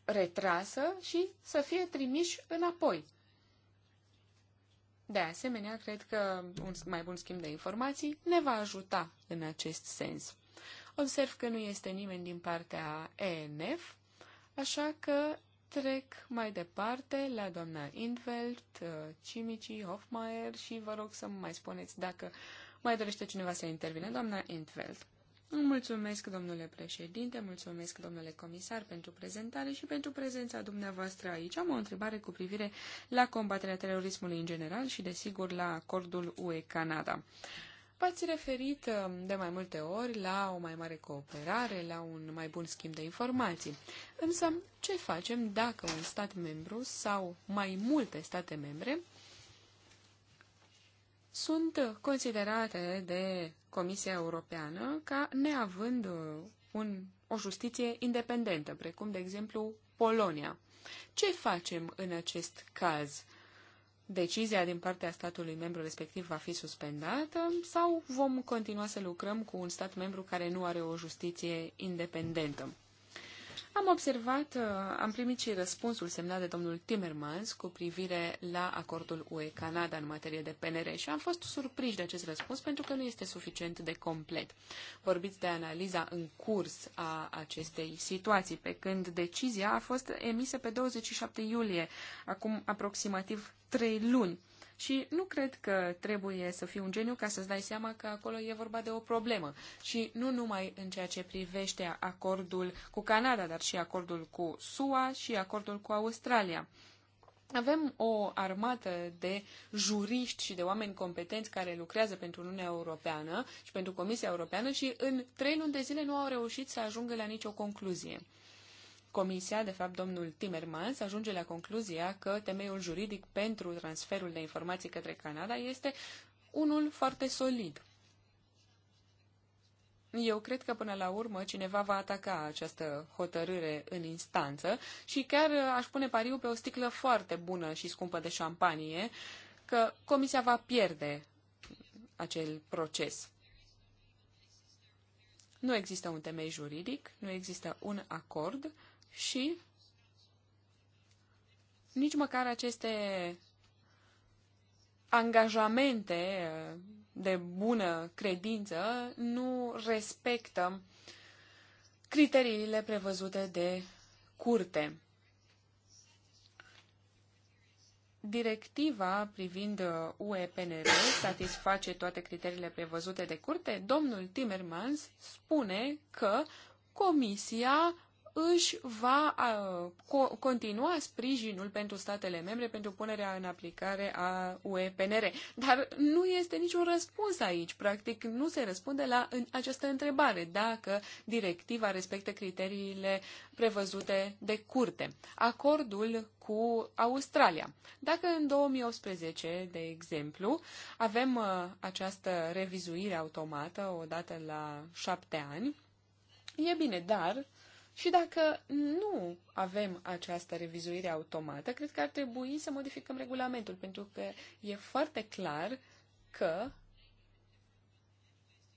retrasă și să fie trimiși înapoi. De asemenea, cred că un mai bun schimb de informații ne va ajuta în acest sens. Observ că nu este nimeni din partea ENF, așa că Trec mai departe la doamna Infeld, uh, Cimici, Hofmaier și vă rog să mai spuneți dacă mai dorește cineva să intervine. Doamna Infeld. Mulțumesc, domnule președinte, mulțumesc, domnule comisar, pentru prezentare și pentru prezența dumneavoastră aici. Am o întrebare cu privire la combaterea terorismului în general și, desigur, la acordul UE-Canada. V-ați referit uh, de mai multe ori la o mai mare cooperare, la un mai bun schimb de informații. Însă, ce facem dacă un stat membru sau mai multe state membre sunt considerate de Comisia Europeană ca neavând uh, un, o justiție independentă, precum, de exemplu, Polonia. Ce facem în acest caz? decizia din partea statului membru respectiv va fi suspendată sau vom continua să lucrăm cu un stat membru care nu are o justiție independentă. Am observat, uh, am primit și răspunsul semnat de domnul Timmermans cu privire la acordul UE-Canada în materie de PNR și am fost surprinși de acest răspuns pentru că nu este suficient de complet. Vorbiți de analiza în curs a acestei situații, pe când decizia a fost emisă pe 27 iulie, acum aproximativ 3 luni. Și nu cred că trebuie să fii un geniu ca să-ți dai seama că acolo e vorba de o problemă. Și nu numai în ceea ce privește acordul cu Canada, dar și acordul cu SUA și acordul cu Australia. Avem o armată de juriști și de oameni competenți care lucrează pentru Uniunea Europeană și pentru Comisia Europeană și în trei luni de zile nu au reușit să ajungă la nicio concluzie. Comisia, de fapt domnul Timmermans, ajunge la concluzia că temeiul juridic pentru transferul de informații către Canada este unul foarte solid. Eu cred că până la urmă cineva va ataca această hotărâre în instanță și chiar aș pune pariu pe o sticlă foarte bună și scumpă de șampanie că Comisia va pierde acel proces. Nu există un temei juridic, nu există un acord, și nici măcar aceste angajamente de bună credință nu respectă criteriile prevăzute de curte. Directiva privind UEPNR satisface toate criteriile prevăzute de curte. Domnul Timmermans spune că Comisia își va continua sprijinul pentru statele membre pentru punerea în aplicare a UEPNR. Dar nu este niciun răspuns aici. Practic, nu se răspunde la această întrebare dacă directiva respectă criteriile prevăzute de curte. Acordul cu Australia. Dacă în 2018, de exemplu, avem această revizuire automată odată la șapte ani, E bine, dar și dacă nu avem această revizuire automată, cred că ar trebui să modificăm regulamentul, pentru că e foarte clar că,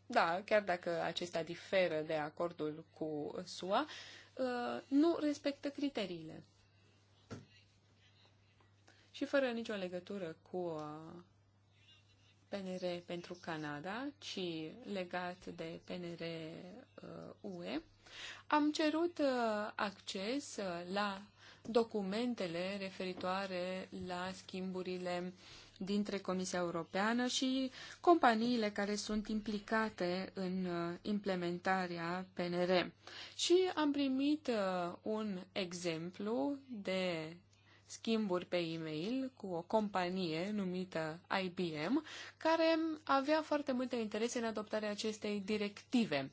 da, chiar dacă acesta diferă de acordul cu SUA, uh, nu respectă criteriile. Și fără nicio legătură cu uh, PNR pentru Canada, ci legat de PNR UE, uh, am cerut uh, acces uh, la documentele referitoare la schimburile dintre Comisia Europeană și companiile care sunt implicate în implementarea PNR. Și am primit un exemplu de schimburi pe e-mail cu o companie numită IBM, care avea foarte multe interese în adoptarea acestei directive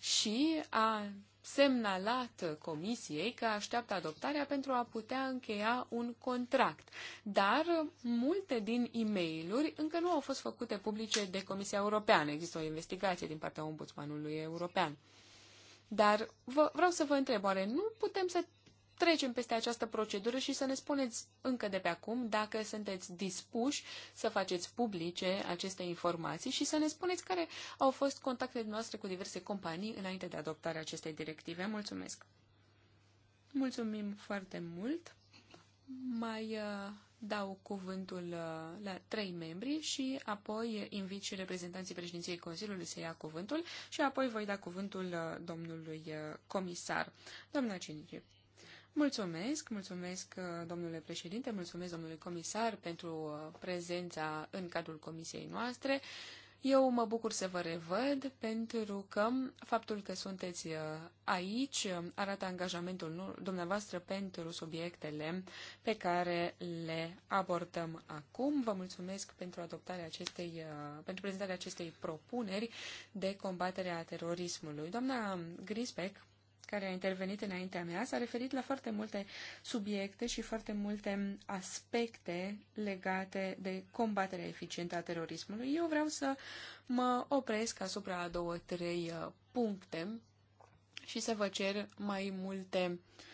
și a semnalat comisiei că așteaptă adoptarea pentru a putea încheia un contract. Dar multe din e mail încă nu au fost făcute publice de Comisia Europeană. Există o investigație din partea Ombudsmanului European. Dar vreau să vă întreb, oare nu putem să trecem peste această procedură și să ne spuneți încă de pe acum dacă sunteți dispuși să faceți publice aceste informații și să ne spuneți care au fost contactele noastre cu diverse companii înainte de adoptarea acestei directive. Mulțumesc! Mulțumim foarte mult! Mai uh, dau cuvântul uh, la trei membri și apoi invit și reprezentanții președinției Consiliului să ia cuvântul și apoi voi da cuvântul uh, domnului uh, comisar. Doamna Cinici, Mulțumesc, mulțumesc, uh, domnule președinte, mulțumesc, domnule comisar, pentru uh, prezența în cadrul comisiei noastre. Eu mă bucur să vă revăd pentru că faptul că sunteți uh, aici arată angajamentul dumneavoastră pentru subiectele pe care le abordăm acum. Vă mulțumesc pentru adoptarea acestei, pentru prezentarea acestei propuneri de combatere a terorismului. Doamna Grisbeck care a intervenit înaintea mea s-a referit la foarte multe subiecte și foarte multe aspecte legate de combaterea eficientă a terorismului. Eu vreau să mă opresc asupra a două, trei uh, puncte și să vă cer mai multe uh,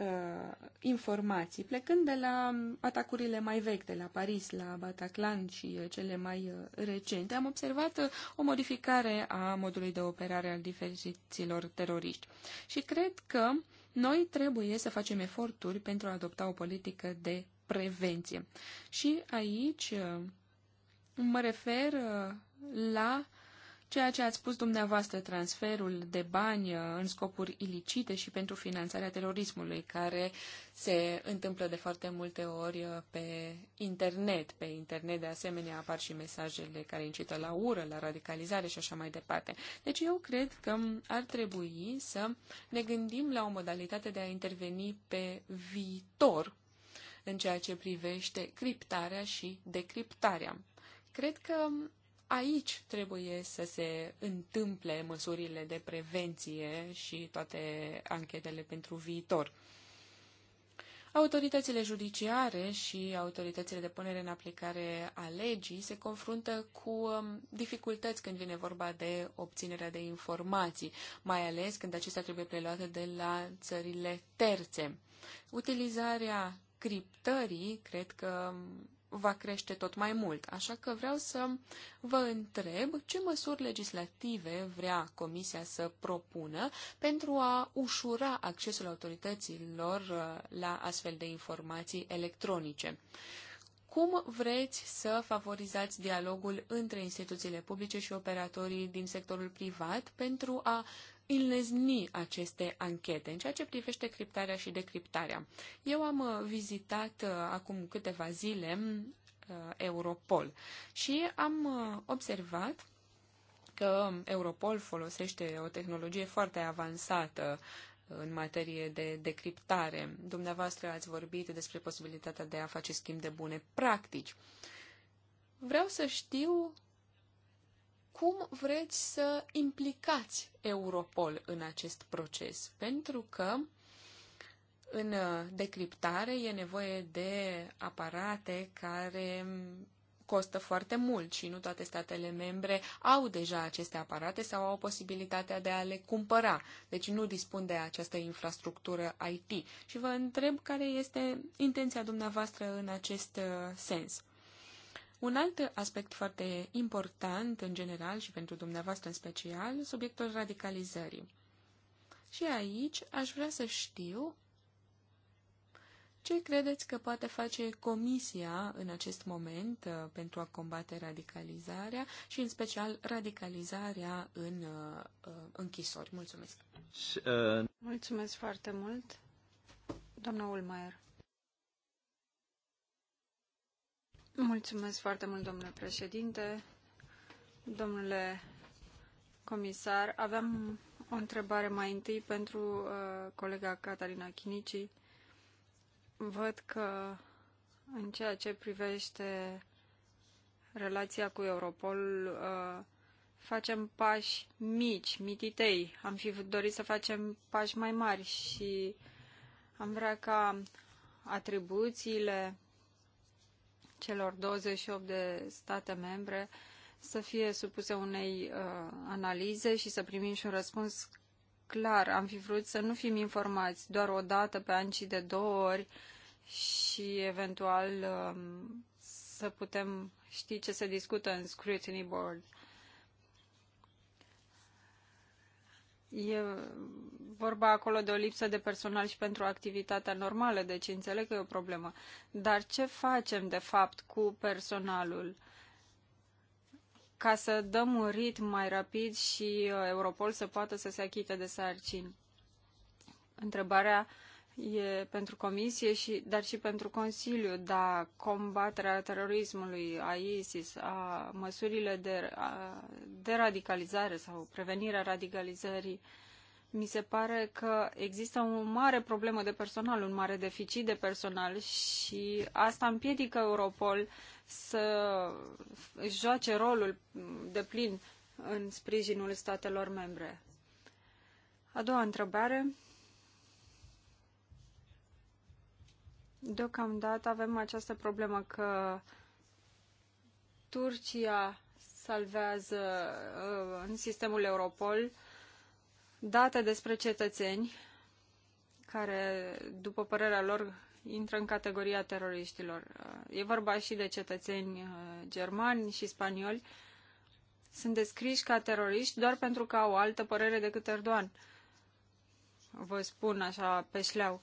uh, informații, plecând de la atacurile mai vechi, de la Paris, la Bataclan și uh, cele mai uh, recente, am observat uh, o modificare a modului de operare al diferiților teroriști. Și cred că noi trebuie să facem eforturi pentru a adopta o politică de prevenție. Și aici mă refer la uh, Ceea ce ați spus dumneavoastră, transferul de bani uh, în scopuri ilicite și pentru finanțarea terorismului, care se întâmplă de foarte multe ori uh, pe internet. Pe internet, de asemenea, apar și mesajele care incită la ură, la radicalizare și așa mai departe. Deci eu cred că ar trebui să ne gândim la o modalitate de a interveni pe viitor în ceea ce privește criptarea și decriptarea. Cred că aici trebuie să se întâmple măsurile de prevenție și toate anchetele pentru viitor. Autoritățile judiciare și autoritățile de punere în aplicare a legii se confruntă cu um, dificultăți când vine vorba de obținerea de informații, mai ales când acestea trebuie preluate de la țările terțe. Utilizarea criptării cred că um, va crește tot mai mult. Așa că vreau să vă întreb ce măsuri legislative vrea Comisia să propună pentru a ușura accesul autorităților uh, la astfel de informații electronice. Cum vreți să favorizați dialogul între instituțiile publice și operatorii din sectorul privat pentru a înlezni aceste anchete în ceea ce privește criptarea și decriptarea. Eu am uh, vizitat uh, acum câteva zile uh, Europol și am observat că Europol folosește o tehnologie foarte avansată în materie de decriptare. Dumneavoastră ați vorbit despre posibilitatea de a face schimb de bune practici. Vreau să știu cum vreți să implicați Europol în acest proces, pentru că în decriptare e nevoie de aparate care costă foarte mult și nu toate statele membre au deja aceste aparate sau au posibilitatea de a le cumpăra. Deci nu dispun de această infrastructură IT. Și vă întreb care este intenția dumneavoastră în acest uh, sens. Un alt aspect foarte important în general și pentru dumneavoastră în special, subiectul radicalizării. Și aici aș vrea să știu ce credeți că poate face Comisia în acest moment uh, pentru a combate radicalizarea și, în special, radicalizarea în uh, uh închisori? Mulțumesc! Uh, Mulțumesc foarte mult, doamna Ulmaier. Mulțumesc foarte mult, domnule președinte. Domnule comisar, aveam o întrebare mai întâi pentru uh, colega Catalina Chinici. Văd că în ceea ce privește relația cu Europol, uh, facem pași mici, mititei. Am fi dorit să facem pași mai mari și am vrea ca atribuțiile celor 28 de state membre să fie supuse unei uh, analize și să primim și un răspuns clar. Am fi vrut să nu fim informați doar o dată pe an, ci de două ori și eventual uh, să putem ști ce se discută în Scrutiny Board. E vorba acolo de o lipsă de personal și pentru activitatea normală, deci înțeleg că e o problemă. Dar ce facem, de fapt, cu personalul? ca să dăm un ritm mai rapid și uh, Europol să poată să se achite de sarcini. Întrebarea uh, e pentru Comisie, și, dar și pentru Consiliu, da, combaterea terorismului, a ISIS, a măsurile de, a, de radicalizare sau prevenirea radicalizării, mi se pare că există o mare problemă de personal, un mare deficit de personal și asta împiedică Europol să joace rolul de plin în sprijinul statelor membre. A doua întrebare Deocamdată avem această problemă că Turcia salvează uh, în sistemul Europol date despre cetățeni care, după părerea lor, intră în categoria teroriștilor. Uh, e vorba și de cetățeni uh, germani și spanioli. Sunt descriși ca teroriști doar pentru că au altă părere decât Erdogan. Vă spun așa pe șleau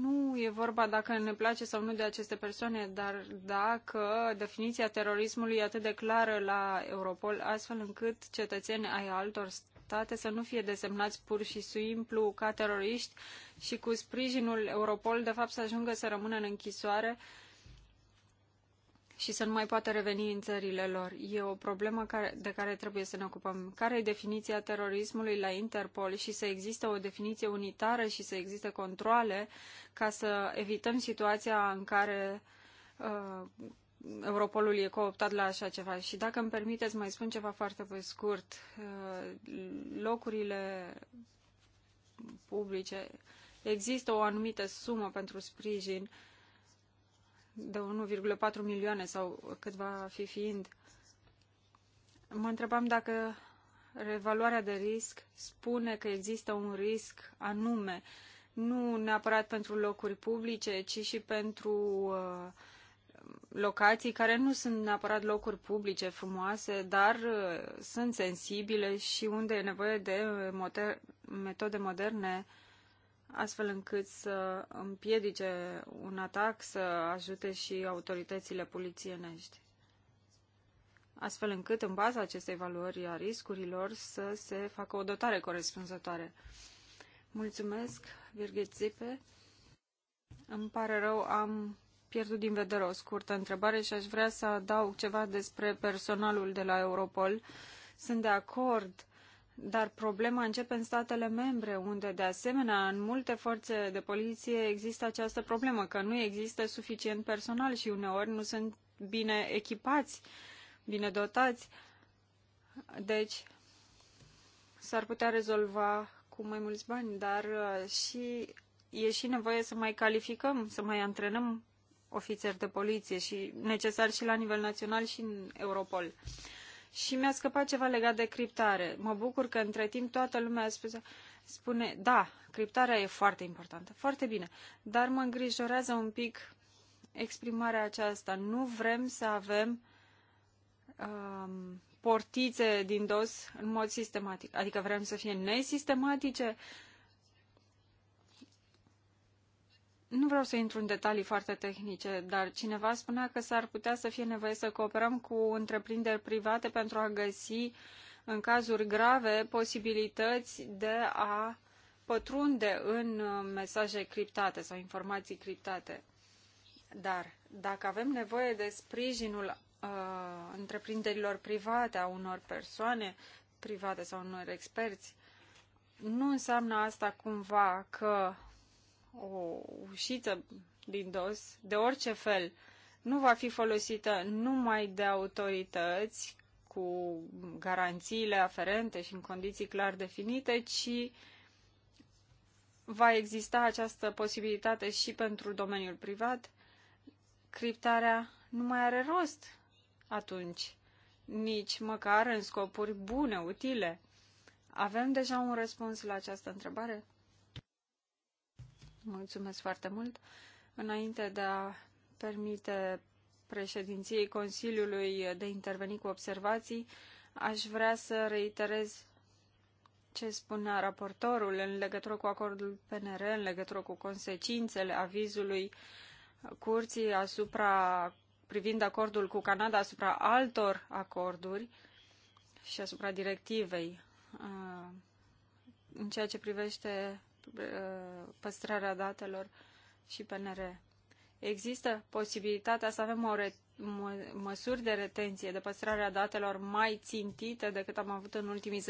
nu e vorba dacă ne place sau nu de aceste persoane, dar dacă definiția terorismului e atât de clară la Europol, astfel încât cetățenii ai altor state să nu fie desemnați pur și simplu ca teroriști și cu sprijinul Europol, de fapt, să ajungă să rămână în închisoare uh, și să nu mai poată reveni în țările lor. E o problemă care, de care trebuie să ne ocupăm. Care e definiția terorismului la Interpol și să existe o definiție unitară și să existe controle ca să evităm situația în care uh, Europolul e cooptat la așa ceva. Și dacă îmi permiteți, mai spun ceva foarte pe scurt. Uh, locurile publice, există o anumită sumă pentru sprijin uh, de 1,4 milioane sau cât va fi fiind. Mă întrebam dacă revaluarea de risc spune că există un risc anume, nu neapărat pentru locuri publice, ci și pentru uh, locații care nu sunt neapărat locuri publice frumoase, dar uh, sunt sensibile și unde e nevoie de metode moderne astfel încât să împiedice un atac, să ajute și autoritățile polițienești. Astfel încât, în baza acestei valori a riscurilor, să se facă o dotare corespunzătoare. Mulțumesc, Birgit Zipe. Îmi pare rău, am pierdut din vedere o scurtă întrebare și aș vrea să adaug ceva despre personalul de la Europol. Sunt de acord dar problema începe în statele membre, unde, de asemenea, în multe forțe de poliție există această problemă, că nu există suficient personal și uneori nu sunt bine echipați, bine dotați. Deci, s-ar putea rezolva cu mai mulți bani, dar uh, și e și nevoie să mai calificăm, să mai antrenăm ofițeri de poliție și necesar și la nivel național și în Europol. Și mi-a scăpat ceva legat de criptare. Mă bucur că între timp toată lumea spune: spune, da, criptarea e foarte importantă, foarte bine, dar mă îngrijorează un pic exprimarea aceasta. Nu vrem să avem um, portițe din dos în mod sistematic. Adică vrem să fie nesistematice, uh, Nu vreau să intru în detalii foarte tehnice, dar cineva spunea că s-ar putea să fie nevoie să cooperăm cu întreprinderi private pentru a găsi, în cazuri grave, posibilități de a pătrunde în uh, mesaje criptate sau informații criptate. Dar dacă avem nevoie de sprijinul uh, întreprinderilor private, a unor persoane private sau unor experți, nu înseamnă asta cumva că o ușiță din dos, de orice fel, nu va fi folosită numai de autorități cu garanțiile aferente și în condiții clar definite, ci va exista această posibilitate și pentru domeniul privat. Criptarea nu mai are rost atunci, nici măcar în scopuri bune, utile. Avem deja un răspuns la această întrebare? Mulțumesc foarte mult. Înainte de a permite președinției Consiliului de interveni cu observații, aș vrea să reiterez ce spunea raportorul în legătură cu acordul PNR, în legătură cu consecințele avizului curții asupra, privind acordul cu Canada asupra altor acorduri și asupra directivei în ceea ce privește Uh, păstrarea datelor și PNR. Există posibilitatea să avem o re- mă, măsuri de retenție, de păstrare a datelor mai țintite decât am avut în ultimii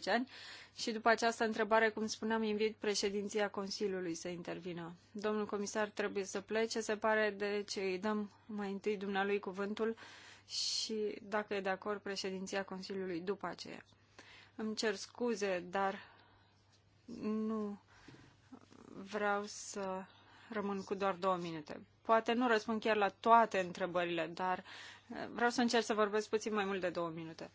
10-15 ani și după această întrebare, cum spuneam, invit președinția Consiliului să intervină. Domnul comisar trebuie să plece, se pare, deci îi dăm mai întâi dumnealui cuvântul și, dacă e de acord, președinția Consiliului după aceea. Îmi cer scuze, dar nu vreau să rămân cu doar două minute. Poate nu răspund chiar la toate întrebările, dar eh, vreau să încerc să vorbesc puțin mai mult de două minute.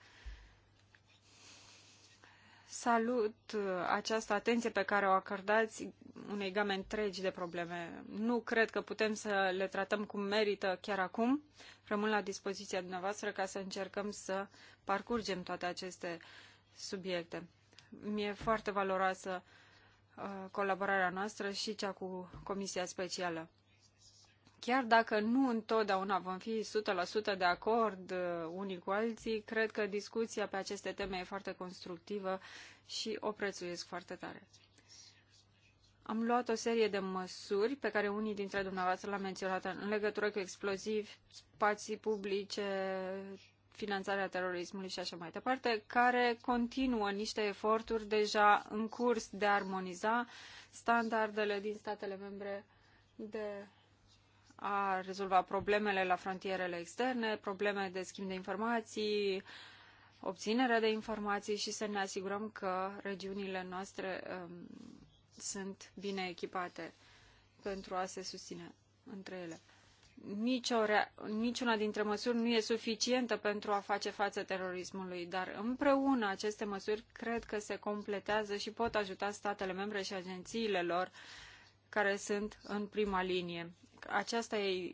Salut eh, această atenție pe care o acordați unei game întregi de probleme. Nu cred că putem să le tratăm cum merită chiar acum. Rămân la dispoziția dumneavoastră ca să încercăm să parcurgem toate aceste subiecte mi-e foarte valoroasă uh, colaborarea noastră și cea cu Comisia Specială. Chiar dacă nu întotdeauna vom fi 100% de acord uh, unii cu alții, cred că discuția pe aceste teme e foarte constructivă și o prețuiesc foarte tare. Am luat o serie de măsuri pe care unii dintre dumneavoastră le-am menționat în legătură cu explozivi, spații publice, finanțarea terorismului și așa mai departe, care continuă niște eforturi deja în curs de a armoniza standardele din statele membre de a rezolva problemele la frontierele externe, probleme de schimb de informații, obținerea de informații și să ne asigurăm că regiunile noastre um, sunt bine echipate pentru a se susține între ele niciuna dintre măsuri nu e suficientă pentru a face față terorismului, dar împreună aceste măsuri cred că se completează și pot ajuta statele membre și agențiile lor care sunt în prima linie. Aceasta e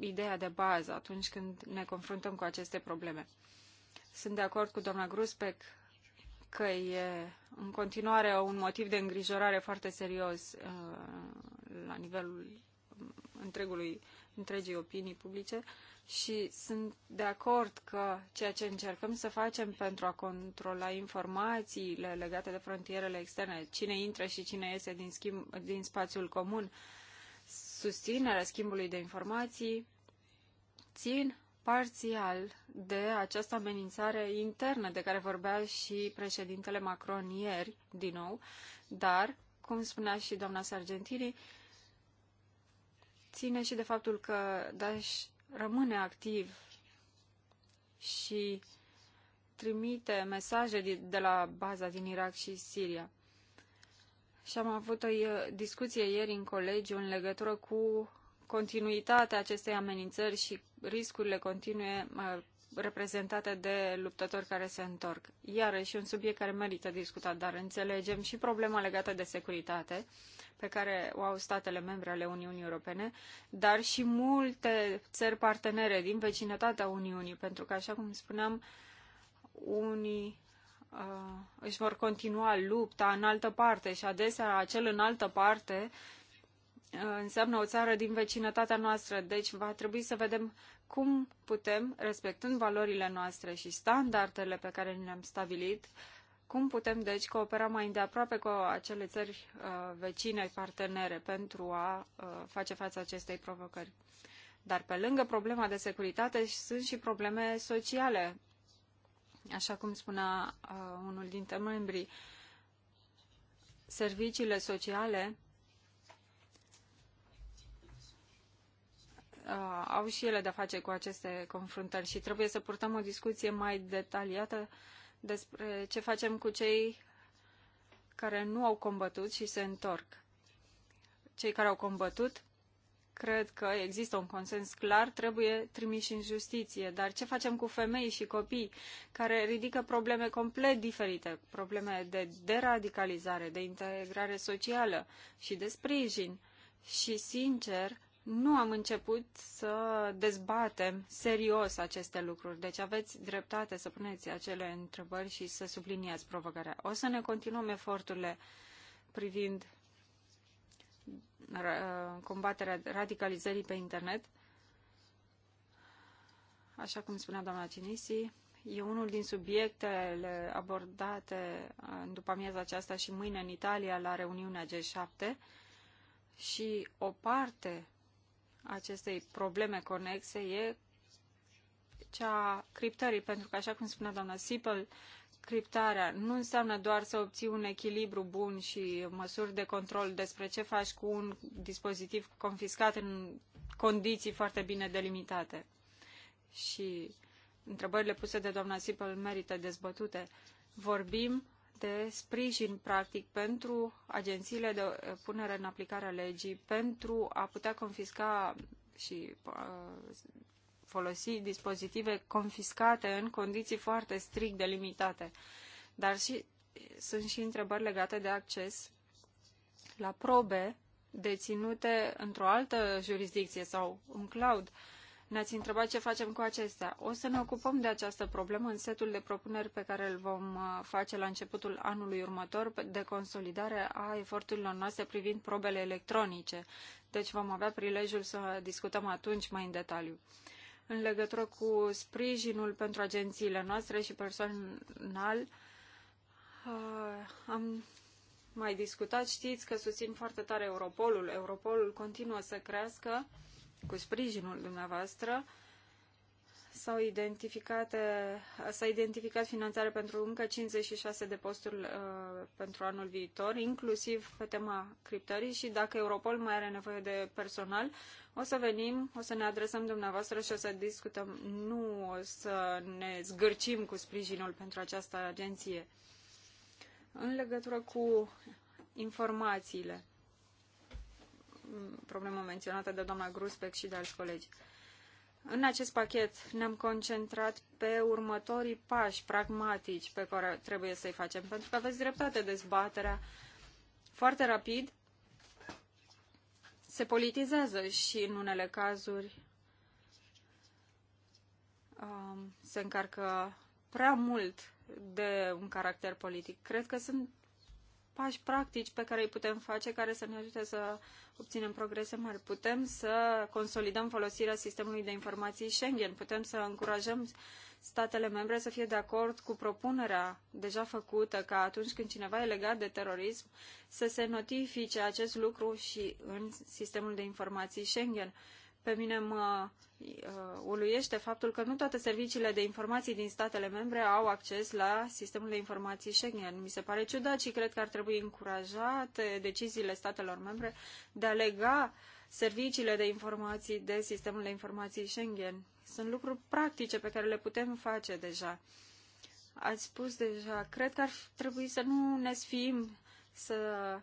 ideea de bază atunci când ne confruntăm cu aceste probleme. Sunt de acord cu doamna Gruspec că e în continuare un motiv de îngrijorare foarte serios uh, la nivelul întregului întregii opinii publice și sunt de acord că ceea ce încercăm să facem pentru a controla informațiile legate de frontierele externe, cine intră și cine iese din, schimb, din spațiul comun, susținerea schimbului de informații, țin parțial de această amenințare internă de care vorbea și președintele Macron ieri, din nou, dar, cum spunea și doamna Sargentini, ține și de faptul că Daesh rămâne activ și trimite mesaje de la baza din Irak și Siria. Și am avut o uh, discuție ieri în colegiu în legătură cu continuitatea acestei amenințări și riscurile continue reprezentate de luptători care se întorc. Iarăși un subiect care merită discutat, dar înțelegem și problema legată de securitate pe care o au statele membre ale Uniunii Europene, dar și multe țări partenere din vecinătatea Uniunii, pentru că, așa cum spuneam, unii uh, își vor continua lupta în altă parte și adesea acel în altă parte uh, înseamnă o țară din vecinătatea noastră. Deci va trebui să vedem cum putem, respectând valorile noastre și standardele pe care ni le-am stabilit, uh, cum putem, deci, coopera mai îndeaproape cu acele țări uh, vecine, partenere, pentru a uh, face față acestei provocări? Dar pe lângă problema de securitate sunt și probleme sociale. Așa cum spunea uh, unul dintre membrii, serviciile sociale au și ele de-a face cu aceste confruntări și trebuie să purtăm o discuție mai detaliată uh, despre ce facem cu cei care nu au combătut și se întorc. Cei care au combătut, cred că există un consens clar, trebuie trimiși în justiție. Dar ce facem cu femei și copii care ridică probleme complet diferite, probleme de deradicalizare, de integrare socială și de sprijin? Și, sincer, nu am început să dezbatem serios aceste lucruri. Deci aveți dreptate să puneți acele întrebări și să subliniați provocarea. O să ne continuăm eforturile privind combaterea radicalizării pe internet. Așa cum spunea doamna Cinisi, e unul din subiectele abordate în după amiaza aceasta și mâine în Italia la reuniunea G7 și o parte acestei probleme conexe e cea a criptării, pentru că, așa cum spunea doamna Sipel, criptarea nu înseamnă doar să obții un echilibru bun și măsuri de control despre ce faci cu un dispozitiv confiscat în condiții foarte bine delimitate. Și întrebările puse de doamna Sipel merită dezbătute. Vorbim de sprijin, practic, pentru agențiile de punere în aplicare a legii, pentru a putea confisca și uh, folosi dispozitive confiscate în condiții foarte strict delimitate. Dar și, sunt și întrebări legate de acces la probe deținute într-o altă jurisdicție sau în cloud. Uh, ne-ați întrebat ce facem cu acestea. O să ne ocupăm de această problemă în setul de propuneri pe care îl vom uh, face la începutul anului următor de consolidare a eforturilor noastre privind probele electronice. Deci vom avea prilejul să discutăm atunci mai în detaliu în legătură cu sprijinul pentru agențiile noastre și personal. Uh, am mai discutat, știți că susțin foarte tare Europolul. Europolul continuă să crească cu sprijinul dumneavoastră, s-au identificat, s-a identificat finanțare pentru încă 56 de posturi uh, pentru anul viitor, inclusiv pe tema criptării și dacă Europol mai are nevoie de personal, o să venim, o să ne adresăm dumneavoastră și o să discutăm. Nu o să ne zgârcim cu sprijinul pentru această agenție. În legătură cu informațiile, problemă menționată de doamna Gruspec și de alți colegi. În acest pachet ne-am concentrat pe următorii pași pragmatici pe care trebuie să-i facem, pentru că aveți dreptate dezbaterea foarte rapid se politizează și în unele cazuri um, se încarcă prea mult de un caracter politic. Cred că sunt pași practici pe care îi putem face, care să ne ajute să obținem progrese mari. Putem să consolidăm folosirea sistemului de informații Schengen, putem să încurajăm statele membre să fie de acord cu propunerea deja făcută ca atunci când cineva e legat de terorism să se notifice acest lucru și în sistemul de informații Schengen pe mine mă uh, uluiește faptul că nu toate serviciile de informații din statele membre au acces la sistemul de informații Schengen. Mi se pare ciudat și cred că ar trebui încurajate deciziile statelor membre de a lega serviciile de informații de sistemul de informații Schengen. Sunt lucruri practice pe care le putem face deja. Ați spus deja, cred că ar trebui să nu ne sfim să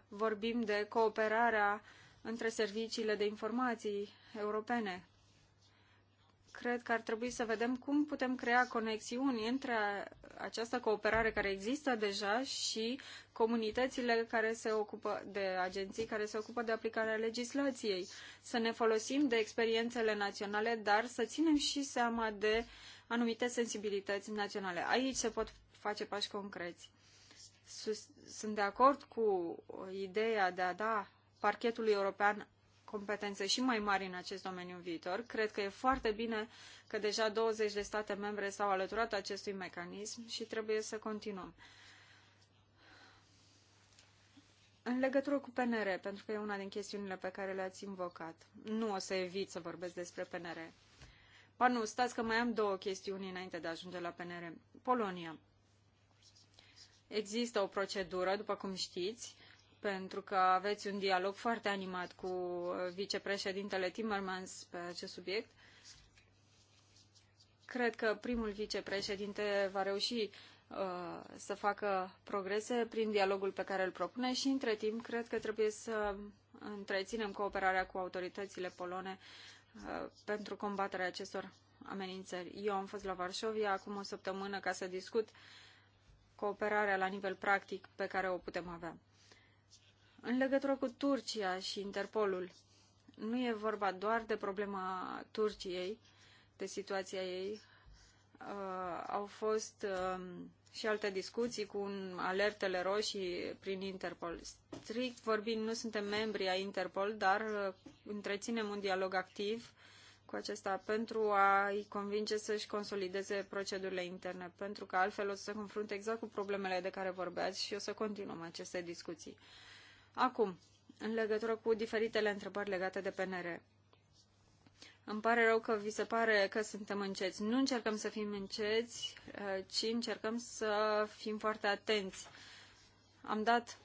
vorbim de cooperarea uh, între serviciile de informații europene. Cred că ar trebui să vedem cum putem crea conexiuni între această cooperare care există deja și comunitățile care se ocupă de agenții care se ocupă de aplicarea legislației. Să ne folosim de experiențele naționale, dar să ținem și seama de anumite sensibilități naționale. Aici se pot face pași concreți. sunt de acord cu ideea de a da parchetului european competențe și mai mari în acest domeniu în viitor. Cred că e foarte bine că deja 20 de state membre s-au alăturat acestui mecanism și trebuie să continuăm. În legătură cu PNR, pentru că e una din chestiunile pe care le-ați invocat, nu o să evit să vorbesc despre PNR. Ba nu, stați că mai am două chestiuni înainte de a ajunge la PNR. Polonia. Există o procedură, după cum știți, pentru că aveți un dialog foarte animat cu uh, vicepreședintele Timmermans pe acest subiect. Cred că primul vicepreședinte va reuși uh, să facă progrese prin dialogul pe care îl propune și, între timp, cred că trebuie să întreținem cooperarea cu autoritățile polone uh, pentru combaterea acestor amenințări. Eu am fost la Varșovia acum o săptămână ca să discut cooperarea la nivel practic pe care o putem avea. În legătură cu Turcia și Interpolul, nu e vorba doar de problema Turciei, de situația ei. Uh, au fost uh, și alte discuții cu un alertele roșii prin Interpol. Strict vorbind, nu suntem membri ai Interpol, dar uh, întreținem un dialog activ cu acesta pentru a-i convinge să-și consolideze procedurile interne, pentru că altfel o să se confrunte exact cu problemele de care vorbeați și o să continuăm aceste discuții. Uh, Acum, în legătură cu diferitele întrebări legate de PNR. Îmi pare rău că vi se pare că suntem înceți. Nu încercăm să fim înceți, eh, ci încercăm să fim foarte atenți. Am dat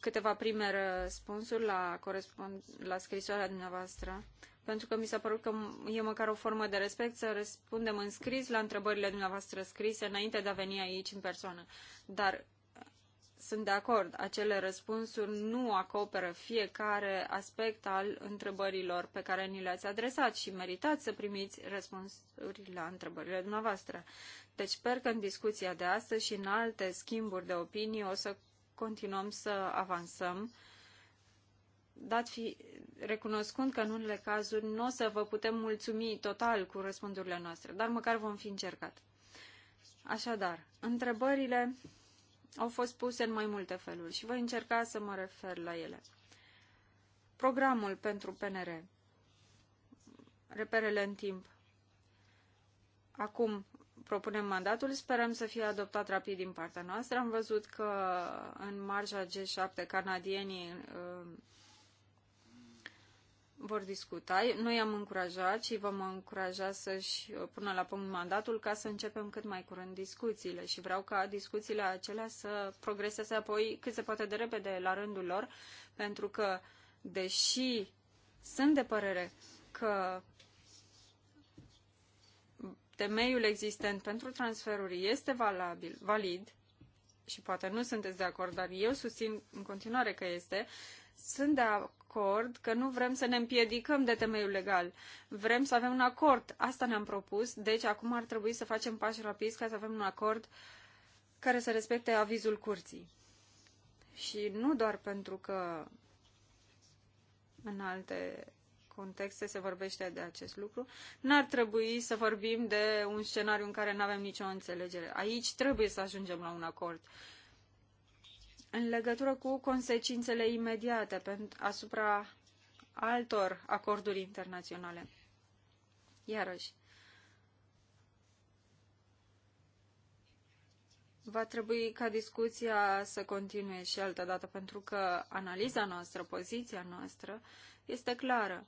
câteva prime răspunsuri la, la scrisoarea dumneavoastră, pentru că mi s-a părut că e măcar o formă de respect să răspundem în scris la întrebările dumneavoastră scrise înainte de a veni aici în persoană. Dar sunt de acord, acele răspunsuri nu acoperă fiecare aspect al întrebărilor pe care ni le-ați adresat și meritați să primiți răspunsuri la întrebările dumneavoastră. Deci sper că în discuția de astăzi și în alte schimburi de opinii o să continuăm să avansăm, dat fi, recunoscând că în unele cazuri nu o să vă putem mulțumi total cu răspunsurile noastre, dar măcar vom fi încercat. Așadar, întrebările au fost puse în mai multe feluri și voi încerca să mă refer la ele. Programul pentru PNR. Reperele în timp. Acum propunem mandatul, sperăm să fie adoptat rapid din partea noastră. Am văzut că în marja G7 canadienii uh, vor discuta. Noi am încurajat și vom încuraja să-și pună la punct mandatul ca să începem cât mai curând discuțiile și vreau ca discuțiile acelea să progreseze apoi cât se poate de repede la rândul lor, pentru că, deși sunt de părere că temeiul existent pentru transferuri este valabil, valid și poate nu sunteți de acord, dar eu susțin în continuare că este, sunt de acord acord că nu vrem să ne împiedicăm de temeiul legal. Vrem să avem un acord. Asta ne-am propus. Deci acum ar trebui să facem pași rapizi ca să avem un acord care să respecte avizul curții. Și nu doar pentru că în alte contexte se vorbește de acest lucru, n-ar trebui să vorbim de un scenariu în care nu avem nicio înțelegere. Aici trebuie să ajungem la un acord în legătură cu consecințele imediate asupra altor acorduri internaționale. Iarăși, va trebui ca discuția să continue și altă dată, pentru că analiza noastră, poziția noastră este clară.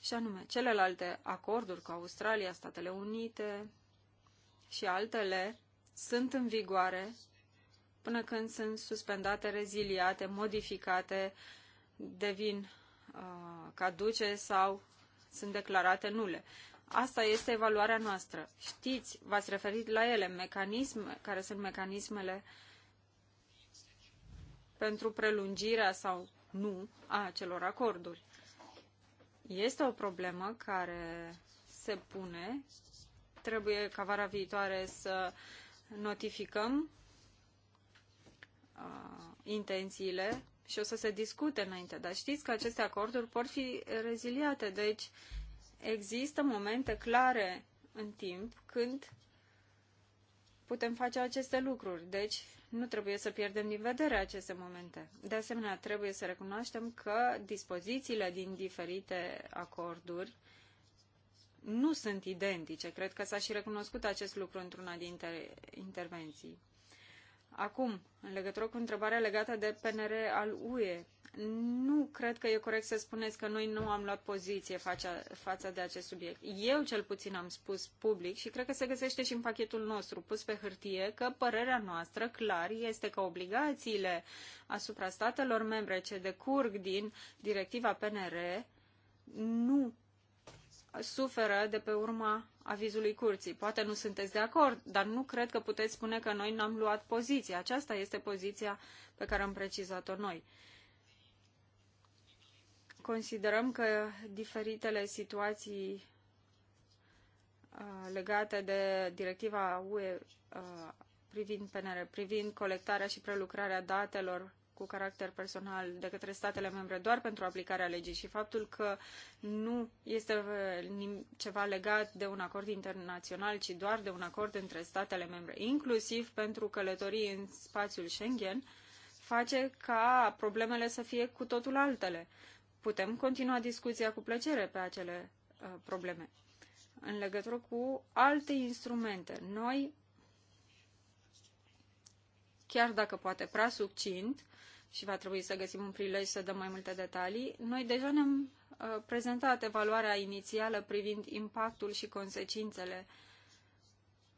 Și anume, celelalte acorduri cu Australia, Statele Unite și altele sunt în vigoare până când sunt suspendate, reziliate, modificate, devin uh, caduce sau sunt declarate nule. Asta este evaluarea noastră. Știți, v-ați referit la ele, mecanisme, care sunt mecanismele pentru prelungirea sau nu a acelor acorduri. Este o problemă care se pune. Trebuie ca vara viitoare să notificăm uh, intențiile și o să se discute înainte, dar știți că aceste acorduri pot fi reziliate, deci există momente clare în timp când putem face aceste lucruri, deci nu trebuie să pierdem din vedere aceste momente. De asemenea, trebuie să recunoaștem că dispozițiile din diferite acorduri nu sunt identice. Cred că s-a și recunoscut acest lucru într-una dintre intervenții. Acum, în legătură cu întrebarea legată de PNR al UE, nu cred că e corect să spuneți că noi nu am luat poziție față, de acest subiect. Eu cel puțin am spus public și cred că se găsește și în pachetul nostru pus pe hârtie că părerea noastră clar este că obligațiile asupra statelor membre ce decurg din directiva PNR nu suferă de pe urma avizului curții. Poate nu sunteți de acord, dar nu cred că puteți spune că noi n-am luat poziție. Aceasta este poziția pe care am precizat-o noi. Considerăm că diferitele situații uh, legate de directiva UE uh, privind PNR, privind colectarea și prelucrarea datelor cu caracter personal de către statele membre doar pentru aplicarea legii și faptul că nu este uh, ceva legat de un acord internațional, ci doar de un acord între statele membre, inclusiv pentru călătorii în spațiul Schengen, face ca problemele să fie cu totul altele. Putem continua discuția cu plăcere pe acele uh, probleme. În legătură cu alte instrumente, noi chiar dacă poate prea succint, și va trebui să găsim un prilej să dăm mai multe detalii. Noi deja ne-am uh, prezentat evaluarea inițială privind impactul și consecințele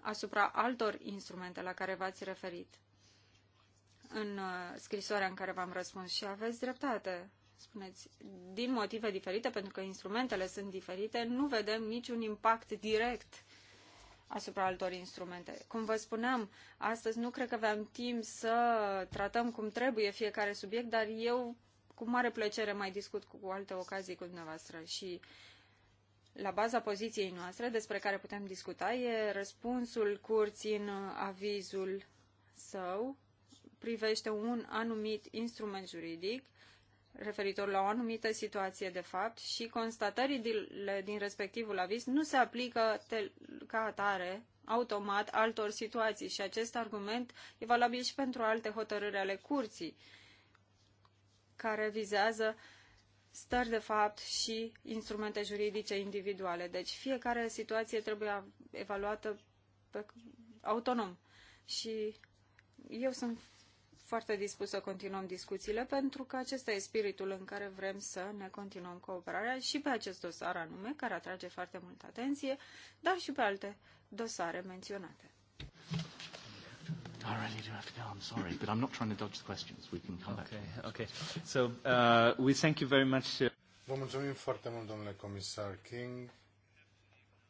asupra altor instrumente la care v-ați referit în uh, scrisoarea în care v-am răspuns și aveți dreptate. Spuneți, din motive diferite, pentru că instrumentele sunt diferite, nu vedem niciun impact direct asupra altor instrumente. Cum vă spuneam, astăzi nu cred că aveam timp să tratăm cum trebuie fiecare subiect, dar eu cu mare plăcere mai discut cu alte ocazii cu dumneavoastră și la baza poziției noastre despre care putem discuta e răspunsul curții în avizul său privește un anumit instrument juridic referitor la o anumită situație de fapt și constatările din respectivul aviz nu se aplică ca atare automat altor situații și acest argument e valabil și pentru alte hotărâri ale curții care vizează stări de fapt și instrumente juridice individuale. Deci fiecare situație trebuie evaluată pe, autonom. Și eu sunt foarte dispus să continuăm discuțiile, pentru că acesta e spiritul în care vrem să ne continuăm cooperarea și pe acest dosar anume, care atrage foarte multă atenție, dar și pe alte dosare menționate. I really do have to go. I'm sorry, but I'm not trying to dodge the questions. We can come okay, back. Okay. So uh, we thank you very much. Uh, Vă mulțumim foarte mult, domnule comisar King.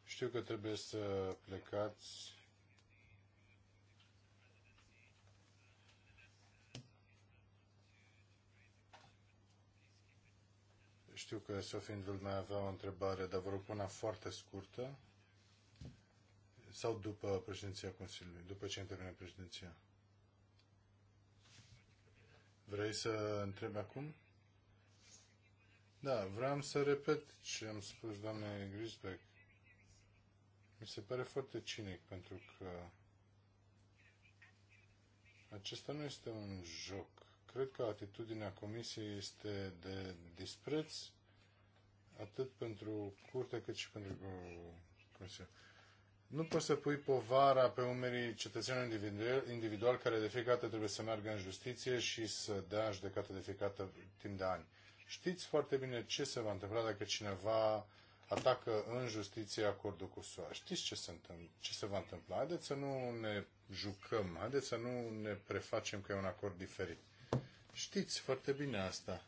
Știu că trebuie să plecați Știu că să Indul mai avea o întrebare, dar vă rog una foarte scurtă. Sau după președinția Consiliului, după ce intervine președinția? Vrei să întrebi acum? Da, vreau să repet ce am spus doamnei Grisbeck. Mi se pare foarte cinic pentru că acesta nu este un joc. Cred că atitudinea Comisiei este de dispreț, atât pentru curte cât și pentru uh, Comisia. Nu poți să pui povara pe umerii cetățenilor individuali, individual care de fiecare dată trebuie să meargă în justiție și să dea judecată de fiecare dată timp de ani. Știți foarte bine ce se va întâmpla dacă cineva atacă în justiție acordul cu SUA. Știți ce se, întâmpl- ce se va întâmpla? Haideți să nu ne jucăm, haideți să nu ne prefacem că e un acord diferit. Știți foarte bine asta.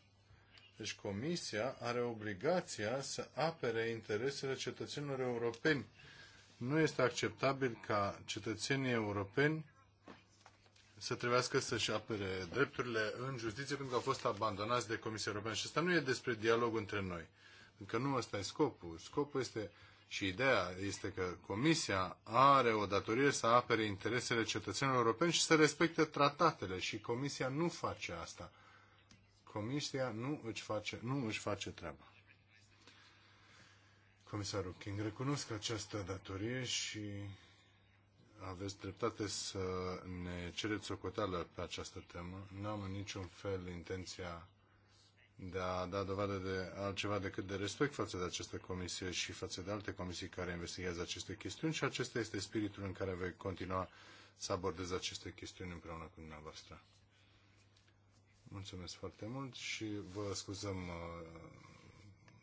Deci Comisia are obligația să apere interesele cetățenilor europeni. Nu este acceptabil ca cetățenii europeni să trebuiască să-și apere drepturile în justiție pentru că au fost abandonați de Comisia Europeană. Și asta nu e despre dialog între noi. Pentru că nu ăsta e scopul. Scopul este și ideea este că Comisia are o datorie să apere interesele cetățenilor europeni și să respecte tratatele și Comisia nu face asta. Comisia nu își face, nu își face treaba. Comisarul King, recunosc această datorie și aveți dreptate să ne cereți o coteală pe această temă. Nu am în niciun fel intenția de a da dovadă de altceva decât de respect față de această comisie și față de alte comisii care investigează aceste chestiuni și acesta este spiritul în care voi continua să abordez aceste chestiuni împreună cu dumneavoastră. Mulțumesc foarte mult și vă scuzăm, uh,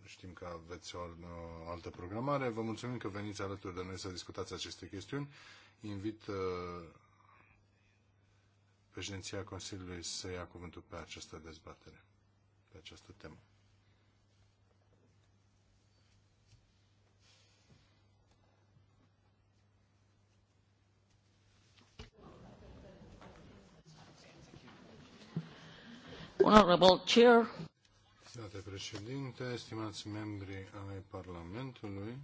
știm că aveți o uh, altă programare. Vă mulțumim că veniți alături de noi să discutați aceste chestiuni. Invit uh, președinția Consiliului să ia cuvântul pe această dezbatere pe această temă. Honorable Chair. Stimate președinte, stimați membri ai Parlamentului,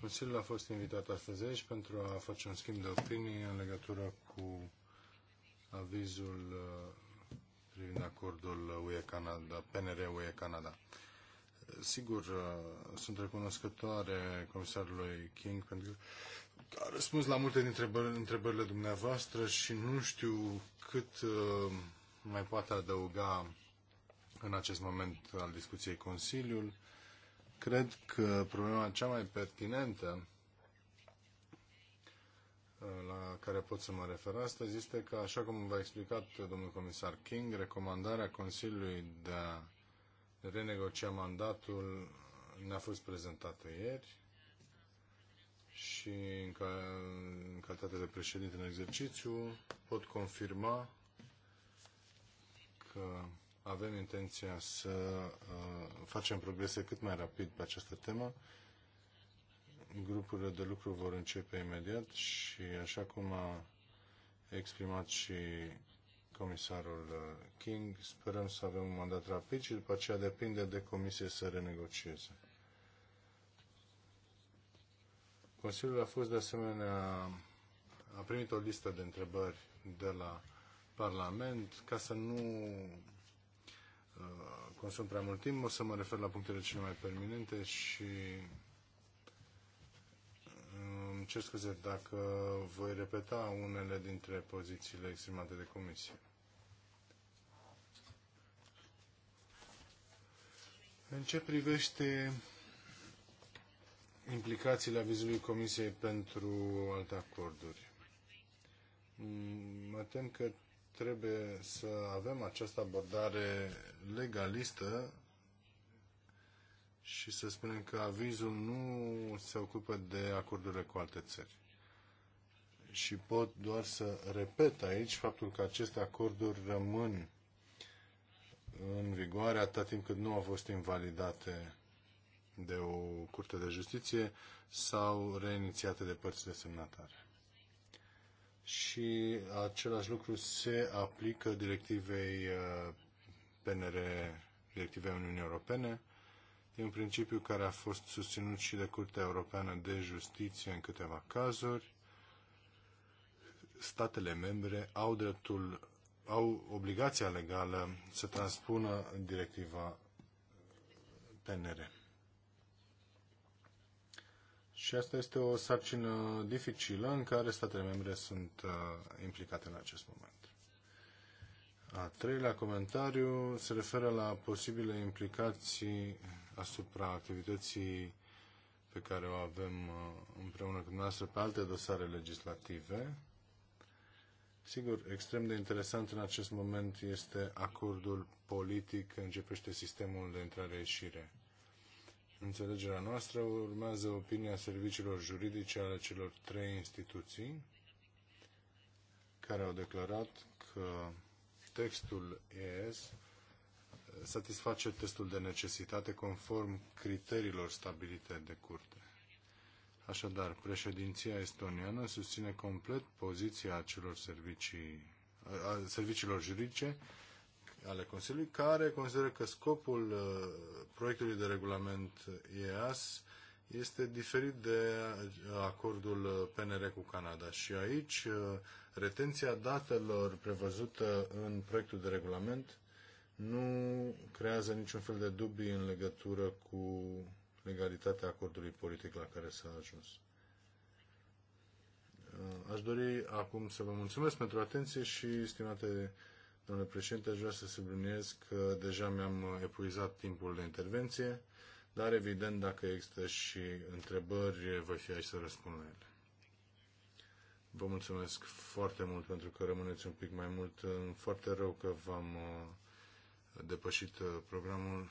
Consiliul a fost invitat astăzi aici pentru a face un schimb de opinii în legătură cu avizul uh, privind acordul UE-Canada, PNR-UE-Canada. Sigur, uh, sunt recunoscătoare comisarului King pentru că a răspuns la multe dintre întrebările dumneavoastră și nu știu cât uh, mai poate adăuga în acest moment al discuției Consiliul. Cred că problema cea mai pertinentă la care pot să mă refer astăzi este că, așa cum v-a explicat domnul comisar King, recomandarea Consiliului de a renegocia mandatul ne-a fost prezentată ieri și în, ca, în calitate de președinte în exercițiu pot confirma că avem intenția să uh, facem progrese cât mai rapid pe această temă grupurile de lucru vor începe imediat și așa cum a exprimat și comisarul uh, King, sperăm să avem un mandat rapid și după aceea depinde de comisie să renegocieze. Consiliul a fost de asemenea, a primit o listă de întrebări de la Parlament ca să nu uh, consum prea mult timp, o să mă refer la punctele cele mai permanente și îmi cer scuze dacă voi repeta unele dintre pozițiile exprimate de comisie. În ce privește implicațiile avizului Comisiei pentru alte acorduri? Mă tem că trebuie să avem această abordare legalistă și să spunem că avizul nu se ocupă de acordurile cu alte țări. Și pot doar să repet aici faptul că aceste acorduri rămân în vigoare atât timp cât nu au fost invalidate de o curte de justiție sau reinițiate de părțile semnatare. Și același lucru se aplică directivei uh, PNR, directivei Uniunii Europene, E un principiu care a fost susținut și de Curtea Europeană de Justiție în câteva cazuri. Statele membre au dreptul, au obligația legală să transpună directiva PNR. Și asta este o sarcină dificilă în care statele membre sunt uh, implicate în acest moment. A treilea comentariu se referă la posibile implicații asupra activității pe care o avem uh, împreună cu dumneavoastră pe alte dosare legislative. Sigur, extrem de interesant în acest moment este acordul politic că începește sistemul de intrare-ieșire. Înțelegerea noastră urmează opinia serviciilor juridice ale celor trei instituții care au declarat că textul ES satisface testul de necesitate conform criteriilor stabilite de curte. Așadar, președinția estoniană susține complet poziția celor servicii, a serviciilor juridice ale Consiliului, care consideră că scopul uh, proiectului de regulament EAS este diferit de uh, acordul uh, PNR cu Canada și aici uh, retenția datelor prevăzută în proiectul de regulament nu creează niciun fel de dubii în legătură cu legalitatea acordului politic la care s-a ajuns. Aș dori acum să vă mulțumesc pentru atenție și, stimate domnule președinte, aș vrea să subliniez că deja mi-am epuizat timpul de intervenție dar evident dacă există și întrebări, voi fi aici să răspund la ele. Vă mulțumesc foarte mult pentru că rămâneți un pic mai mult. Foarte rău că v-am uh, depășit uh, programul.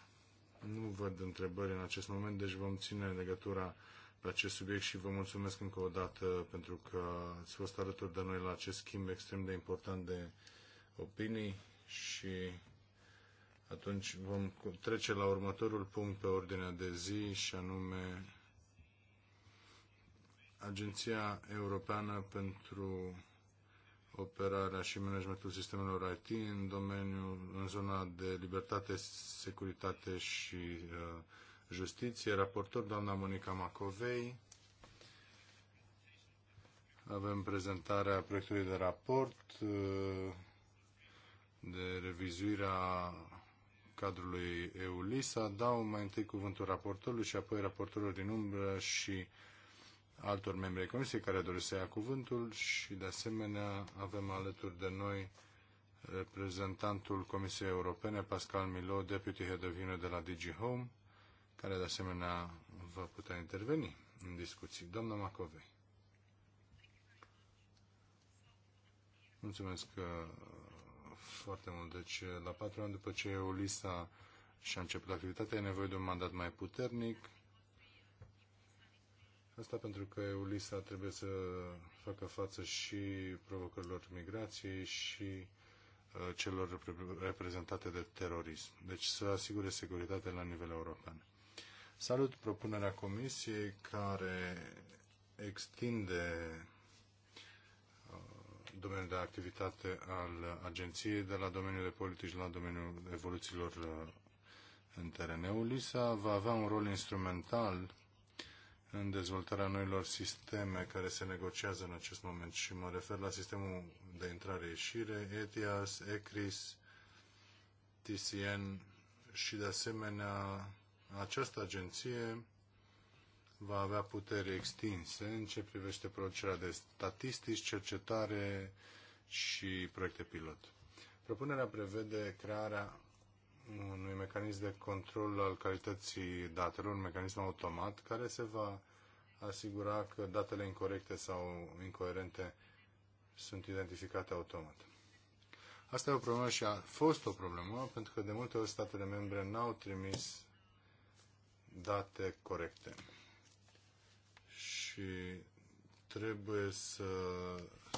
Nu văd întrebări în acest moment, deci vom ține legătura pe acest subiect și vă mulțumesc încă o dată pentru că ați fost alături de noi la acest schimb extrem de important de opinii și atunci vom trece la următorul punct pe ordinea de zi și anume Agenția Europeană pentru operarea și managementul sistemelor IT în domeniul, în zona de libertate, securitate și uh, justiție. Raportor doamna Monica Macovei. Avem prezentarea proiectului de raport, uh, de revizuirea cadrului EULISA. Dau mai întâi cuvântul raportorului și apoi raportorul din umbră și altor membri ai Comisiei care doresc să ia cuvântul și, de asemenea, avem alături de noi reprezentantul Comisiei Europene, Pascal Milo, Deputy Head of Union de la DG Home, care, de asemenea, va putea interveni în discuții. Doamna Macovei. Mulțumesc, foarte mult. Deci, eh, la patru ani după ce Ulisa și-a început activitatea, e nevoie de un mandat mai puternic. Asta pentru că Ulisa trebuie să facă față și provocărilor migrației și eh, celor reprezentate de terorism. Deci să asigure securitatea la nivel european. Salut propunerea Comisiei care extinde domeniul de activitate al agenției, de la domeniul de politici la domeniul evoluțiilor uh, în teren. EULISA va avea un rol instrumental în dezvoltarea noilor sisteme care se negociază în acest moment și mă refer la sistemul de intrare-ieșire, ETIAS, ECRIS, TCN și de asemenea această agenție va avea puteri extinse în ce privește producerea de statistici, cercetare și proiecte pilot. Propunerea prevede crearea unui mecanism de control al calității datelor, un mecanism automat care se va asigura că datele incorrecte sau incoerente sunt identificate automat. Asta e o problemă și a fost o problemă, pentru că de multe ori statele membre n-au trimis date corecte și trebuie să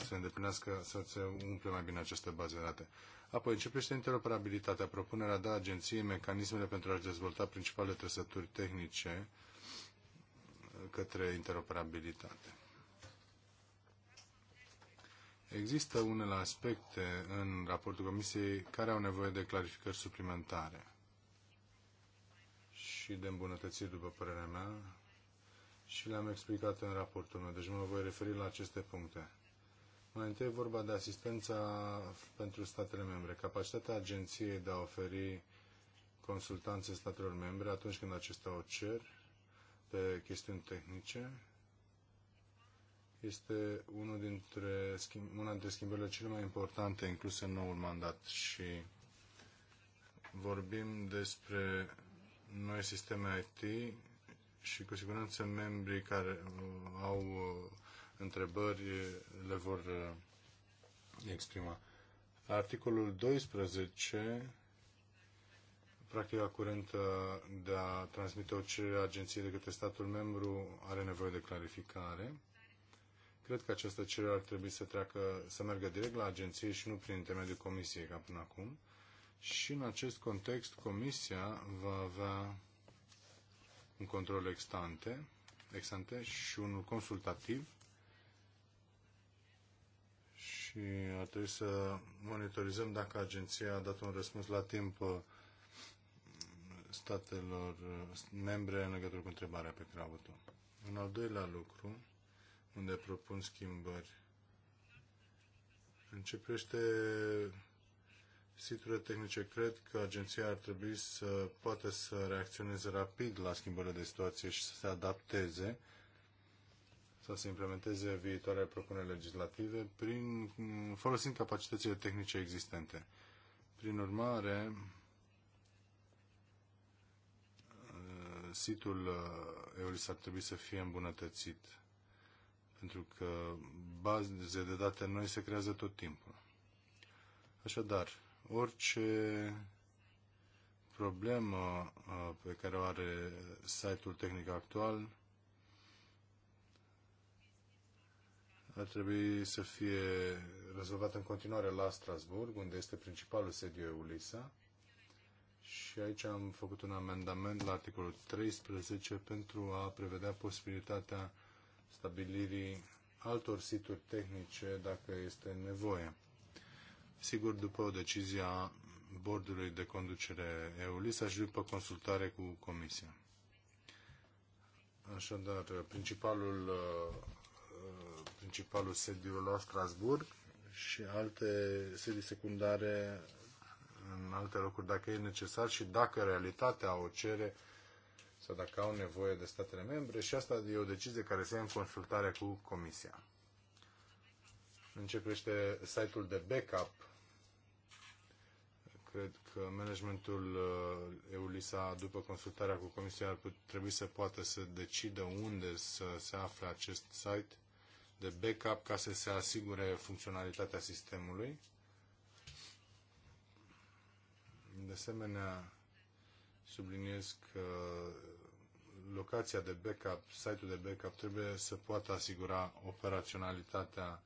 se îndeplinească, să se umple mai bine aceste baze de date. Apoi, începește interoperabilitatea. Propunerea da agenției mecanismele pentru a-și dezvolta principalele trăsături tehnice către interoperabilitate. Există unele aspecte în raportul Comisiei care au nevoie de clarificări suplimentare și de îmbunătățiri, după părerea mea, și le-am explicat în raportul meu, deci mă voi referi la aceste puncte. Mai întâi vorba de asistența pentru statele membre. Capacitatea agenției de a oferi consultanțe statelor membre atunci când acestea o cer pe chestiuni tehnice este unul dintre, una dintre schimbările cele mai importante incluse în noul mandat și vorbim despre noi sisteme IT și cu siguranță membrii care uh, au uh, întrebări le vor uh, exprima. La articolul 12, practica curentă de a transmite o cerere agenției de către statul membru are nevoie de clarificare. Cred că această cerere ar trebui să, treacă, să meargă direct la agenție și nu prin intermediul comisiei ca până acum. Și în acest context, comisia va avea un control extante, exante și unul consultativ și ar trebui să monitorizăm dacă agenția a dat un răspuns la timp uh, statelor uh, membre în legătură cu întrebarea pe care a avut-o. Un al doilea lucru, unde propun schimbări, începește siturile tehnice, cred că agenția ar trebui să poată să reacționeze rapid la schimbările de situație și să se adapteze sau să implementeze viitoarea propuneri legislative prin, folosind capacitățile tehnice existente. Prin urmare, situl uh, EULIS ar trebui să fie îmbunătățit, pentru că baze de date noi se creează tot timpul. Așadar, orice problemă uh, pe care o are site-ul tehnic actual ar trebui să fie rezolvată în continuare la Strasburg, unde este principalul sediu EULISA. Și aici am făcut un amendament la articolul 13 pentru a prevedea posibilitatea stabilirii altor situri tehnice dacă este nevoie sigur după o decizie a bordului de conducere EULISA și după consultare cu Comisia. Așadar, principalul, uh, uh, principalul sediu la Strasburg și alte sedii secundare în alte locuri dacă e necesar și dacă realitatea o cere sau dacă au nevoie de statele membre și asta e o decizie care se ia în consultare cu Comisia. Începește site-ul de backup cred că managementul uh, EULISA, după consultarea cu Comisia, ar trebui să poată să decidă unde să se afle acest site de backup ca să se asigure funcționalitatea sistemului. De asemenea, subliniez că locația de backup, site-ul de backup trebuie să poată asigura operaționalitatea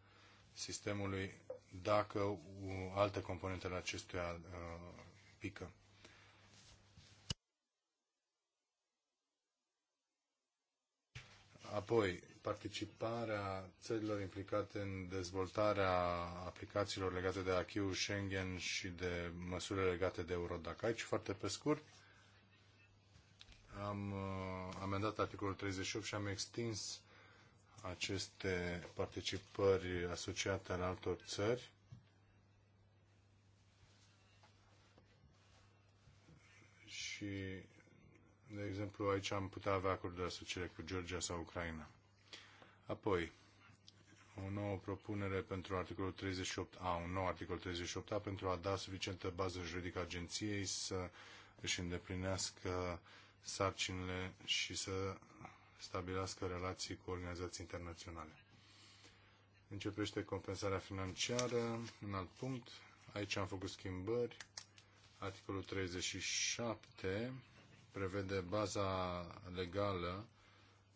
sistemului dacă alte componente ale acestuia uh, pică. Apoi, participarea țărilor implicate în dezvoltarea aplicațiilor legate de AQ, Schengen și de măsurile legate de Eurodac. Aici, foarte pe scurt, am uh, amendat articolul 38 și am extins aceste participări asociate al altor țări. Și, de exemplu, aici am putea avea acord de asociere cu Georgia sau Ucraina. Apoi, o nouă propunere pentru articolul 38A, un nou articol 38A pentru a da suficientă bază juridică agenției să își îndeplinească sarcinile și să stabilească relații cu organizații internaționale. Începește compensarea financiară, în alt punct, aici am făcut schimbări, articolul 37 prevede baza legală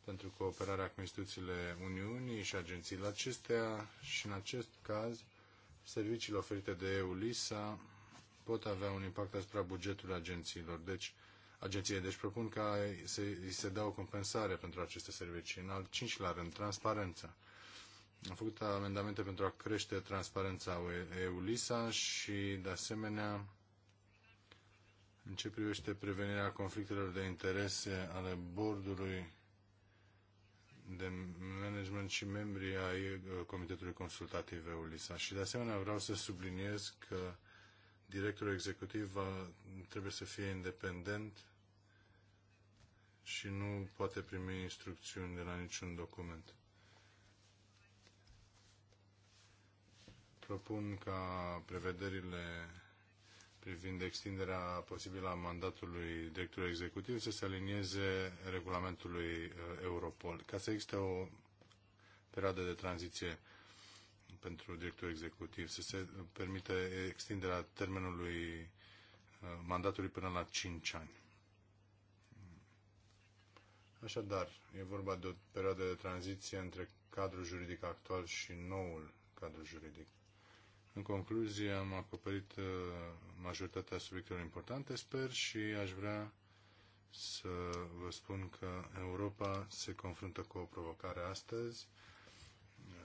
pentru cooperarea cu instituțiile Uniunii și agențiile acestea și în acest caz serviciile oferite de EULISA pot avea un impact asupra bugetului agențiilor. Deci agenției. Deci propun ca să îi se dea o compensare pentru aceste servicii. În al cincilea rând, transparența. Am făcut amendamente pentru a crește transparența EULISA și, de asemenea, în ce privește prevenirea conflictelor de interese ale bordului de management și membrii ai uh, Comitetului Consultativ EULISA. Și de asemenea vreau să subliniez că directorul executiv va, trebuie să fie independent și nu poate primi instrucțiuni de la niciun document. Propun ca prevederile privind extinderea posibilă a mandatului directorului executiv să se alinieze regulamentului uh, Europol, ca să existe o perioadă de tranziție pentru directorul executiv, să se permite extinderea termenului uh, mandatului până la 5 ani. Așadar, e vorba de o perioadă de tranziție între cadrul juridic actual și noul cadru juridic. În concluzie, am acoperit uh, majoritatea subiectelor importante, sper, și aș vrea să vă spun că Europa se confruntă cu o provocare astăzi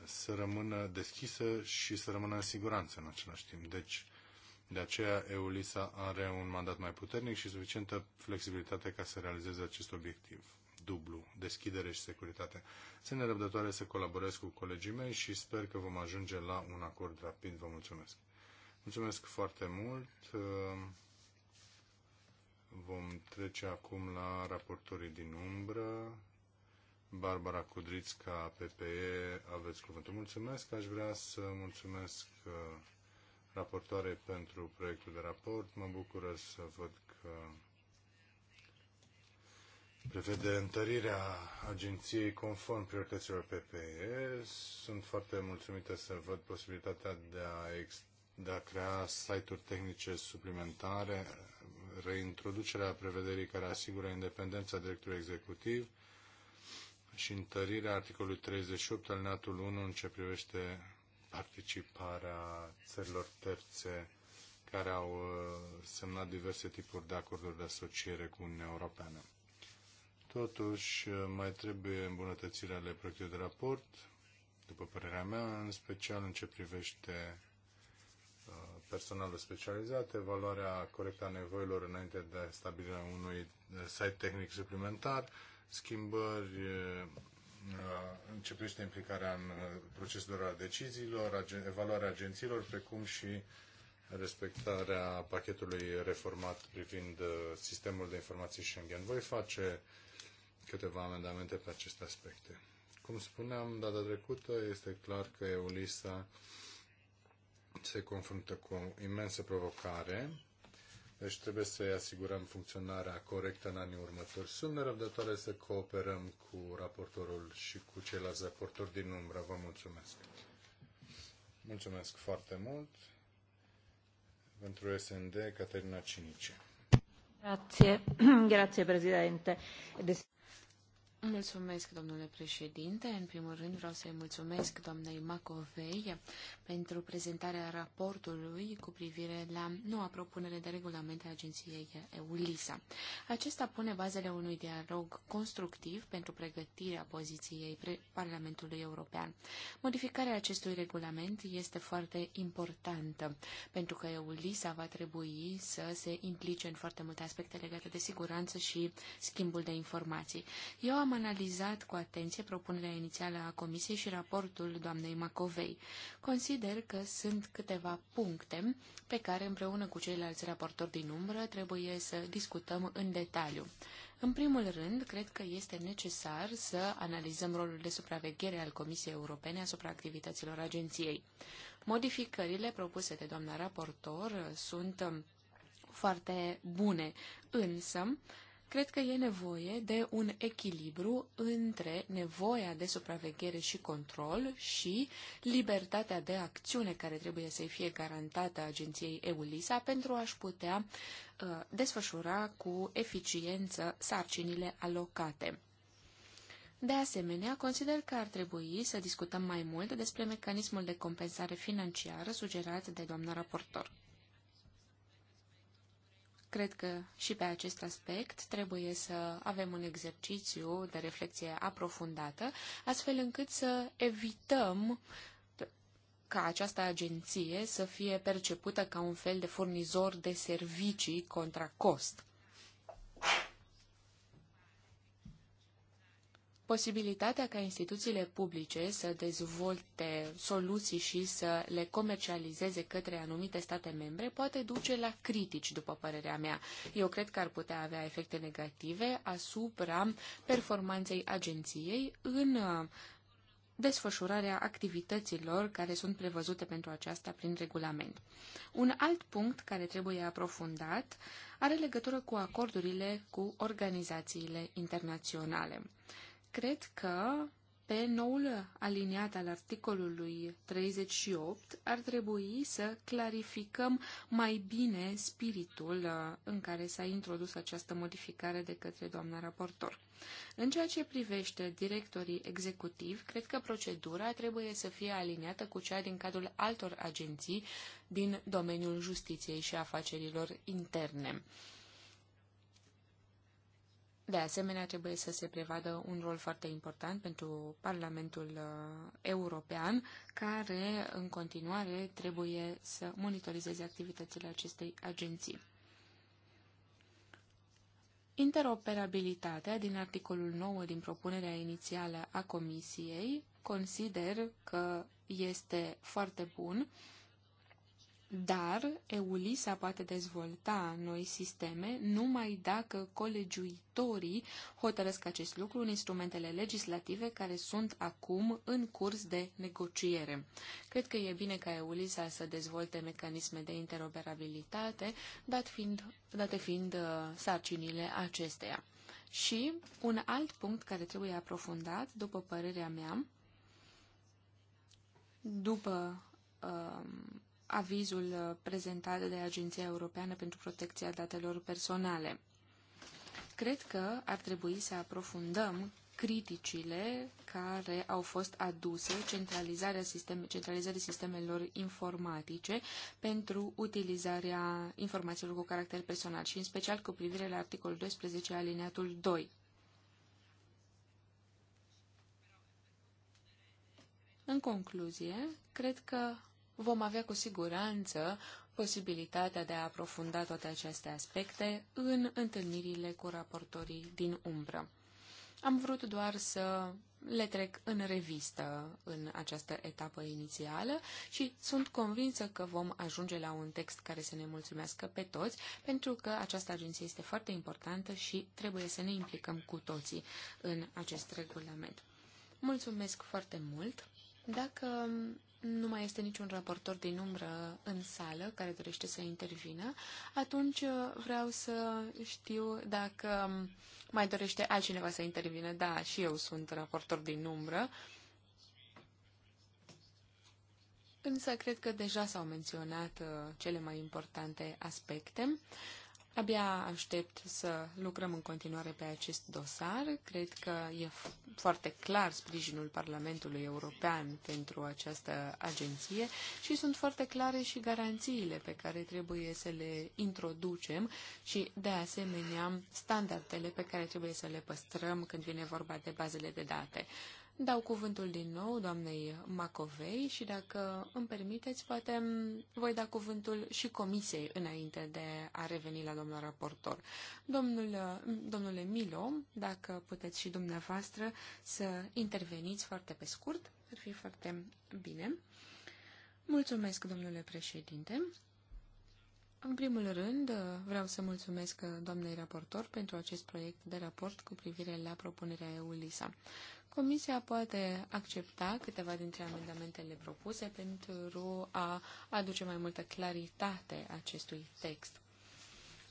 să rămână deschisă și să rămână în siguranță în același timp. Deci, de aceea EULISA are un mandat mai puternic și suficientă flexibilitate ca să realizeze acest obiectiv dublu, deschidere și securitate. Sunt nerăbdătoare să colaborez cu colegii mei și sper că vom ajunge la un acord rapid. Vă mulțumesc! Mulțumesc foarte mult! Uh, vom trece acum la raportorii din umbră. Barbara Cudrițca, PPE, aveți cuvântul. Mulțumesc, aș vrea să mulțumesc uh, raportoare pentru proiectul de raport. Mă bucură să văd că prevede întărirea agenției conform priorităților PPE. Sunt foarte mulțumită să văd posibilitatea de a, ex- de a crea site-uri tehnice suplimentare, reintroducerea prevederii care asigură independența directorului executiv și întărirea articolului 38 alineatul 1 în ce privește participarea țărilor terțe care au uh, semnat diverse tipuri de acorduri de asociere cu Uniunea Europeană. Totuși, mai trebuie îmbunătățirea ale proiectului de raport, după părerea mea, în special în ce privește uh, personalul specializat, evaluarea corectă a nevoilor înainte de stabilirea unui uh, site tehnic suplimentar, schimbări uh, privește implicarea în procesul de deciziilor, evaluarea agențiilor, precum și respectarea pachetului reformat privind sistemul de informații Schengen. Voi face câteva amendamente pe aceste aspecte. Cum spuneam data trecută, este clar că EULISA se confruntă cu o imensă provocare, deci trebuie să-i asigurăm funcționarea corectă în anii următori. Sunt nerăbdătoare să cooperăm cu raportorul și cu ceilalți raportori din umbră. Vă mulțumesc! Mulțumesc foarte mult pentru SND, Caterina Cinice. Grazie, [CLEARS THROAT] grazie Presidente. Mulțumesc, domnule președinte. În primul rând vreau să-i mulțumesc doamnei Macovei pentru prezentarea raportului cu privire la noua propunere de regulament a agenției EULISA. Acesta pune bazele unui dialog constructiv pentru pregătirea poziției Parlamentului European. Modificarea acestui regulament este foarte importantă, pentru că EULISA va trebui să se implice în foarte multe aspecte legate de siguranță și schimbul de informații. Eu am am analizat cu atenție propunerea inițială a Comisiei și raportul doamnei Macovei. Consider că sunt câteva puncte pe care împreună cu ceilalți raportori din umbră trebuie să discutăm în detaliu. În primul rând, cred că este necesar să analizăm rolul de supraveghere al Comisiei Europene asupra activităților agenției. Modificările propuse de doamna raportor sunt foarte bune, însă Cred că e nevoie de un echilibru între nevoia de supraveghere și control și libertatea de acțiune care trebuie să-i fie garantată agenției EULISA pentru a-și putea uh, desfășura cu eficiență sarcinile alocate. De asemenea, consider că ar trebui să discutăm mai mult despre mecanismul de compensare financiară sugerat de doamna raportor. Cred că și pe acest aspect trebuie să avem un exercițiu de reflexie aprofundată, astfel încât să evităm ca această agenție să fie percepută ca un fel de furnizor de servicii contra cost. posibilitatea ca instituțiile publice să dezvolte soluții și să le comercializeze către anumite state membre poate duce la critici, după părerea mea. Eu cred că ar putea avea efecte negative asupra performanței agenției în uh, desfășurarea activităților care sunt prevăzute pentru aceasta prin regulament. Un alt punct care trebuie aprofundat are legătură cu acordurile cu organizațiile internaționale. Cred că pe noul aliniat al articolului 38 ar trebui să clarificăm mai bine spiritul uh, în care s-a introdus această modificare de către doamna raportor. În ceea ce privește directorii executivi, cred că procedura trebuie să fie aliniată cu cea din cadrul altor agenții din domeniul justiției și afacerilor interne. De asemenea, trebuie să se prevadă un rol foarte important pentru Parlamentul uh, European, care în continuare trebuie să monitorizeze activitățile acestei agenții. Interoperabilitatea din articolul 9 din propunerea inițială a Comisiei consider că este foarte bun dar EULISA poate dezvolta noi sisteme numai dacă colegiuitorii hotărăsc acest lucru în instrumentele legislative care sunt acum în curs de negociere. Cred că e bine ca EULISA să dezvolte mecanisme de interoperabilitate, dat fiind, date fiind uh, sarcinile acesteia. Și un alt punct care trebuie aprofundat, după părerea mea, după Uh, avizul uh, prezentat de Agenția Europeană pentru Protecția Datelor Personale. Cred că ar trebui să aprofundăm criticile care au fost aduse centralizarea sisteme, centralizării sistemelor informatice pentru utilizarea informațiilor cu caracter personal și în special cu privire la articolul 12 alineatul 2. În concluzie, cred că vom avea cu siguranță posibilitatea de a aprofunda toate aceste aspecte în întâlnirile cu raportorii din umbră. Am vrut doar să le trec în revistă în această etapă inițială și sunt convinsă că vom ajunge la un text care să ne mulțumească pe toți, pentru că această agenție este foarte importantă și trebuie să ne implicăm cu toții în acest regulament. Mulțumesc foarte mult! Dacă nu mai este niciun raportor din umbră în sală care dorește să intervină, atunci uh, vreau să știu dacă um, mai dorește altcineva să intervină. Da, și eu sunt raportor din umbră. Însă cred că deja s-au menționat uh, cele mai importante aspecte. Abia aștept să lucrăm în continuare pe acest dosar. Cred că e foarte clar sprijinul Parlamentului European pentru această agenție și sunt foarte clare și garanțiile pe care trebuie să le introducem și, de asemenea, standardele pe care trebuie să le păstrăm când vine vorba de bazele de date. Dau cuvântul din nou doamnei Macovei și dacă îmi permiteți, poate voi da cuvântul și comisiei înainte de a reveni la domnul raportor. Domnul, domnule Milo, dacă puteți și dumneavoastră să interveniți foarte pe scurt, ar fi foarte bine. Mulțumesc, domnule președinte. În primul rând, vreau să mulțumesc doamnei raportor pentru acest proiect de raport cu privire la propunerea EULISA. Comisia poate accepta câteva dintre amendamentele propuse pentru a aduce mai multă claritate acestui text.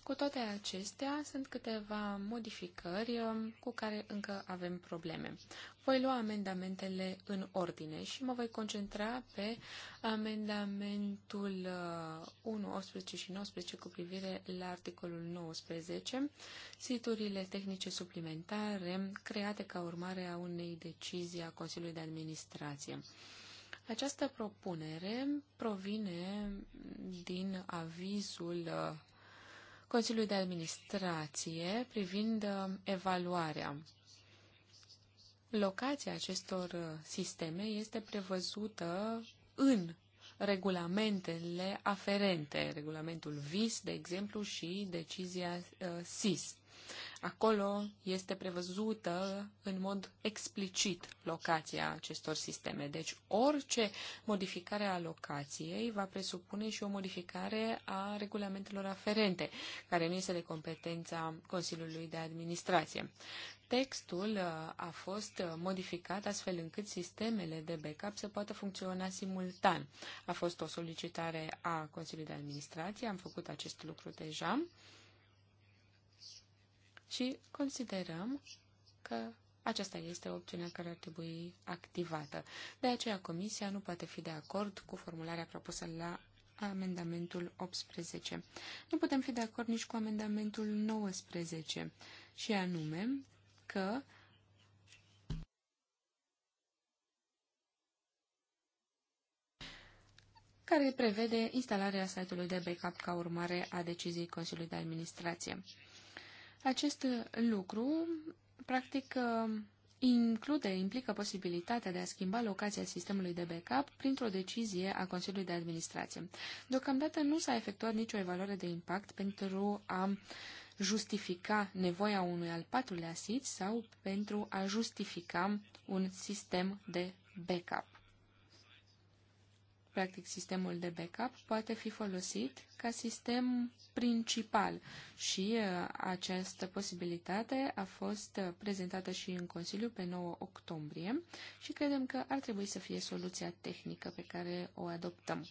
Cu toate acestea, sunt câteva modificări um, cu care încă avem probleme. Voi lua amendamentele în ordine și mă voi concentra pe amendamentul 1, uh, 18 și 19 cu privire la articolul 19, siturile tehnice suplimentare create ca urmare a unei decizii a Consiliului de Administrație. Această propunere provine din avizul uh, Consiliul de Administrație privind uh, evaluarea. Locația acestor uh, sisteme este prevăzută în regulamentele aferente, regulamentul VIS, de exemplu, și decizia SIS. Uh, Acolo este prevăzută în mod explicit locația acestor sisteme. Deci orice modificare a locației va presupune și o modificare a regulamentelor aferente, care nu este de competența Consiliului de Administrație. Textul uh, a fost uh, modificat astfel încât sistemele de backup să poată funcționa simultan. A fost o solicitare a Consiliului de Administrație, am făcut acest lucru deja și considerăm că aceasta este opțiunea care ar trebui activată. De aceea, Comisia nu poate fi de acord cu formularea propusă la amendamentul 18. Nu putem fi de acord nici cu amendamentul 19, și anume că care prevede instalarea site-ului de backup ca urmare a deciziei Consiliului de Administrație. Acest lucru, practic, include, implică posibilitatea de a schimba locația sistemului de backup printr-o decizie a Consiliului de Administrație. Deocamdată nu s-a efectuat nicio evaluare de impact pentru a justifica nevoia unui al patrulea SIT sau pentru a justifica un sistem de backup. Practic, sistemul de backup poate fi folosit ca sistem principal și uh, această posibilitate a fost uh, prezentată și în Consiliu pe 9 octombrie și credem că ar trebui să fie soluția tehnică pe care o adoptăm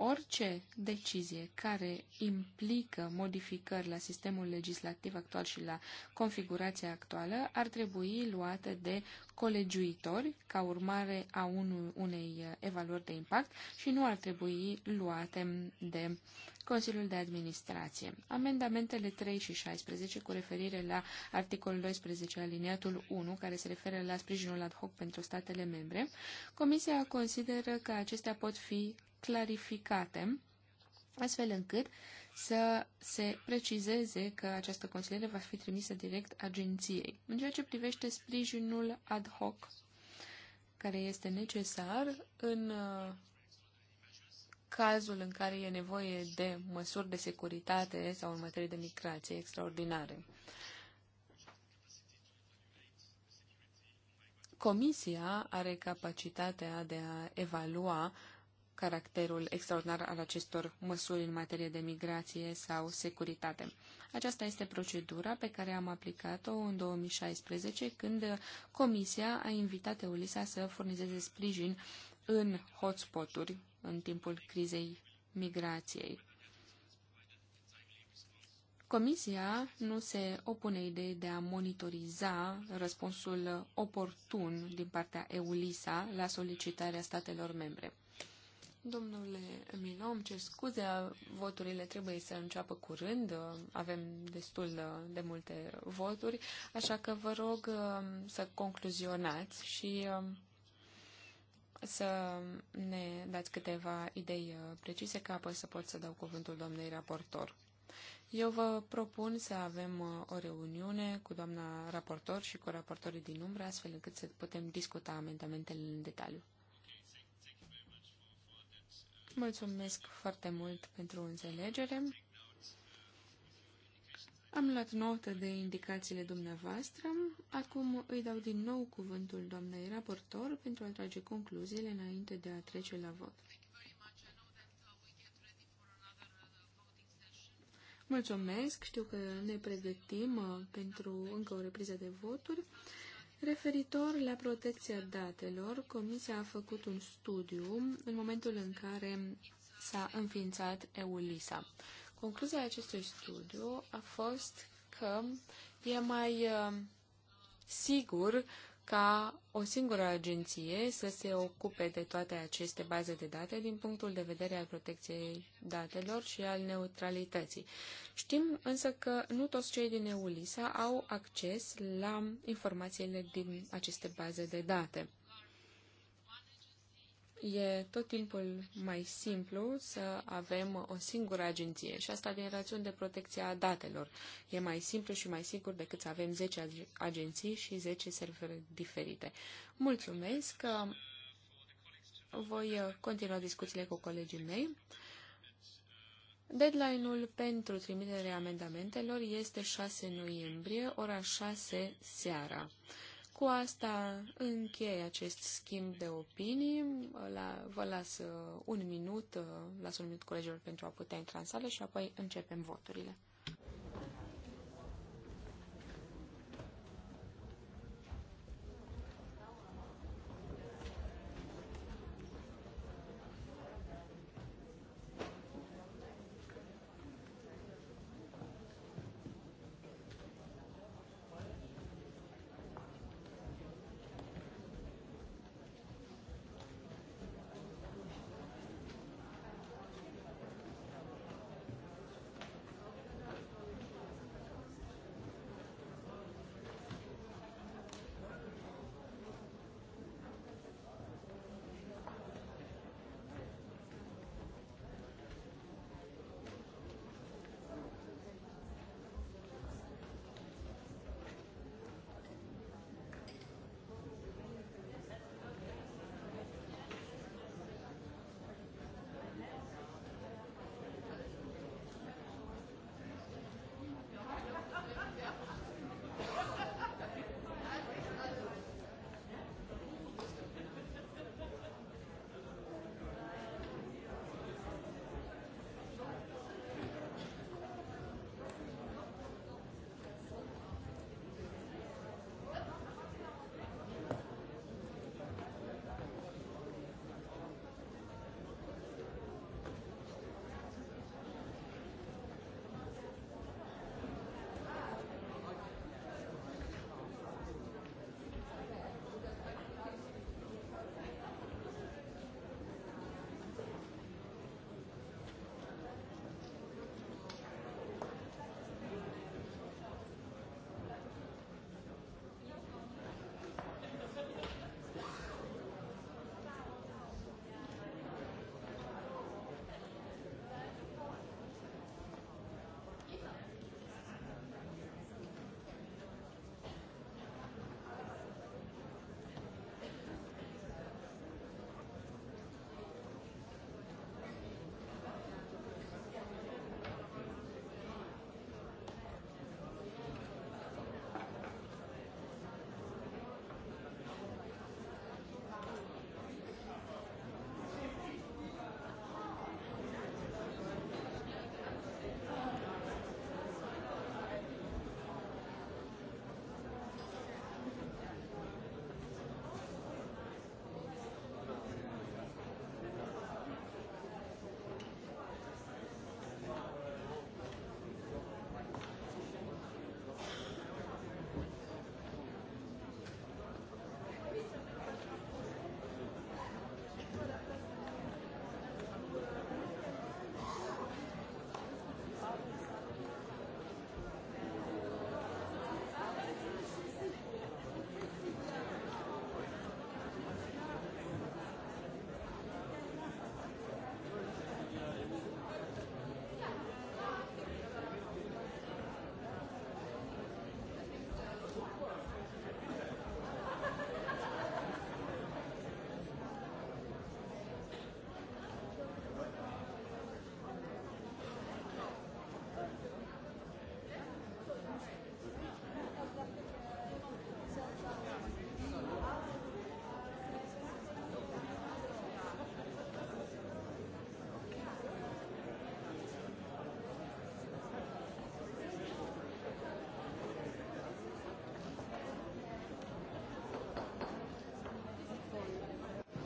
orice decizie care implică modificări la sistemul legislativ actual și la configurația actuală ar trebui luată de colegiuitori ca urmare a unui, unei uh, evaluări de impact și nu ar trebui luate de Consiliul de Administrație. Amendamentele 3 și 16 cu referire la articolul 12 aliniatul 1 care se referă la sprijinul ad hoc pentru statele membre, Comisia consideră că acestea pot fi clarificate, astfel încât să se precizeze că această consiliere va fi trimisă direct agenției. În ceea ce privește sprijinul ad hoc care este necesar în uh, cazul în care e nevoie de măsuri de securitate sau în materie de migrație extraordinare. Comisia are capacitatea de a evalua caracterul extraordinar al acestor măsuri în materie de migrație sau securitate. Aceasta este procedura pe care am aplicat-o în 2016, când Comisia a invitat EULISA să furnizeze sprijin în hotspoturi în timpul crizei migrației. Comisia nu se opune ideii de a monitoriza răspunsul oportun din partea EULISA la solicitarea statelor membre. Domnule Milo, îmi cer scuze, voturile trebuie să înceapă curând, avem destul de multe voturi, așa că vă rog um, să concluzionați și um, să ne dați câteva idei uh, precise, ca apoi să pot să dau cuvântul doamnei raportor. Eu vă propun să avem uh, o reuniune cu doamna raportor și cu raportorii din umbră, astfel încât să putem discuta amendamentele în detaliu mulțumesc foarte mult pentru înțelegere. Am luat notă de indicațiile dumneavoastră. Acum îi dau din nou cuvântul doamnei raportor pentru a trage concluziile înainte de a trece la vot. Mulțumesc, știu că ne pregătim uh, pentru încă o repriză de voturi. Referitor la protecția datelor, Comisia a făcut un studiu în momentul în care s-a înființat EULISA. Concluzia acestui studiu a fost că e mai uh, sigur ca o singură agenție să se ocupe de toate aceste baze de date din punctul de vedere al protecției datelor și al neutralității. Știm însă că nu toți cei din EULISA au acces la informațiile din aceste baze de date e tot timpul mai simplu să avem o singură agenție și asta din rațiuni de protecție a datelor. E mai simplu și mai sigur decât să avem 10 agenții și 10 servere diferite. Mulțumesc! că Voi continua discuțiile cu colegii mei. Deadline-ul pentru trimiterea amendamentelor este 6 noiembrie, ora 6 seara. Cu asta închei acest schimb de opinii. La, vă las uh, un minut, uh, las un minut colegilor pentru a putea intra în sală și apoi începem voturile.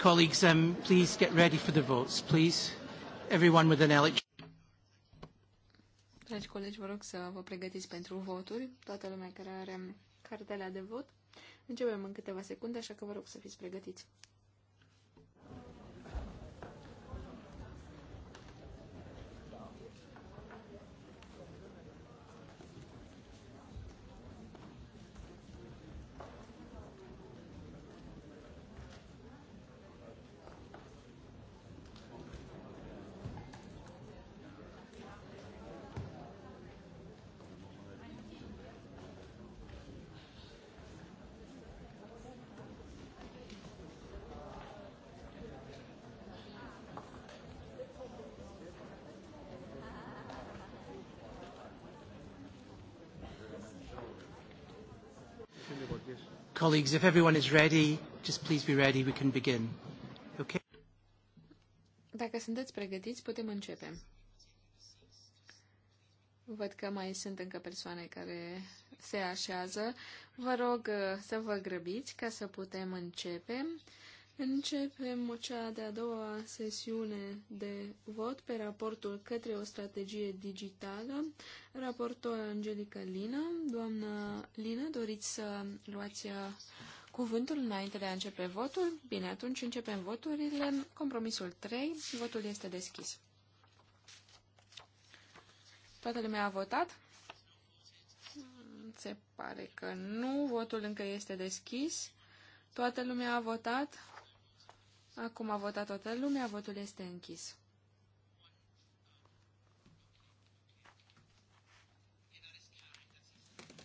Colleagues, um, please get ready for the votes, please. Everyone with an electronic. Dragi colegi, vă rog să vă pregătiți pentru voturi. Toată lumea care are cartela de vot. Începem în câteva secunde, așa că vă rog să fiți pregătiți. Colleagues, if everyone is ready, just please be ready, we can begin. Okay? Dacă sunteți pregătiți, putem începe. Văd că mai sunt încă persoane care se așează. Vă rog uh, să vă grăbiți ca să putem începe. Începem cea de-a doua sesiune de vot pe raportul către o strategie digitală raportor Angelica Lina. Doamna Lina, doriți să luați uh, cuvântul înainte de a începe votul? Bine, atunci începem voturile. Compromisul 3, votul este deschis. Toată lumea a votat? Se pare că nu, votul încă este deschis. Toată lumea a votat? Acum a votat toată lumea, votul este închis.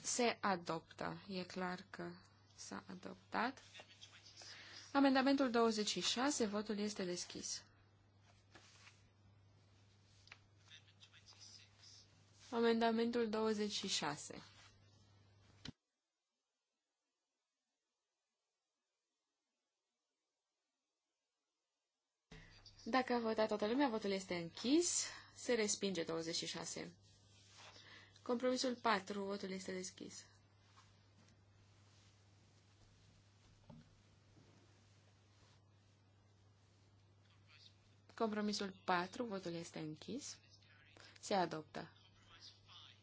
se adoptă. E clar că s-a adoptat. Amendamentul 26, votul este deschis. Amendamentul 26. Dacă a votat toată lumea, votul este închis. Se respinge 26. Compromisul 4. Votul este deschis. Compromisul 4. Votul este închis. Se adoptă.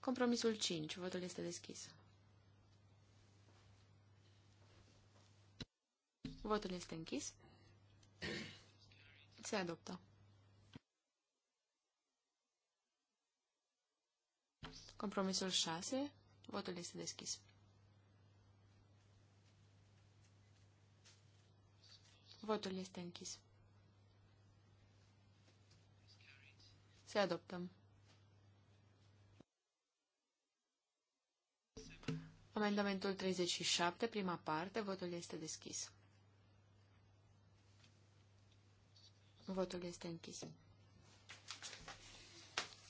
Compromisul 5. Votul este deschis. Votul este închis. Se adoptă. Compromisul 6. Votul este deschis. Votul este închis. Se adoptăm. Amendamentul 37, prima parte, votul este deschis. Votul este închis.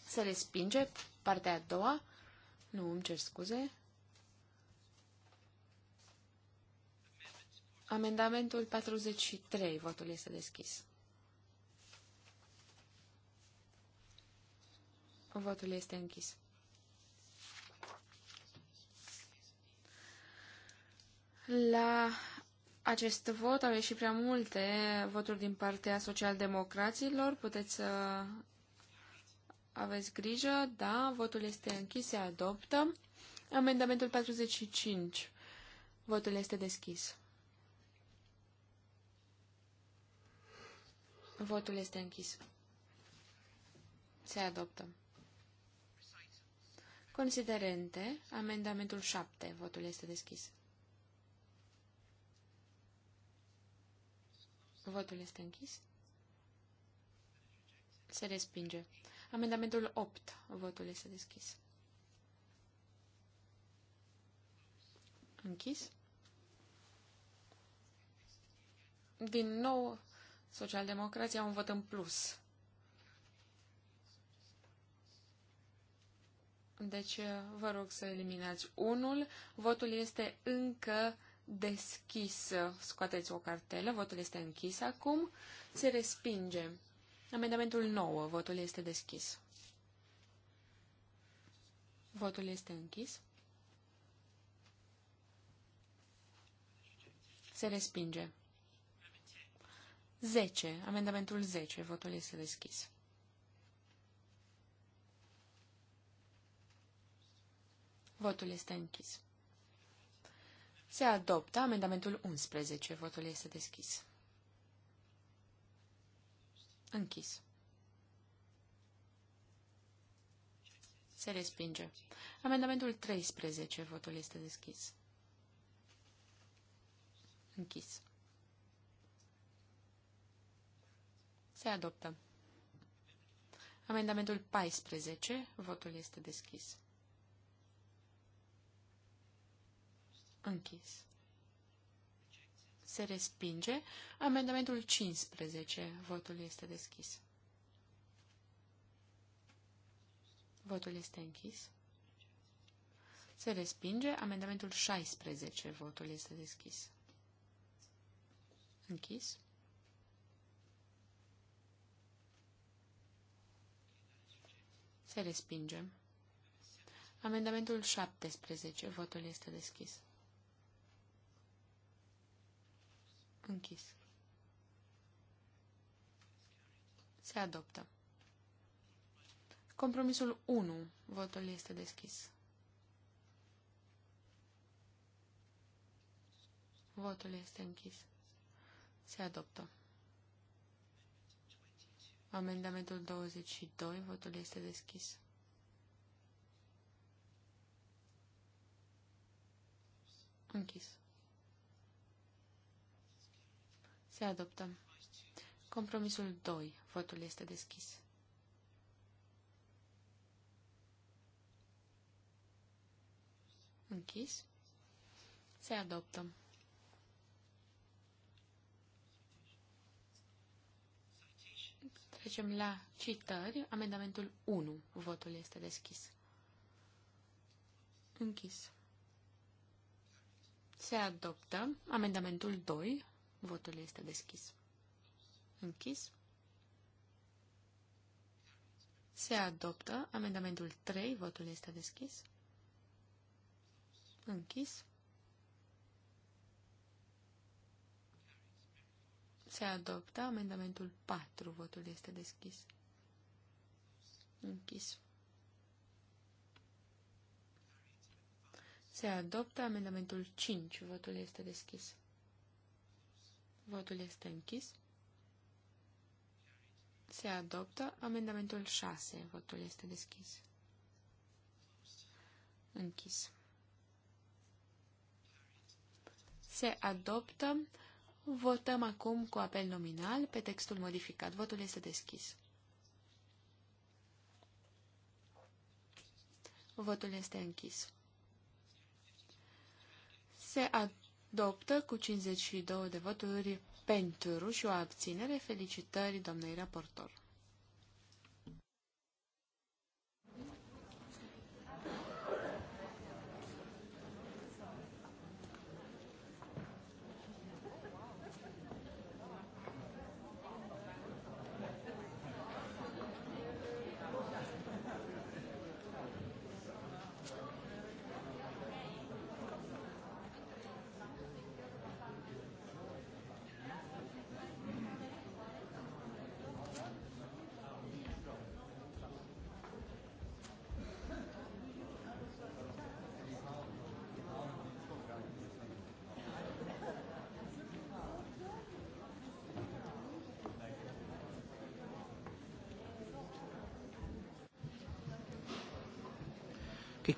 Se respinge partea a doua. Nu, îmi cer scuze. Amendamentul 43. Votul este deschis. Votul este închis. La acest vot au ieșit prea multe voturi din partea socialdemocraților. Puteți să aveți grijă? Da. Votul este închis. Se adoptă. Amendamentul 45. Votul este deschis. Votul este închis. Se adoptă. Considerente, amendamentul 7. Votul este deschis. Votul este închis. Se respinge. Amendamentul 8. Votul este deschis. Închis. Din nou, socialdemocrația au un vot în plus. Deci, vă rog să eliminați unul. Votul este încă deschis. Scoateți o cartelă. Votul este închis acum. Se respinge. Amendamentul 9. Votul este deschis. Votul este închis. Se respinge. 10. Amendamentul 10. Votul este deschis. Votul este închis. Se adoptă amendamentul 11. Votul este deschis. Închis. Se respinge. Amendamentul 13. Votul este deschis. Închis. Se adoptă. Amendamentul 14. Votul este deschis. Închis se respinge. Amendamentul 15, votul este deschis. Votul este închis. Se respinge. Amendamentul 16, votul este deschis. Închis. Se respinge. Amendamentul 17. Votul este deschis. Închis. Se adoptă. Compromisul 1. Votul este deschis. Votul este închis. Se adoptă. Amendamentul 22. Votul este deschis. Închis. Se adoptă. Compromisul 2. Votul este deschis. Închis. Se adoptă. Trecem la citări. Amendamentul 1. Votul este deschis. Închis. Se adoptă amendamentul 2. Votul este deschis. Închis. Se adoptă amendamentul 3. Votul este deschis. Închis. Se adoptă amendamentul 4. Votul este deschis. Închis. Se adoptă amendamentul 5. Votul este deschis. Votul este închis. Se adoptă amendamentul 6. Votul este deschis. Închis. Se adoptă. Votăm acum cu apel nominal pe textul modificat. Votul este deschis. Votul este închis. Se adoptă adoptă cu 52 de voturi pentru și o abținere. Felicitări, doamnei raportor!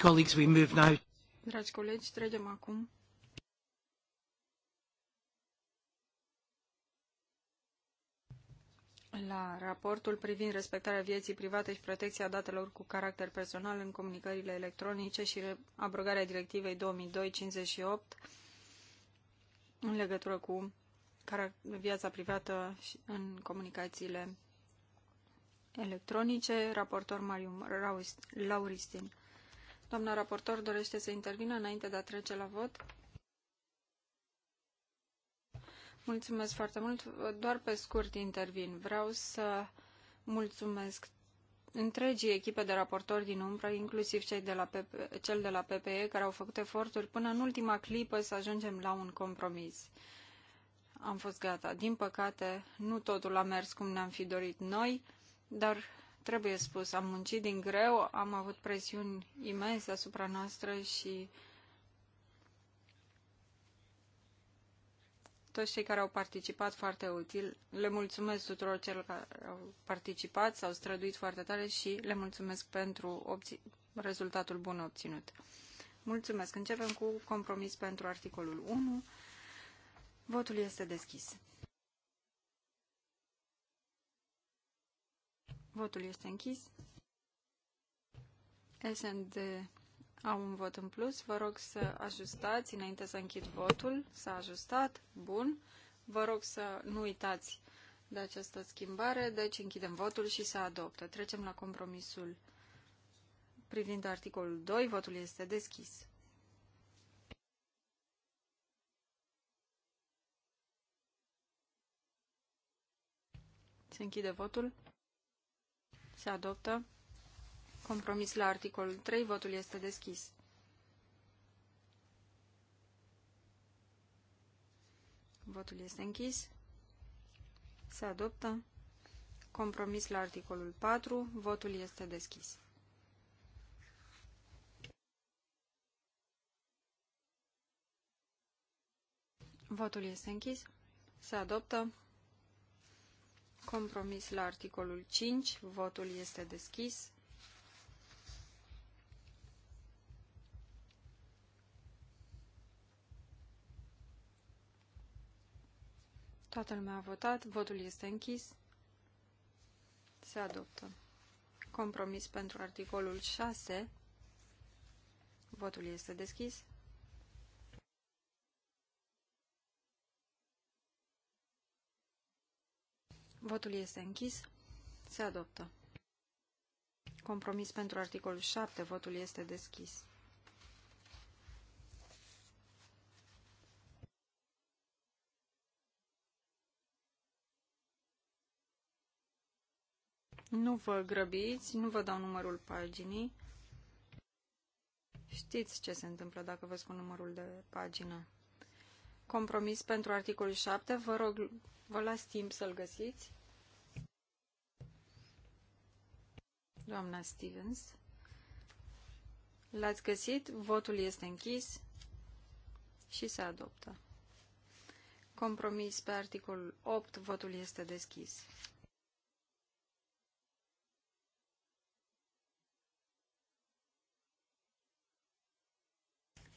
colleagues, we move now. Dragi colegi, trecem acum la raportul privind respectarea vieții private și protecția datelor cu caracter personal în comunicările electronice și abrogarea directivei 2002/58 în legătură cu viața privată în comunicațiile electronice, raportor Mariu Lauristin. Doamna raportor dorește să intervină înainte de a trece la vot. Mulțumesc foarte mult. Doar pe scurt intervin. Vreau să mulțumesc întregii echipe de raportori din umbră, inclusiv cei de la PP, cel de la PPE, care au făcut eforturi până în ultima clipă să ajungem la un compromis. Am fost gata. Din păcate, nu totul a mers cum ne-am fi dorit noi, dar trebuie spus, am muncit din greu, am avut presiuni imense asupra noastră și toți cei care au participat foarte util. Le mulțumesc tuturor celor care au participat, s-au străduit foarte tare și le mulțumesc pentru rezultatul bun obținut. Mulțumesc. Începem cu compromis pentru articolul 1. Votul este deschis. Votul este închis. SND au un vot în plus. Vă rog să ajustați înainte să închid votul. S-a ajustat. Bun. Vă rog să nu uitați de această schimbare. Deci închidem votul și se adoptă. Trecem la compromisul privind articolul 2. Votul este deschis. Se închide votul. Se adoptă. Compromis la articolul 3. Votul este deschis. Votul este închis. Se adoptă. Compromis la articolul 4. Votul este deschis. Votul este închis. Se adoptă. Compromis la articolul 5. Votul este deschis. Toată lumea a votat. Votul este închis. Se adoptă. Compromis pentru articolul 6. Votul este deschis. Votul este închis. Se adoptă. Compromis pentru articolul 7. Votul este deschis. Nu vă grăbiți, nu vă dau numărul paginii. Știți ce se întâmplă dacă vă spun numărul de pagină. Compromis pentru articolul 7. Vă rog, vă las timp să-l găsiți. doamna Stevens. L-ați găsit, votul este închis și se adoptă. Compromis pe articolul 8, votul este deschis.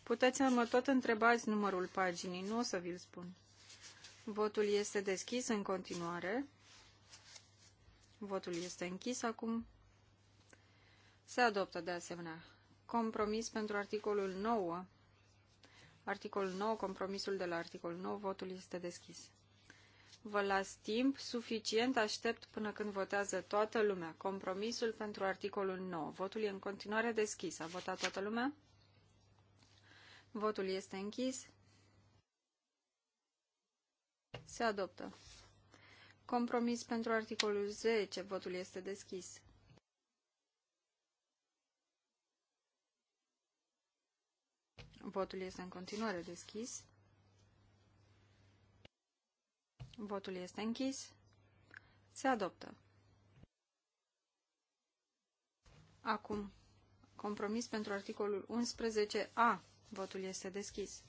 Puteți să mă tot întrebați numărul paginii, nu o să vi-l spun. Votul este deschis în continuare. Votul este închis acum. Se adoptă de asemenea compromis pentru articolul 9. Articolul 9, compromisul de la articolul 9, votul este deschis. Vă las timp suficient, aștept până când votează toată lumea. Compromisul pentru articolul 9. Votul e în continuare deschis. A votat toată lumea? Votul este închis. Se adoptă. Compromis pentru articolul 10. Votul este deschis. Votul este în continuare deschis. Votul este închis. Se adoptă. Acum, compromis pentru articolul 11a. Votul este deschis.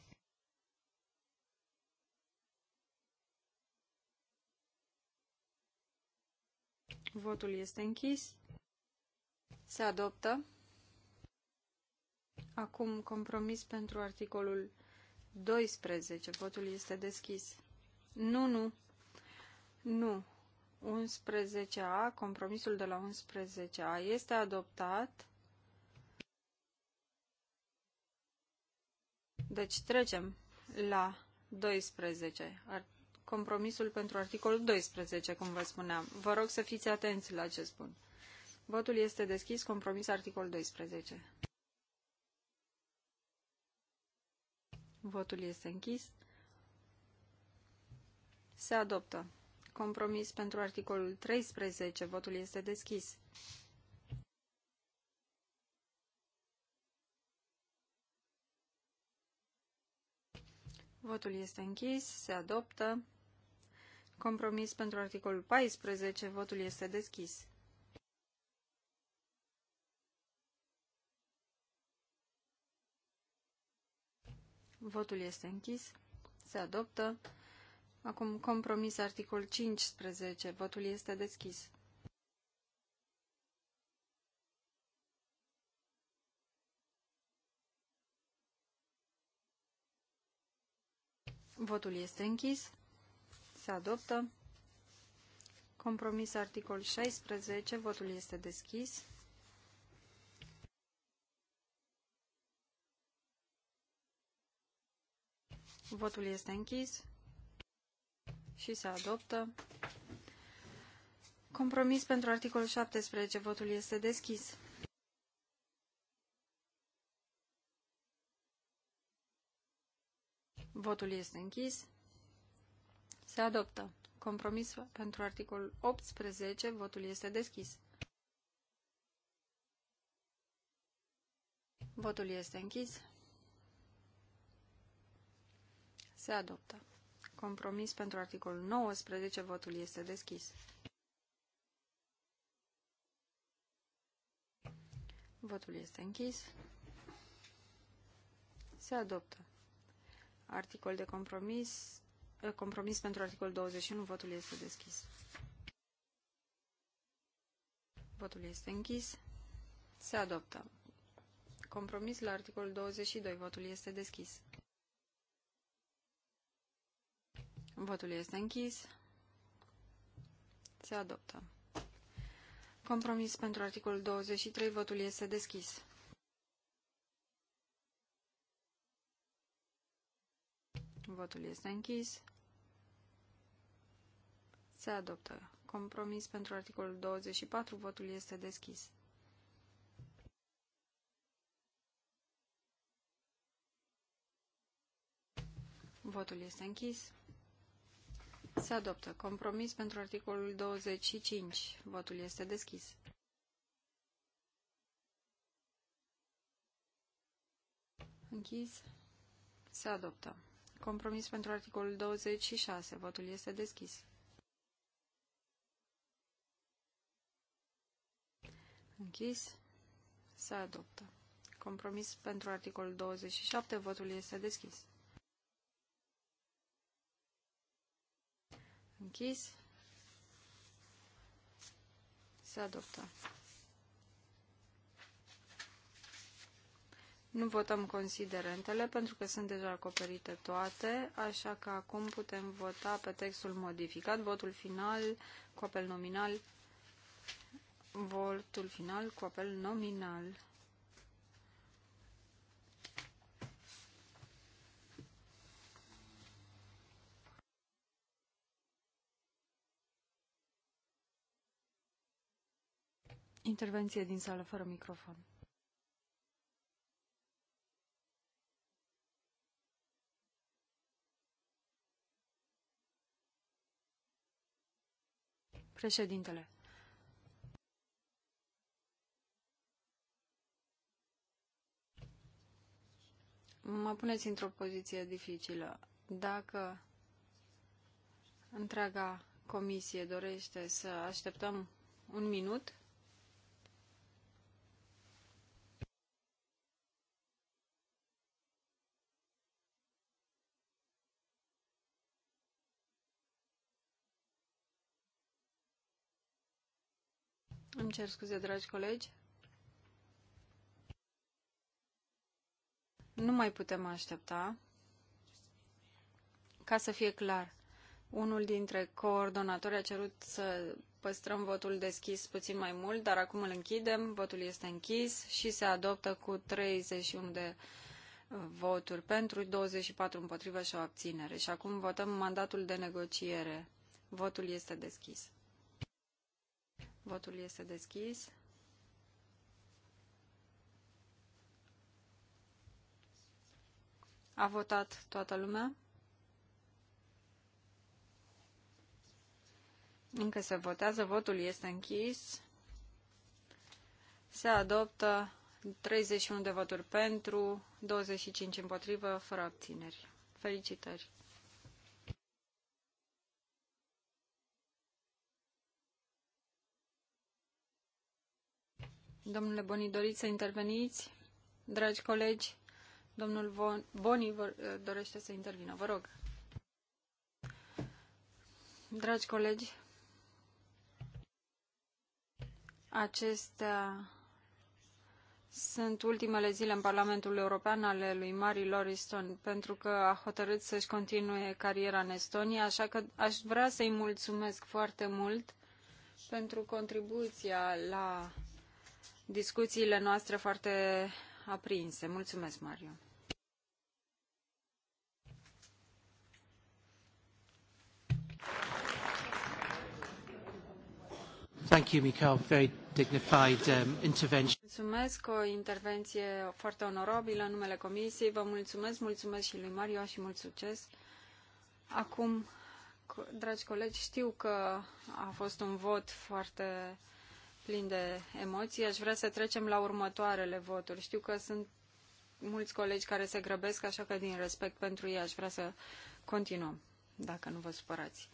Votul este închis. Se adoptă. Acum compromis pentru articolul 12. Votul este deschis. Nu, nu. Nu. 11A, compromisul de la 11A este adoptat. Deci trecem la 12. Compromisul pentru articolul 12, cum vă spuneam. Vă rog să fiți atenți la ce spun. Votul este deschis, compromis articolul 12. Votul este închis. Se adoptă. Compromis pentru articolul 13. Votul este deschis. Votul este închis. Se adoptă. Compromis pentru articolul 14. Votul este deschis. Votul este închis. Se adoptă. Acum compromis articol 15. Votul este deschis. Votul este închis. Se adoptă. Compromis articol 16. Votul este deschis. Votul este închis și se adoptă. Compromis pentru articolul 17. Votul este deschis. Votul este închis. Se adoptă. Compromis pentru articolul 18. Votul este deschis. Votul este închis. Se adoptă. Compromis pentru articolul 19. Votul este deschis. Votul este închis. Se adoptă. Articol de compromis. Ă, compromis pentru articolul 21. Votul este deschis. Votul este închis. Se adoptă. Compromis la articolul 22. Votul este deschis. Votul este închis. Se adoptă. Compromis pentru articolul 23. Votul este deschis. Votul este închis. Se adoptă. Compromis pentru articolul 24. Votul este deschis. Votul este închis. Se adoptă. Compromis pentru articolul 25. Votul este deschis. Închis. Se adoptă. Compromis pentru articolul 26. Votul este deschis. Închis. Se adoptă. Compromis pentru articolul 27. Votul este deschis. Închis. Se adoptă. Nu votăm considerentele pentru că sunt deja acoperite toate, așa că acum putem vota pe textul modificat, votul final cu apel nominal, votul final cu apel nominal. Intervenție din sală fără microfon. Președintele. Mă puneți într-o poziție dificilă. Dacă întreaga comisie dorește să așteptăm un minut, Îmi cer scuze, dragi colegi. Nu mai putem aștepta. Ca să fie clar, unul dintre coordonatori a cerut să păstrăm votul deschis puțin mai mult, dar acum îl închidem, votul este închis și se adoptă cu 31 de uh, voturi pentru, 24 împotrivă și o abținere. Și acum votăm mandatul de negociere. Votul este deschis. Votul este deschis. A votat toată lumea? Încă se votează, votul este închis. Se adoptă 31 de voturi pentru, 25 împotrivă, fără abțineri. Felicitări! Domnule Boni, doriți să interveniți? Dragi colegi, domnul Boni eh, dorește să intervină. Vă rog. Dragi colegi, acestea sunt ultimele zile în Parlamentul European ale lui Mari Loriston, pentru că a hotărât să-și continue cariera în Estonia, așa că aș vrea să-i mulțumesc foarte mult pentru contribuția la discuțiile noastre foarte aprinse. Mulțumesc, Mario. Thank you, Michael. Very dignified um, intervention. Mulțumesc, o intervenție foarte onorabilă în numele Comisiei. Vă mulțumesc, mulțumesc și lui Mario și mult succes. Acum, dragi colegi, știu că a fost un vot foarte plin de emoții. Aș vrea să trecem la următoarele voturi. Știu că sunt mulți colegi care se grăbesc, așa că din respect pentru ei aș vrea să continuăm, dacă nu vă supărați.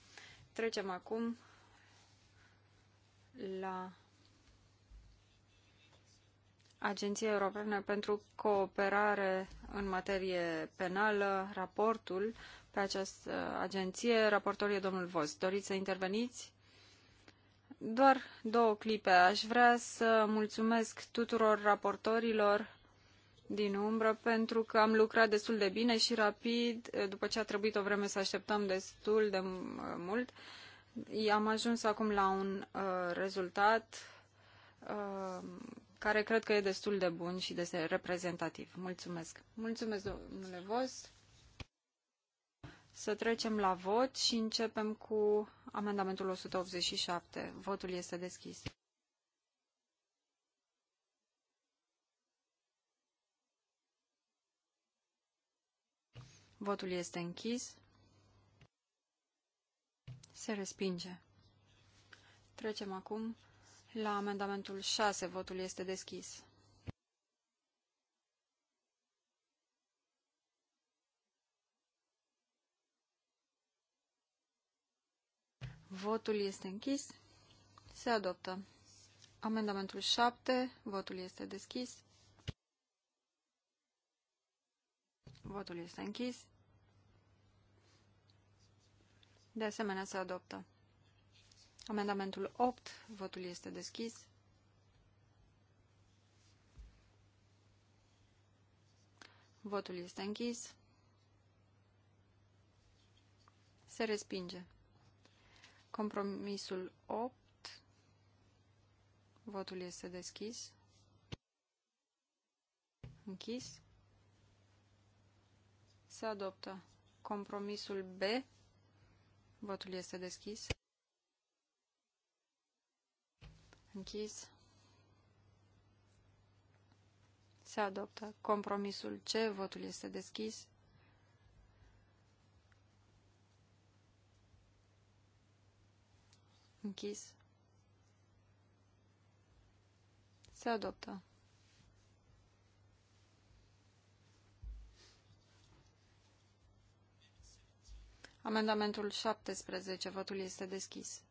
Trecem acum la Agenția Europeană pentru Cooperare în materie penală, raportul pe această agenție. Raportor domnul Vos. Doriți să interveniți? Doar două clipe. Aș vrea să mulțumesc tuturor raportorilor din umbră pentru că am lucrat destul de bine și rapid, după ce a trebuit o vreme să așteptăm destul de mult. Am ajuns acum la un uh, rezultat uh, care cred că e destul de bun și de reprezentativ. Mulțumesc. Mulțumesc, domnule să trecem la vot și începem cu amendamentul 187. Votul este deschis. Votul este închis. Se respinge. Trecem acum la amendamentul 6. Votul este deschis. Votul este închis. Se adoptă. Amendamentul 7. Votul este deschis. Votul este închis. De asemenea, se adoptă. Amendamentul 8. Votul este deschis. Votul este închis. Se respinge. Compromisul 8. Votul este deschis. Închis. Se adoptă. Compromisul B. Votul este deschis. Închis. Se adoptă. Compromisul C. Votul este deschis. Închis. Se adoptă. Amendamentul 17. Votul este deschis.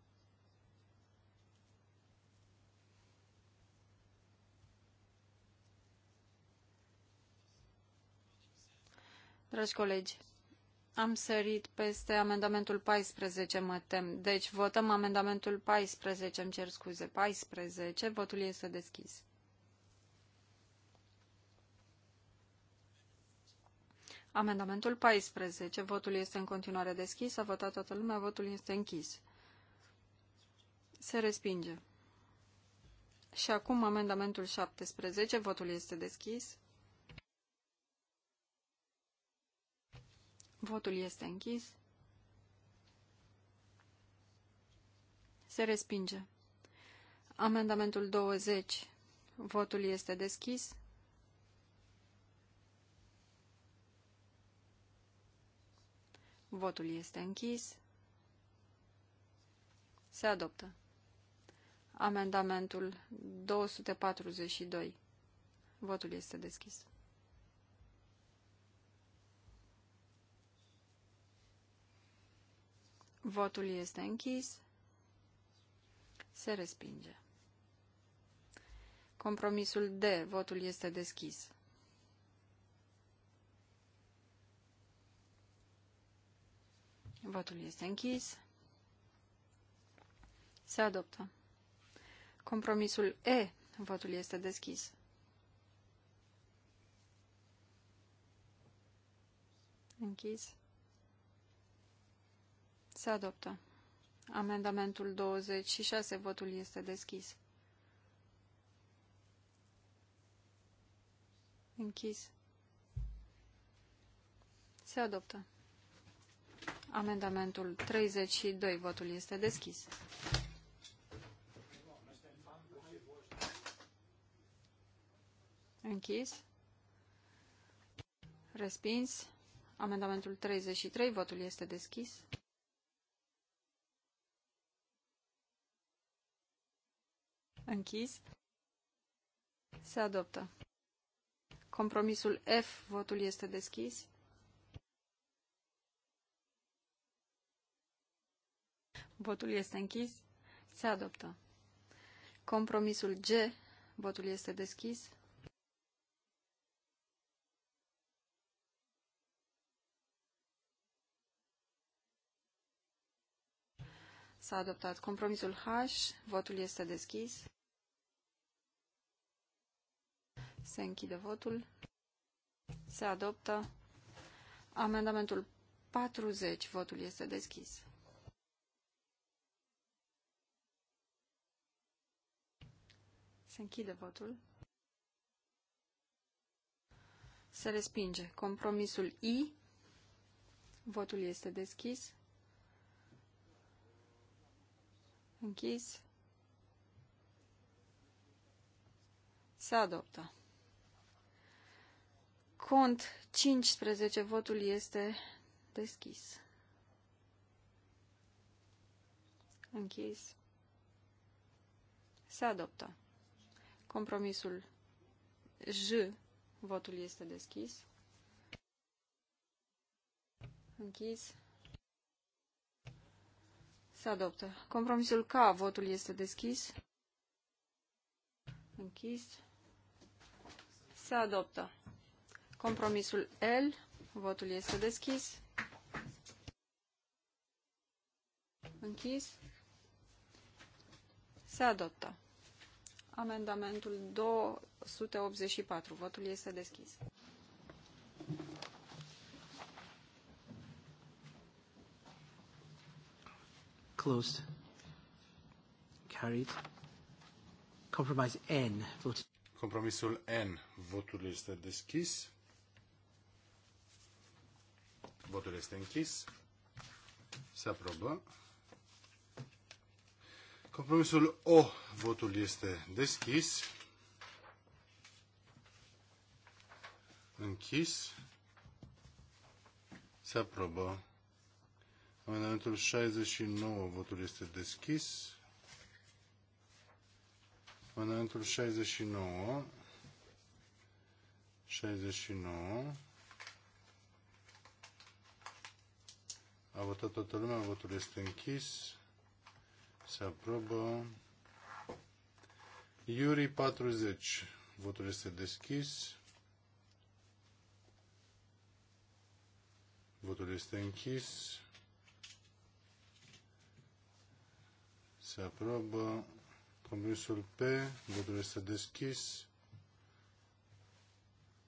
Dragi colegi, am sărit peste amendamentul 14, mă tem. Deci votăm amendamentul 14, îmi cer scuze, 14. Votul este deschis. Amendamentul 14. Votul este în continuare deschis. A votat toată lumea. Votul este închis. Se respinge. Și acum amendamentul 17. Votul este deschis. Votul este închis. Se respinge. Amendamentul 20. Votul este deschis. Votul este închis. Se adoptă. Amendamentul 242. Votul este deschis. Votul este închis. Se respinge. Compromisul D. Votul este deschis. Votul este închis. Se adoptă. Compromisul E. Votul este deschis. Închis. Se adoptă. Amendamentul 26. Votul este deschis. Închis. Se adoptă. Amendamentul 32. Votul este deschis. Închis. Respins. Amendamentul 33. Votul este deschis. Închis. Se adoptă. Compromisul F, votul este deschis. Votul este închis. Se adoptă. Compromisul G, votul este deschis. S-a adoptat compromisul H, votul este deschis. Se închide votul. Se adoptă amendamentul 40. Votul este deschis. Se închide votul. Se respinge. Compromisul I. Votul este deschis. Închis. Se adoptă cont 15, votul este deschis. Închis. Se adoptă. Compromisul J, votul este deschis. Închis. Se adoptă. Compromisul K, votul este deschis. Închis. Se adoptă. Compromisul L. Votul este deschis. Închis. Se adoptă. Amendamentul 284. Votul este deschis. Closed. Carried. Compromise N. Compromisul N. Votul este deschis. Votul este închis. Se aprobă. Compromisul O. Votul este deschis. Închis. Se aprobă. Amendamentul 69. Votul este deschis. Amendamentul 69. 69. A votat toată lumea, votul este închis. Se aprobă. Iuri 40. Votul este deschis. Votul este închis. Se aprobă. Compromisul P. Votul este deschis.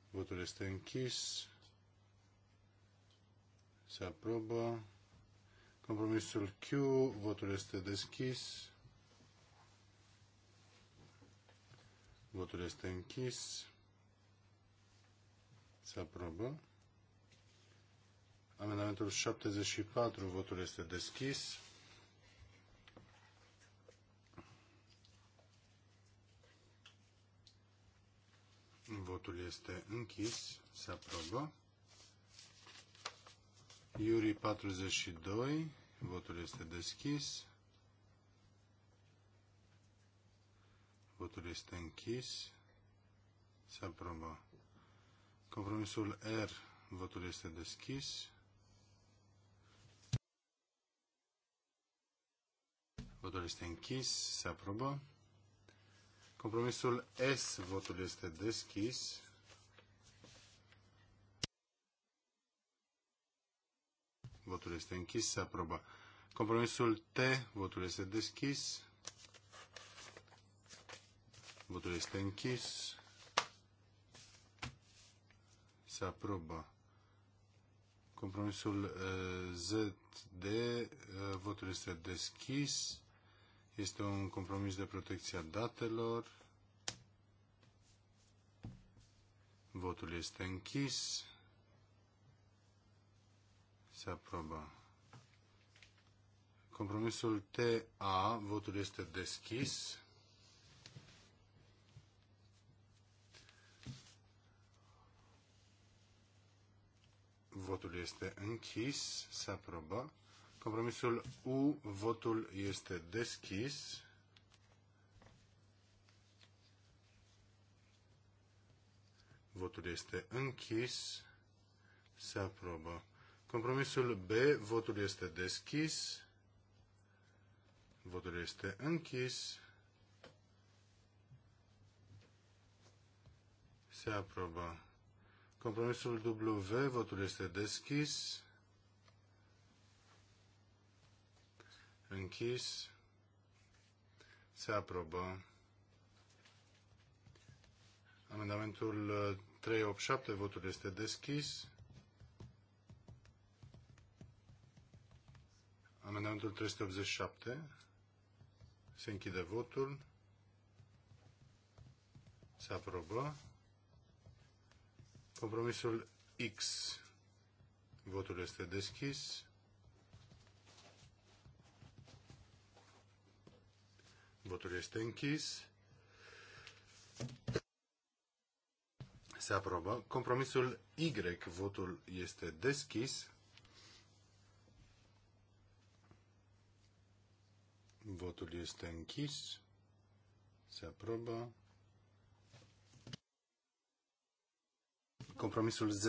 Votul este închis. Se aprobă. Compromisul Q, votul este deschis. Votul este închis. Se aprobă. Amendamentul 74, votul este deschis. Votul este închis. Se aprobă. Iuri 42. Votul este deschis. Votul este închis. Se aprobă. Compromisul R. Votul este deschis. Votul este închis. Se aprobă. Compromisul S. Votul este deschis. Votul este închis. Se aprobă. Compromisul T. Votul este deschis. Votul este închis. Se aprobă. Compromisul eh, ZD. Eh, votul este deschis. Este un compromis de protecție a datelor. Votul este închis. Se aprobă. Compromisul TA, votul este deschis. Votul este închis. Se aprobă. Compromisul U, votul este deschis. Votul este închis. Se aprobă. Compromisul B, votul este deschis. Votul este închis. Se aprobă. Compromisul W, votul este deschis. Închis. Se aprobă. Amendamentul 387, votul este deschis. Amendamentul 387. Se închide votul. Se aprobă. Compromisul X. Votul este deschis. Votul este închis. Se aprobă. Compromisul Y. Votul este deschis. Votul este închis. Se aprobă. Compromisul Z.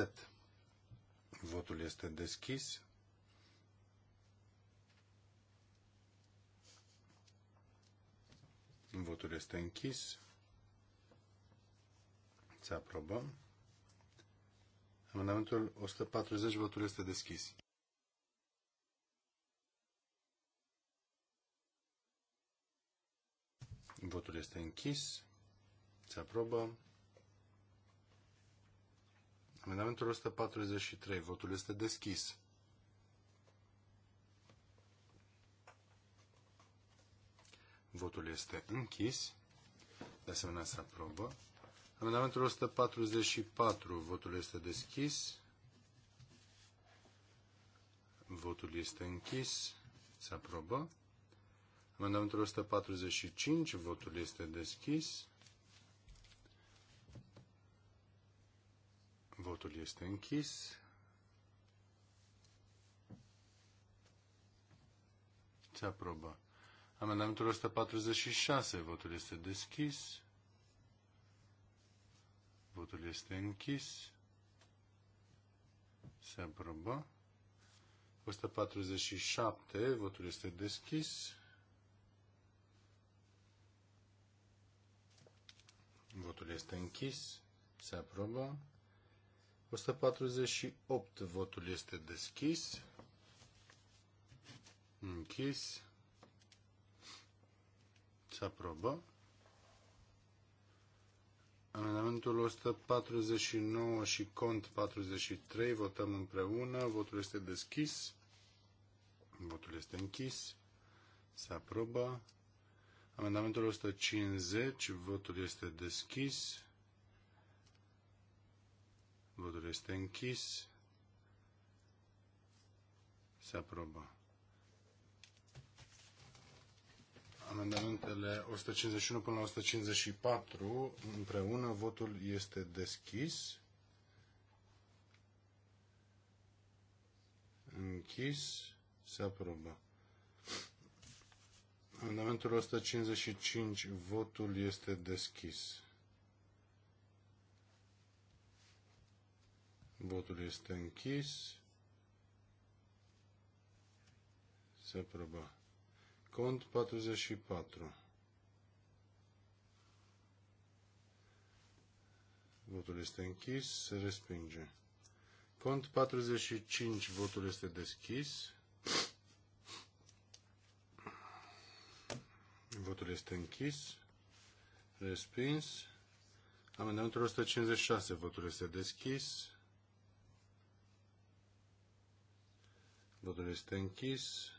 Votul este deschis. Votul este închis. Se aprobă. Amendamentul 140, votul este deschis. Votul este închis. Se aprobă. Amendamentul 143. Votul este deschis. Votul este închis. De asemenea, se aprobă. Amendamentul 144. Votul este deschis. Votul este închis. Se aprobă. Amendamentul 145, votul este deschis. Votul este închis. Se aprobă. Amendamentul 146, votul este deschis. Votul este închis. Se aprobă. 147, votul este deschis. Votul este închis. Se aprobă. 148. Votul este deschis. Închis. Se aprobă. Amendamentul 149 și cont 43 votăm împreună. Votul este deschis. Votul este închis. Se aprobă. Amendamentul 150, votul este deschis. Votul este închis. Se aprobă. Amendamentele 151 până la 154 împreună, votul este deschis. Închis. Se aprobă. Amendamentul 155, votul este deschis. Votul este închis. Se aprobă. Cont 44. Votul este închis. Se respinge. Cont 45. Votul este deschis. Votul este închis. Respins. Amendamentul 156. Votul este deschis. Votul este închis.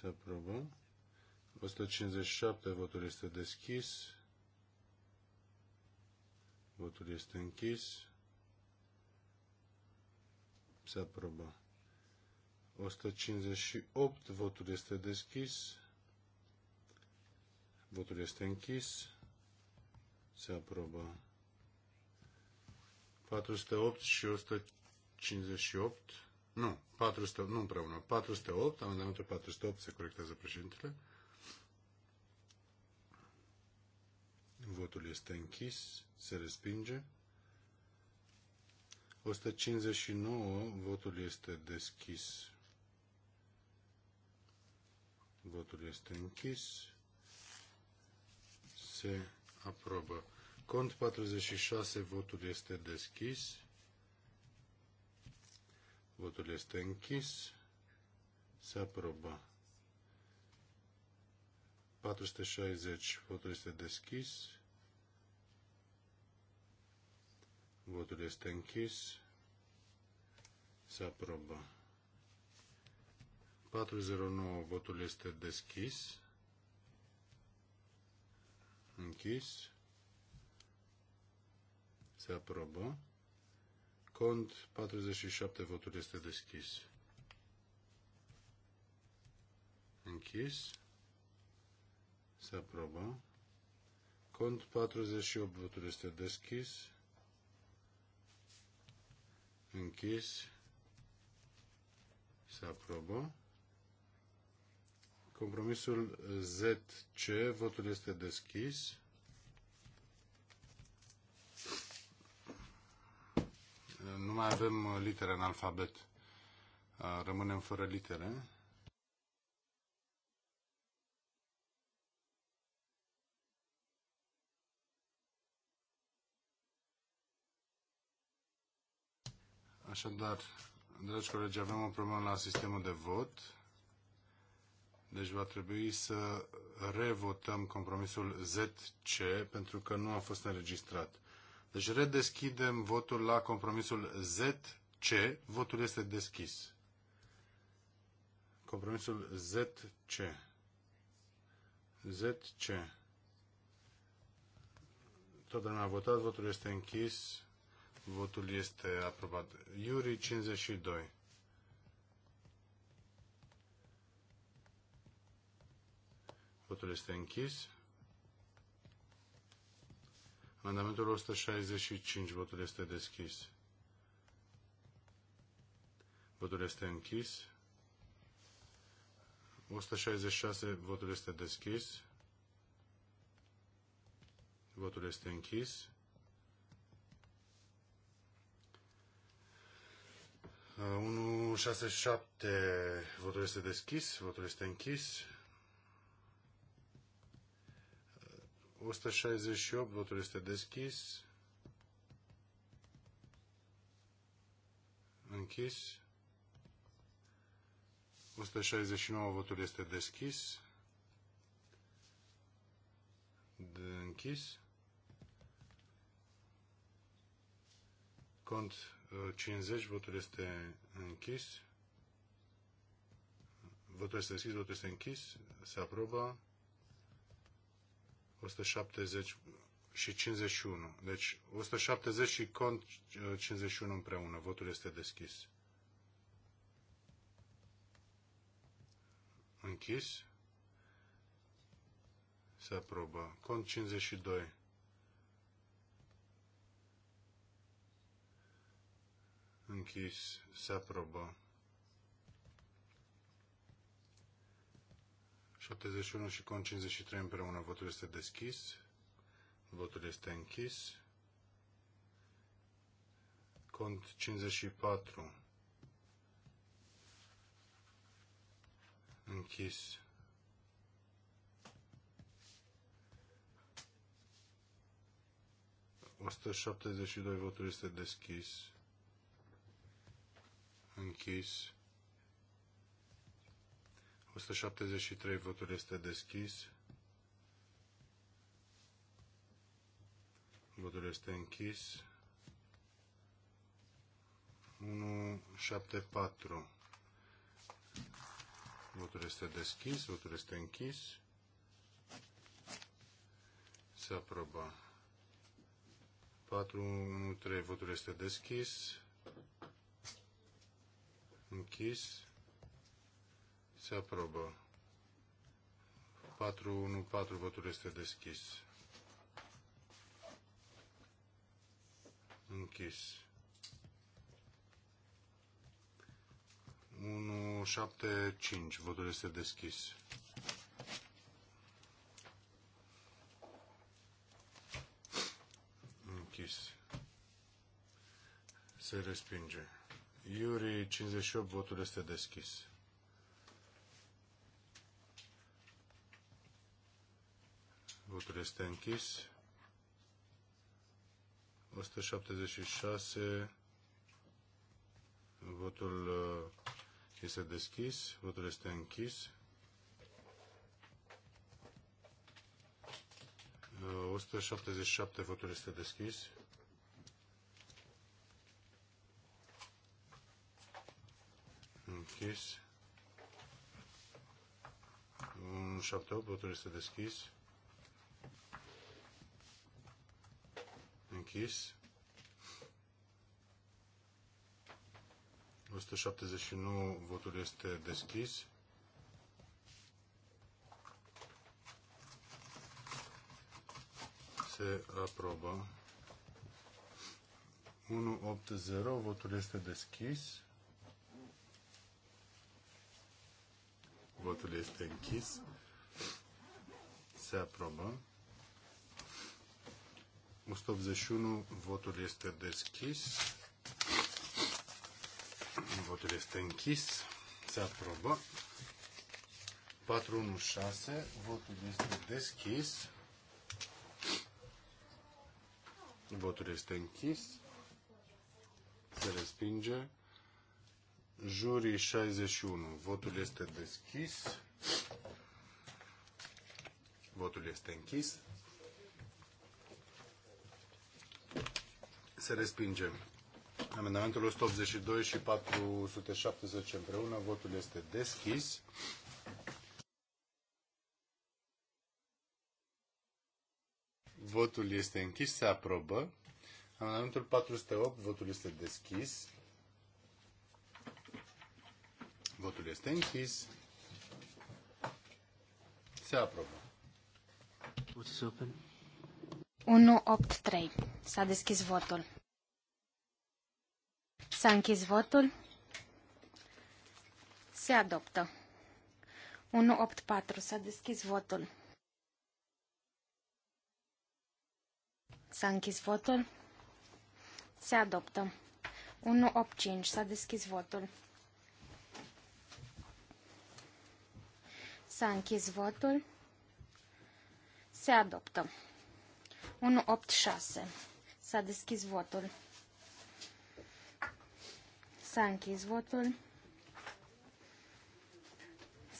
Să aprobăm. 157. Votul este deschis. Votul este închis. Să aprobăm. 158. Votul este deschis. Votul este închis. Se aprobă. 408 și 158. Nu, 400, nu împreună. 408, amendamentul 408 se corectează președintele. Votul este închis. Se respinge. 159. Votul este deschis. Votul este închis se aprobă. Cont 46, votul este deschis. Votul este închis. Se aprobă. 460, votul este deschis. Votul este închis. Se aprobă. 409, votul este deschis. Închis. Se aprobă. Cont 47, votul este deschis. Închis. Se aprobă. Cont 48, votul este deschis. Închis. Se aprobă. Compromisul ZC, votul este deschis. Nu mai avem litere în alfabet. Rămânem fără litere. Așadar, dragi colegi, avem o problemă la sistemul de vot. Deci va trebui să revotăm compromisul ZC pentru că nu a fost înregistrat. Deci redeschidem votul la compromisul ZC. Votul este deschis. Compromisul ZC. ZC. Toată lumea a votat, votul este închis, votul este aprobat. Iuri 52. Votul este închis. Amendamentul 165. Votul este deschis. Votul este închis. 166. Votul este deschis. Votul este închis. Uh, 167. Votul este deschis. Votul este închis. 168, votul este deschis. Închis. 169, votul este deschis. De închis. Cont 50, uh, votul este închis. Votul este deschis, votul este închis. Se aprobă. 170 și 51. Deci 170 și cont 51 împreună. Votul este deschis. Închis. Se aprobă. Cont 52. Închis. Se aprobă. 71 și con 53 împreună. Votul este deschis. Votul este închis. Cont 54. Închis. Osta 72 votul este deschis. Închis. 173. Votul este deschis. Votul este închis. 174. Votul este deschis, votul este închis. Se aprobă. 413. Votul este deschis. Închis. Se aprobă. 414 votul este deschis. Închis. 175 votul este deschis. Închis. Se respinge. Iuri 58 votul este deschis. Votul este închis. 176. Votul uh, este deschis. Votul este închis. 177. Uh, votul este deschis. Închis. 178. Votul este deschis. închis. 179, votul este deschis. Se aprobă. 180, votul este deschis. Votul este închis. Se aprobă. 181, votul este deschis. Votul este închis. Se aprobă. 416, votul este deschis. Votul este închis. Se respinge. Jurii 61. Votul este deschis. Votul este închis. se respinge. Amendamentul 182 și 470 împreună, votul este deschis. Votul este închis, se aprobă. Amendamentul 408, votul este deschis. Votul este închis. Se aprobă. Votul open. 183. S-a deschis votul. S-a închis votul. Se adoptă. 184. S-a deschis votul. S-a închis votul. Se adoptă. 185. S-a deschis votul. S-a închis votul. Se adoptă. 186. S-a deschis votul. S-a închis votul.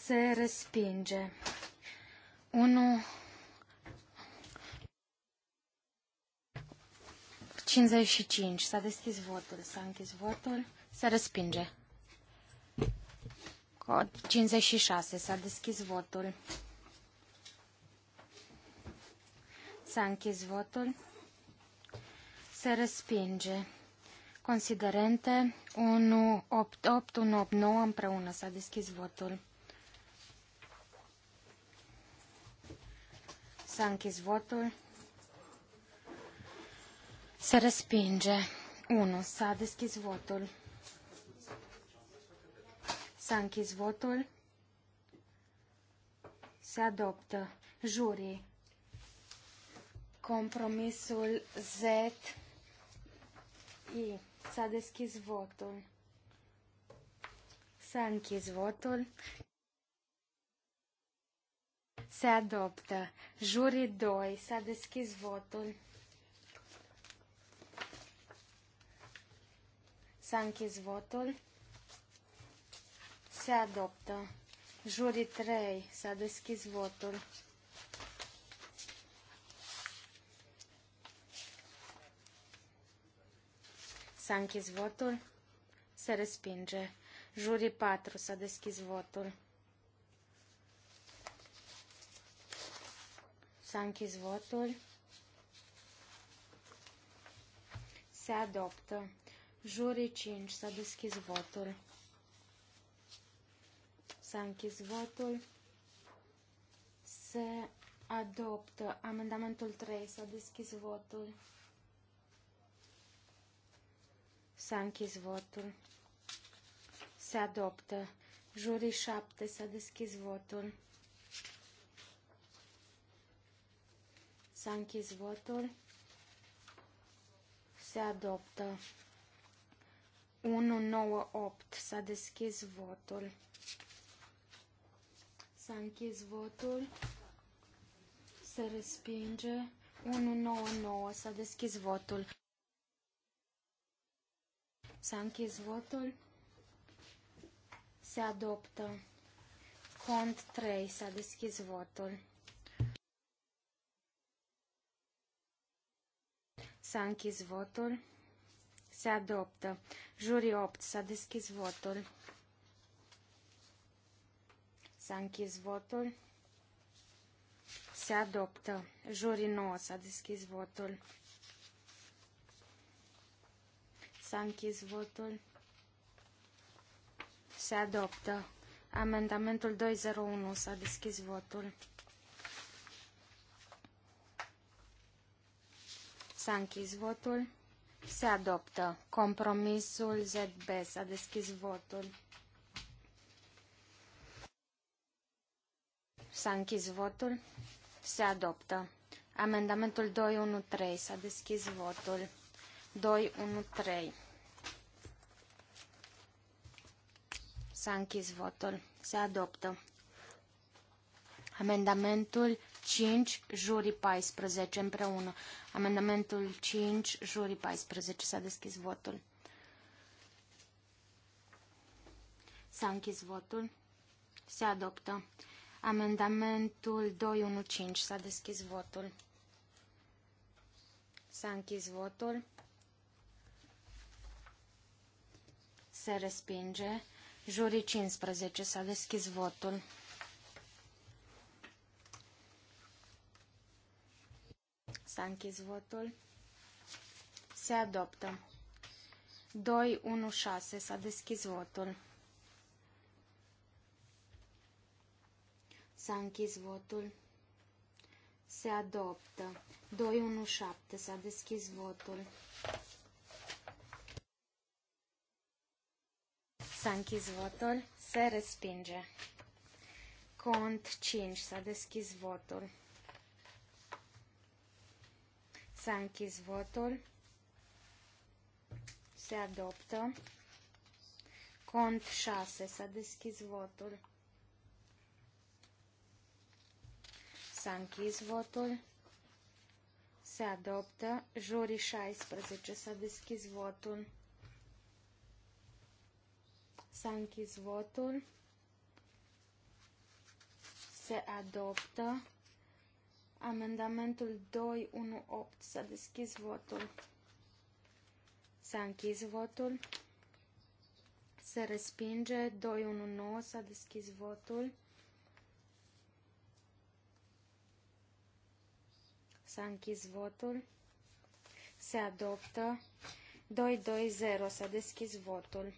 Se respinge. 1 55. S-a deschis votul. S-a închis votul. Se respinge. Cod 56. S-a deschis votul. S-a închis votul. Se respinge. Considerente 188, 189 împreună. S-a deschis votul. S-a închis votul. Se respinge. 1. S-a deschis votul. S-a închis votul. Se adoptă. Jurii. Compromisul Z. I. S-a deschis votul. S-a închis votul. Se adoptă. Jurii 2. S-a deschis votul. S-a închis votul. Se adoptă. Jurii 3. S-a deschis votul. S-a închis votul. Se respinge. Jurii 4. S-a deschis votul. S-a închis votul. Se adoptă. Jurii 5. S-a deschis votul. S-a închis votul. Se adoptă. Amendamentul 3. S-a deschis votul. S-a închis votul. Se adoptă. Jurii 7. S-a deschis votul. S-a închis votul. Se adoptă. 198. S-a deschis votul. S-a închis votul. Se respinge. 199. S-a deschis votul. S-a închis votul. Se adoptă. Cont 3. S-a deschis votul. S-a închis votul. Se adoptă. Juri 8. S-a deschis votul. S-a închis votul. Se adoptă. Juri 9. S-a deschis votul. S-a închis votul. Se adoptă. Amendamentul 201. S-a deschis votul. S-a închis votul. Se adoptă. Compromisul ZB. S-a deschis votul. S-a închis votul. Se adoptă. Amendamentul 213. S-a deschis votul. 2, 1, 3. S-a închis votul. Se adoptă. Amendamentul 5, jurii 14 împreună. Amendamentul 5, jurii 14. S-a deschis votul. S-a închis votul. Se adoptă. Amendamentul 215. S-a deschis votul. S-a închis votul. se respinge. Jurii 15 s-a deschis votul. S-a închis votul. Se adoptă. 216 s-a deschis votul. S-a închis votul. Se adoptă. 217 s-a deschis votul. S-a închis votul. Se respinge. Cont 5. S-a deschis votul. S-a închis votul. Se adoptă. Cont 6. S-a deschis votul. S-a închis votul. Se adoptă. Jurii 16. S-a deschis votul. S-a închis votul. Se adoptă. Amendamentul 218. S-a deschis votul. S-a închis votul. Se respinge. 219. S-a deschis votul. S-a închis votul. Se adoptă. 220. S-a deschis votul.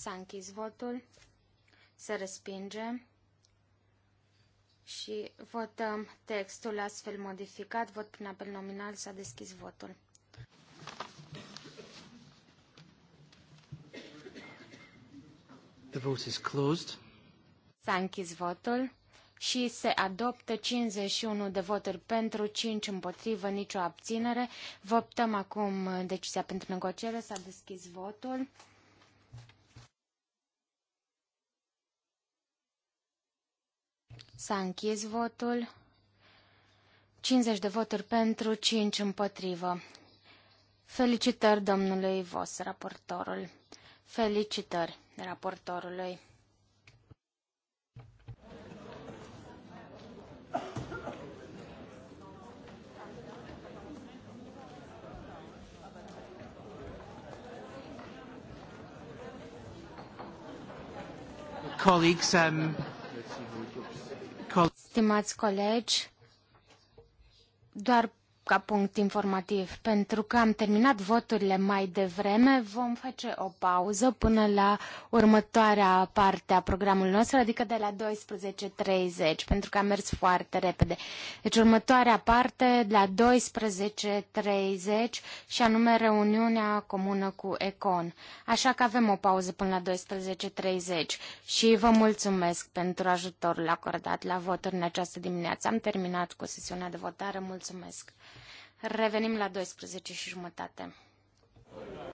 S-a închis votul. Se respinge. Și votăm textul astfel modificat. Vot prin apel nominal. S-a deschis votul. The vote is closed. S-a închis votul și se adoptă 51 de voturi pentru, 5 împotrivă, nicio abținere. Votăm acum decizia pentru negociere. S-a deschis votul. S-a închis votul. 50 de voturi pentru, 5 împotrivă. Felicitări domnului Vos, raportorul. Felicitări raportorului. Colleagues, um, Stimați colegi, doar ca punct informativ. Pentru că am terminat voturile mai devreme, vom face o pauză până la următoarea parte a programului nostru, adică de la 12.30, pentru că a mers foarte repede. Deci următoarea parte la 12.30 și anume reuniunea comună cu Econ. Așa că avem o pauză până la 12.30 și vă mulțumesc pentru ajutorul acordat la voturi în această dimineață. Am terminat cu sesiunea de votare. Mulțumesc! Revenim la 12 și jumătate.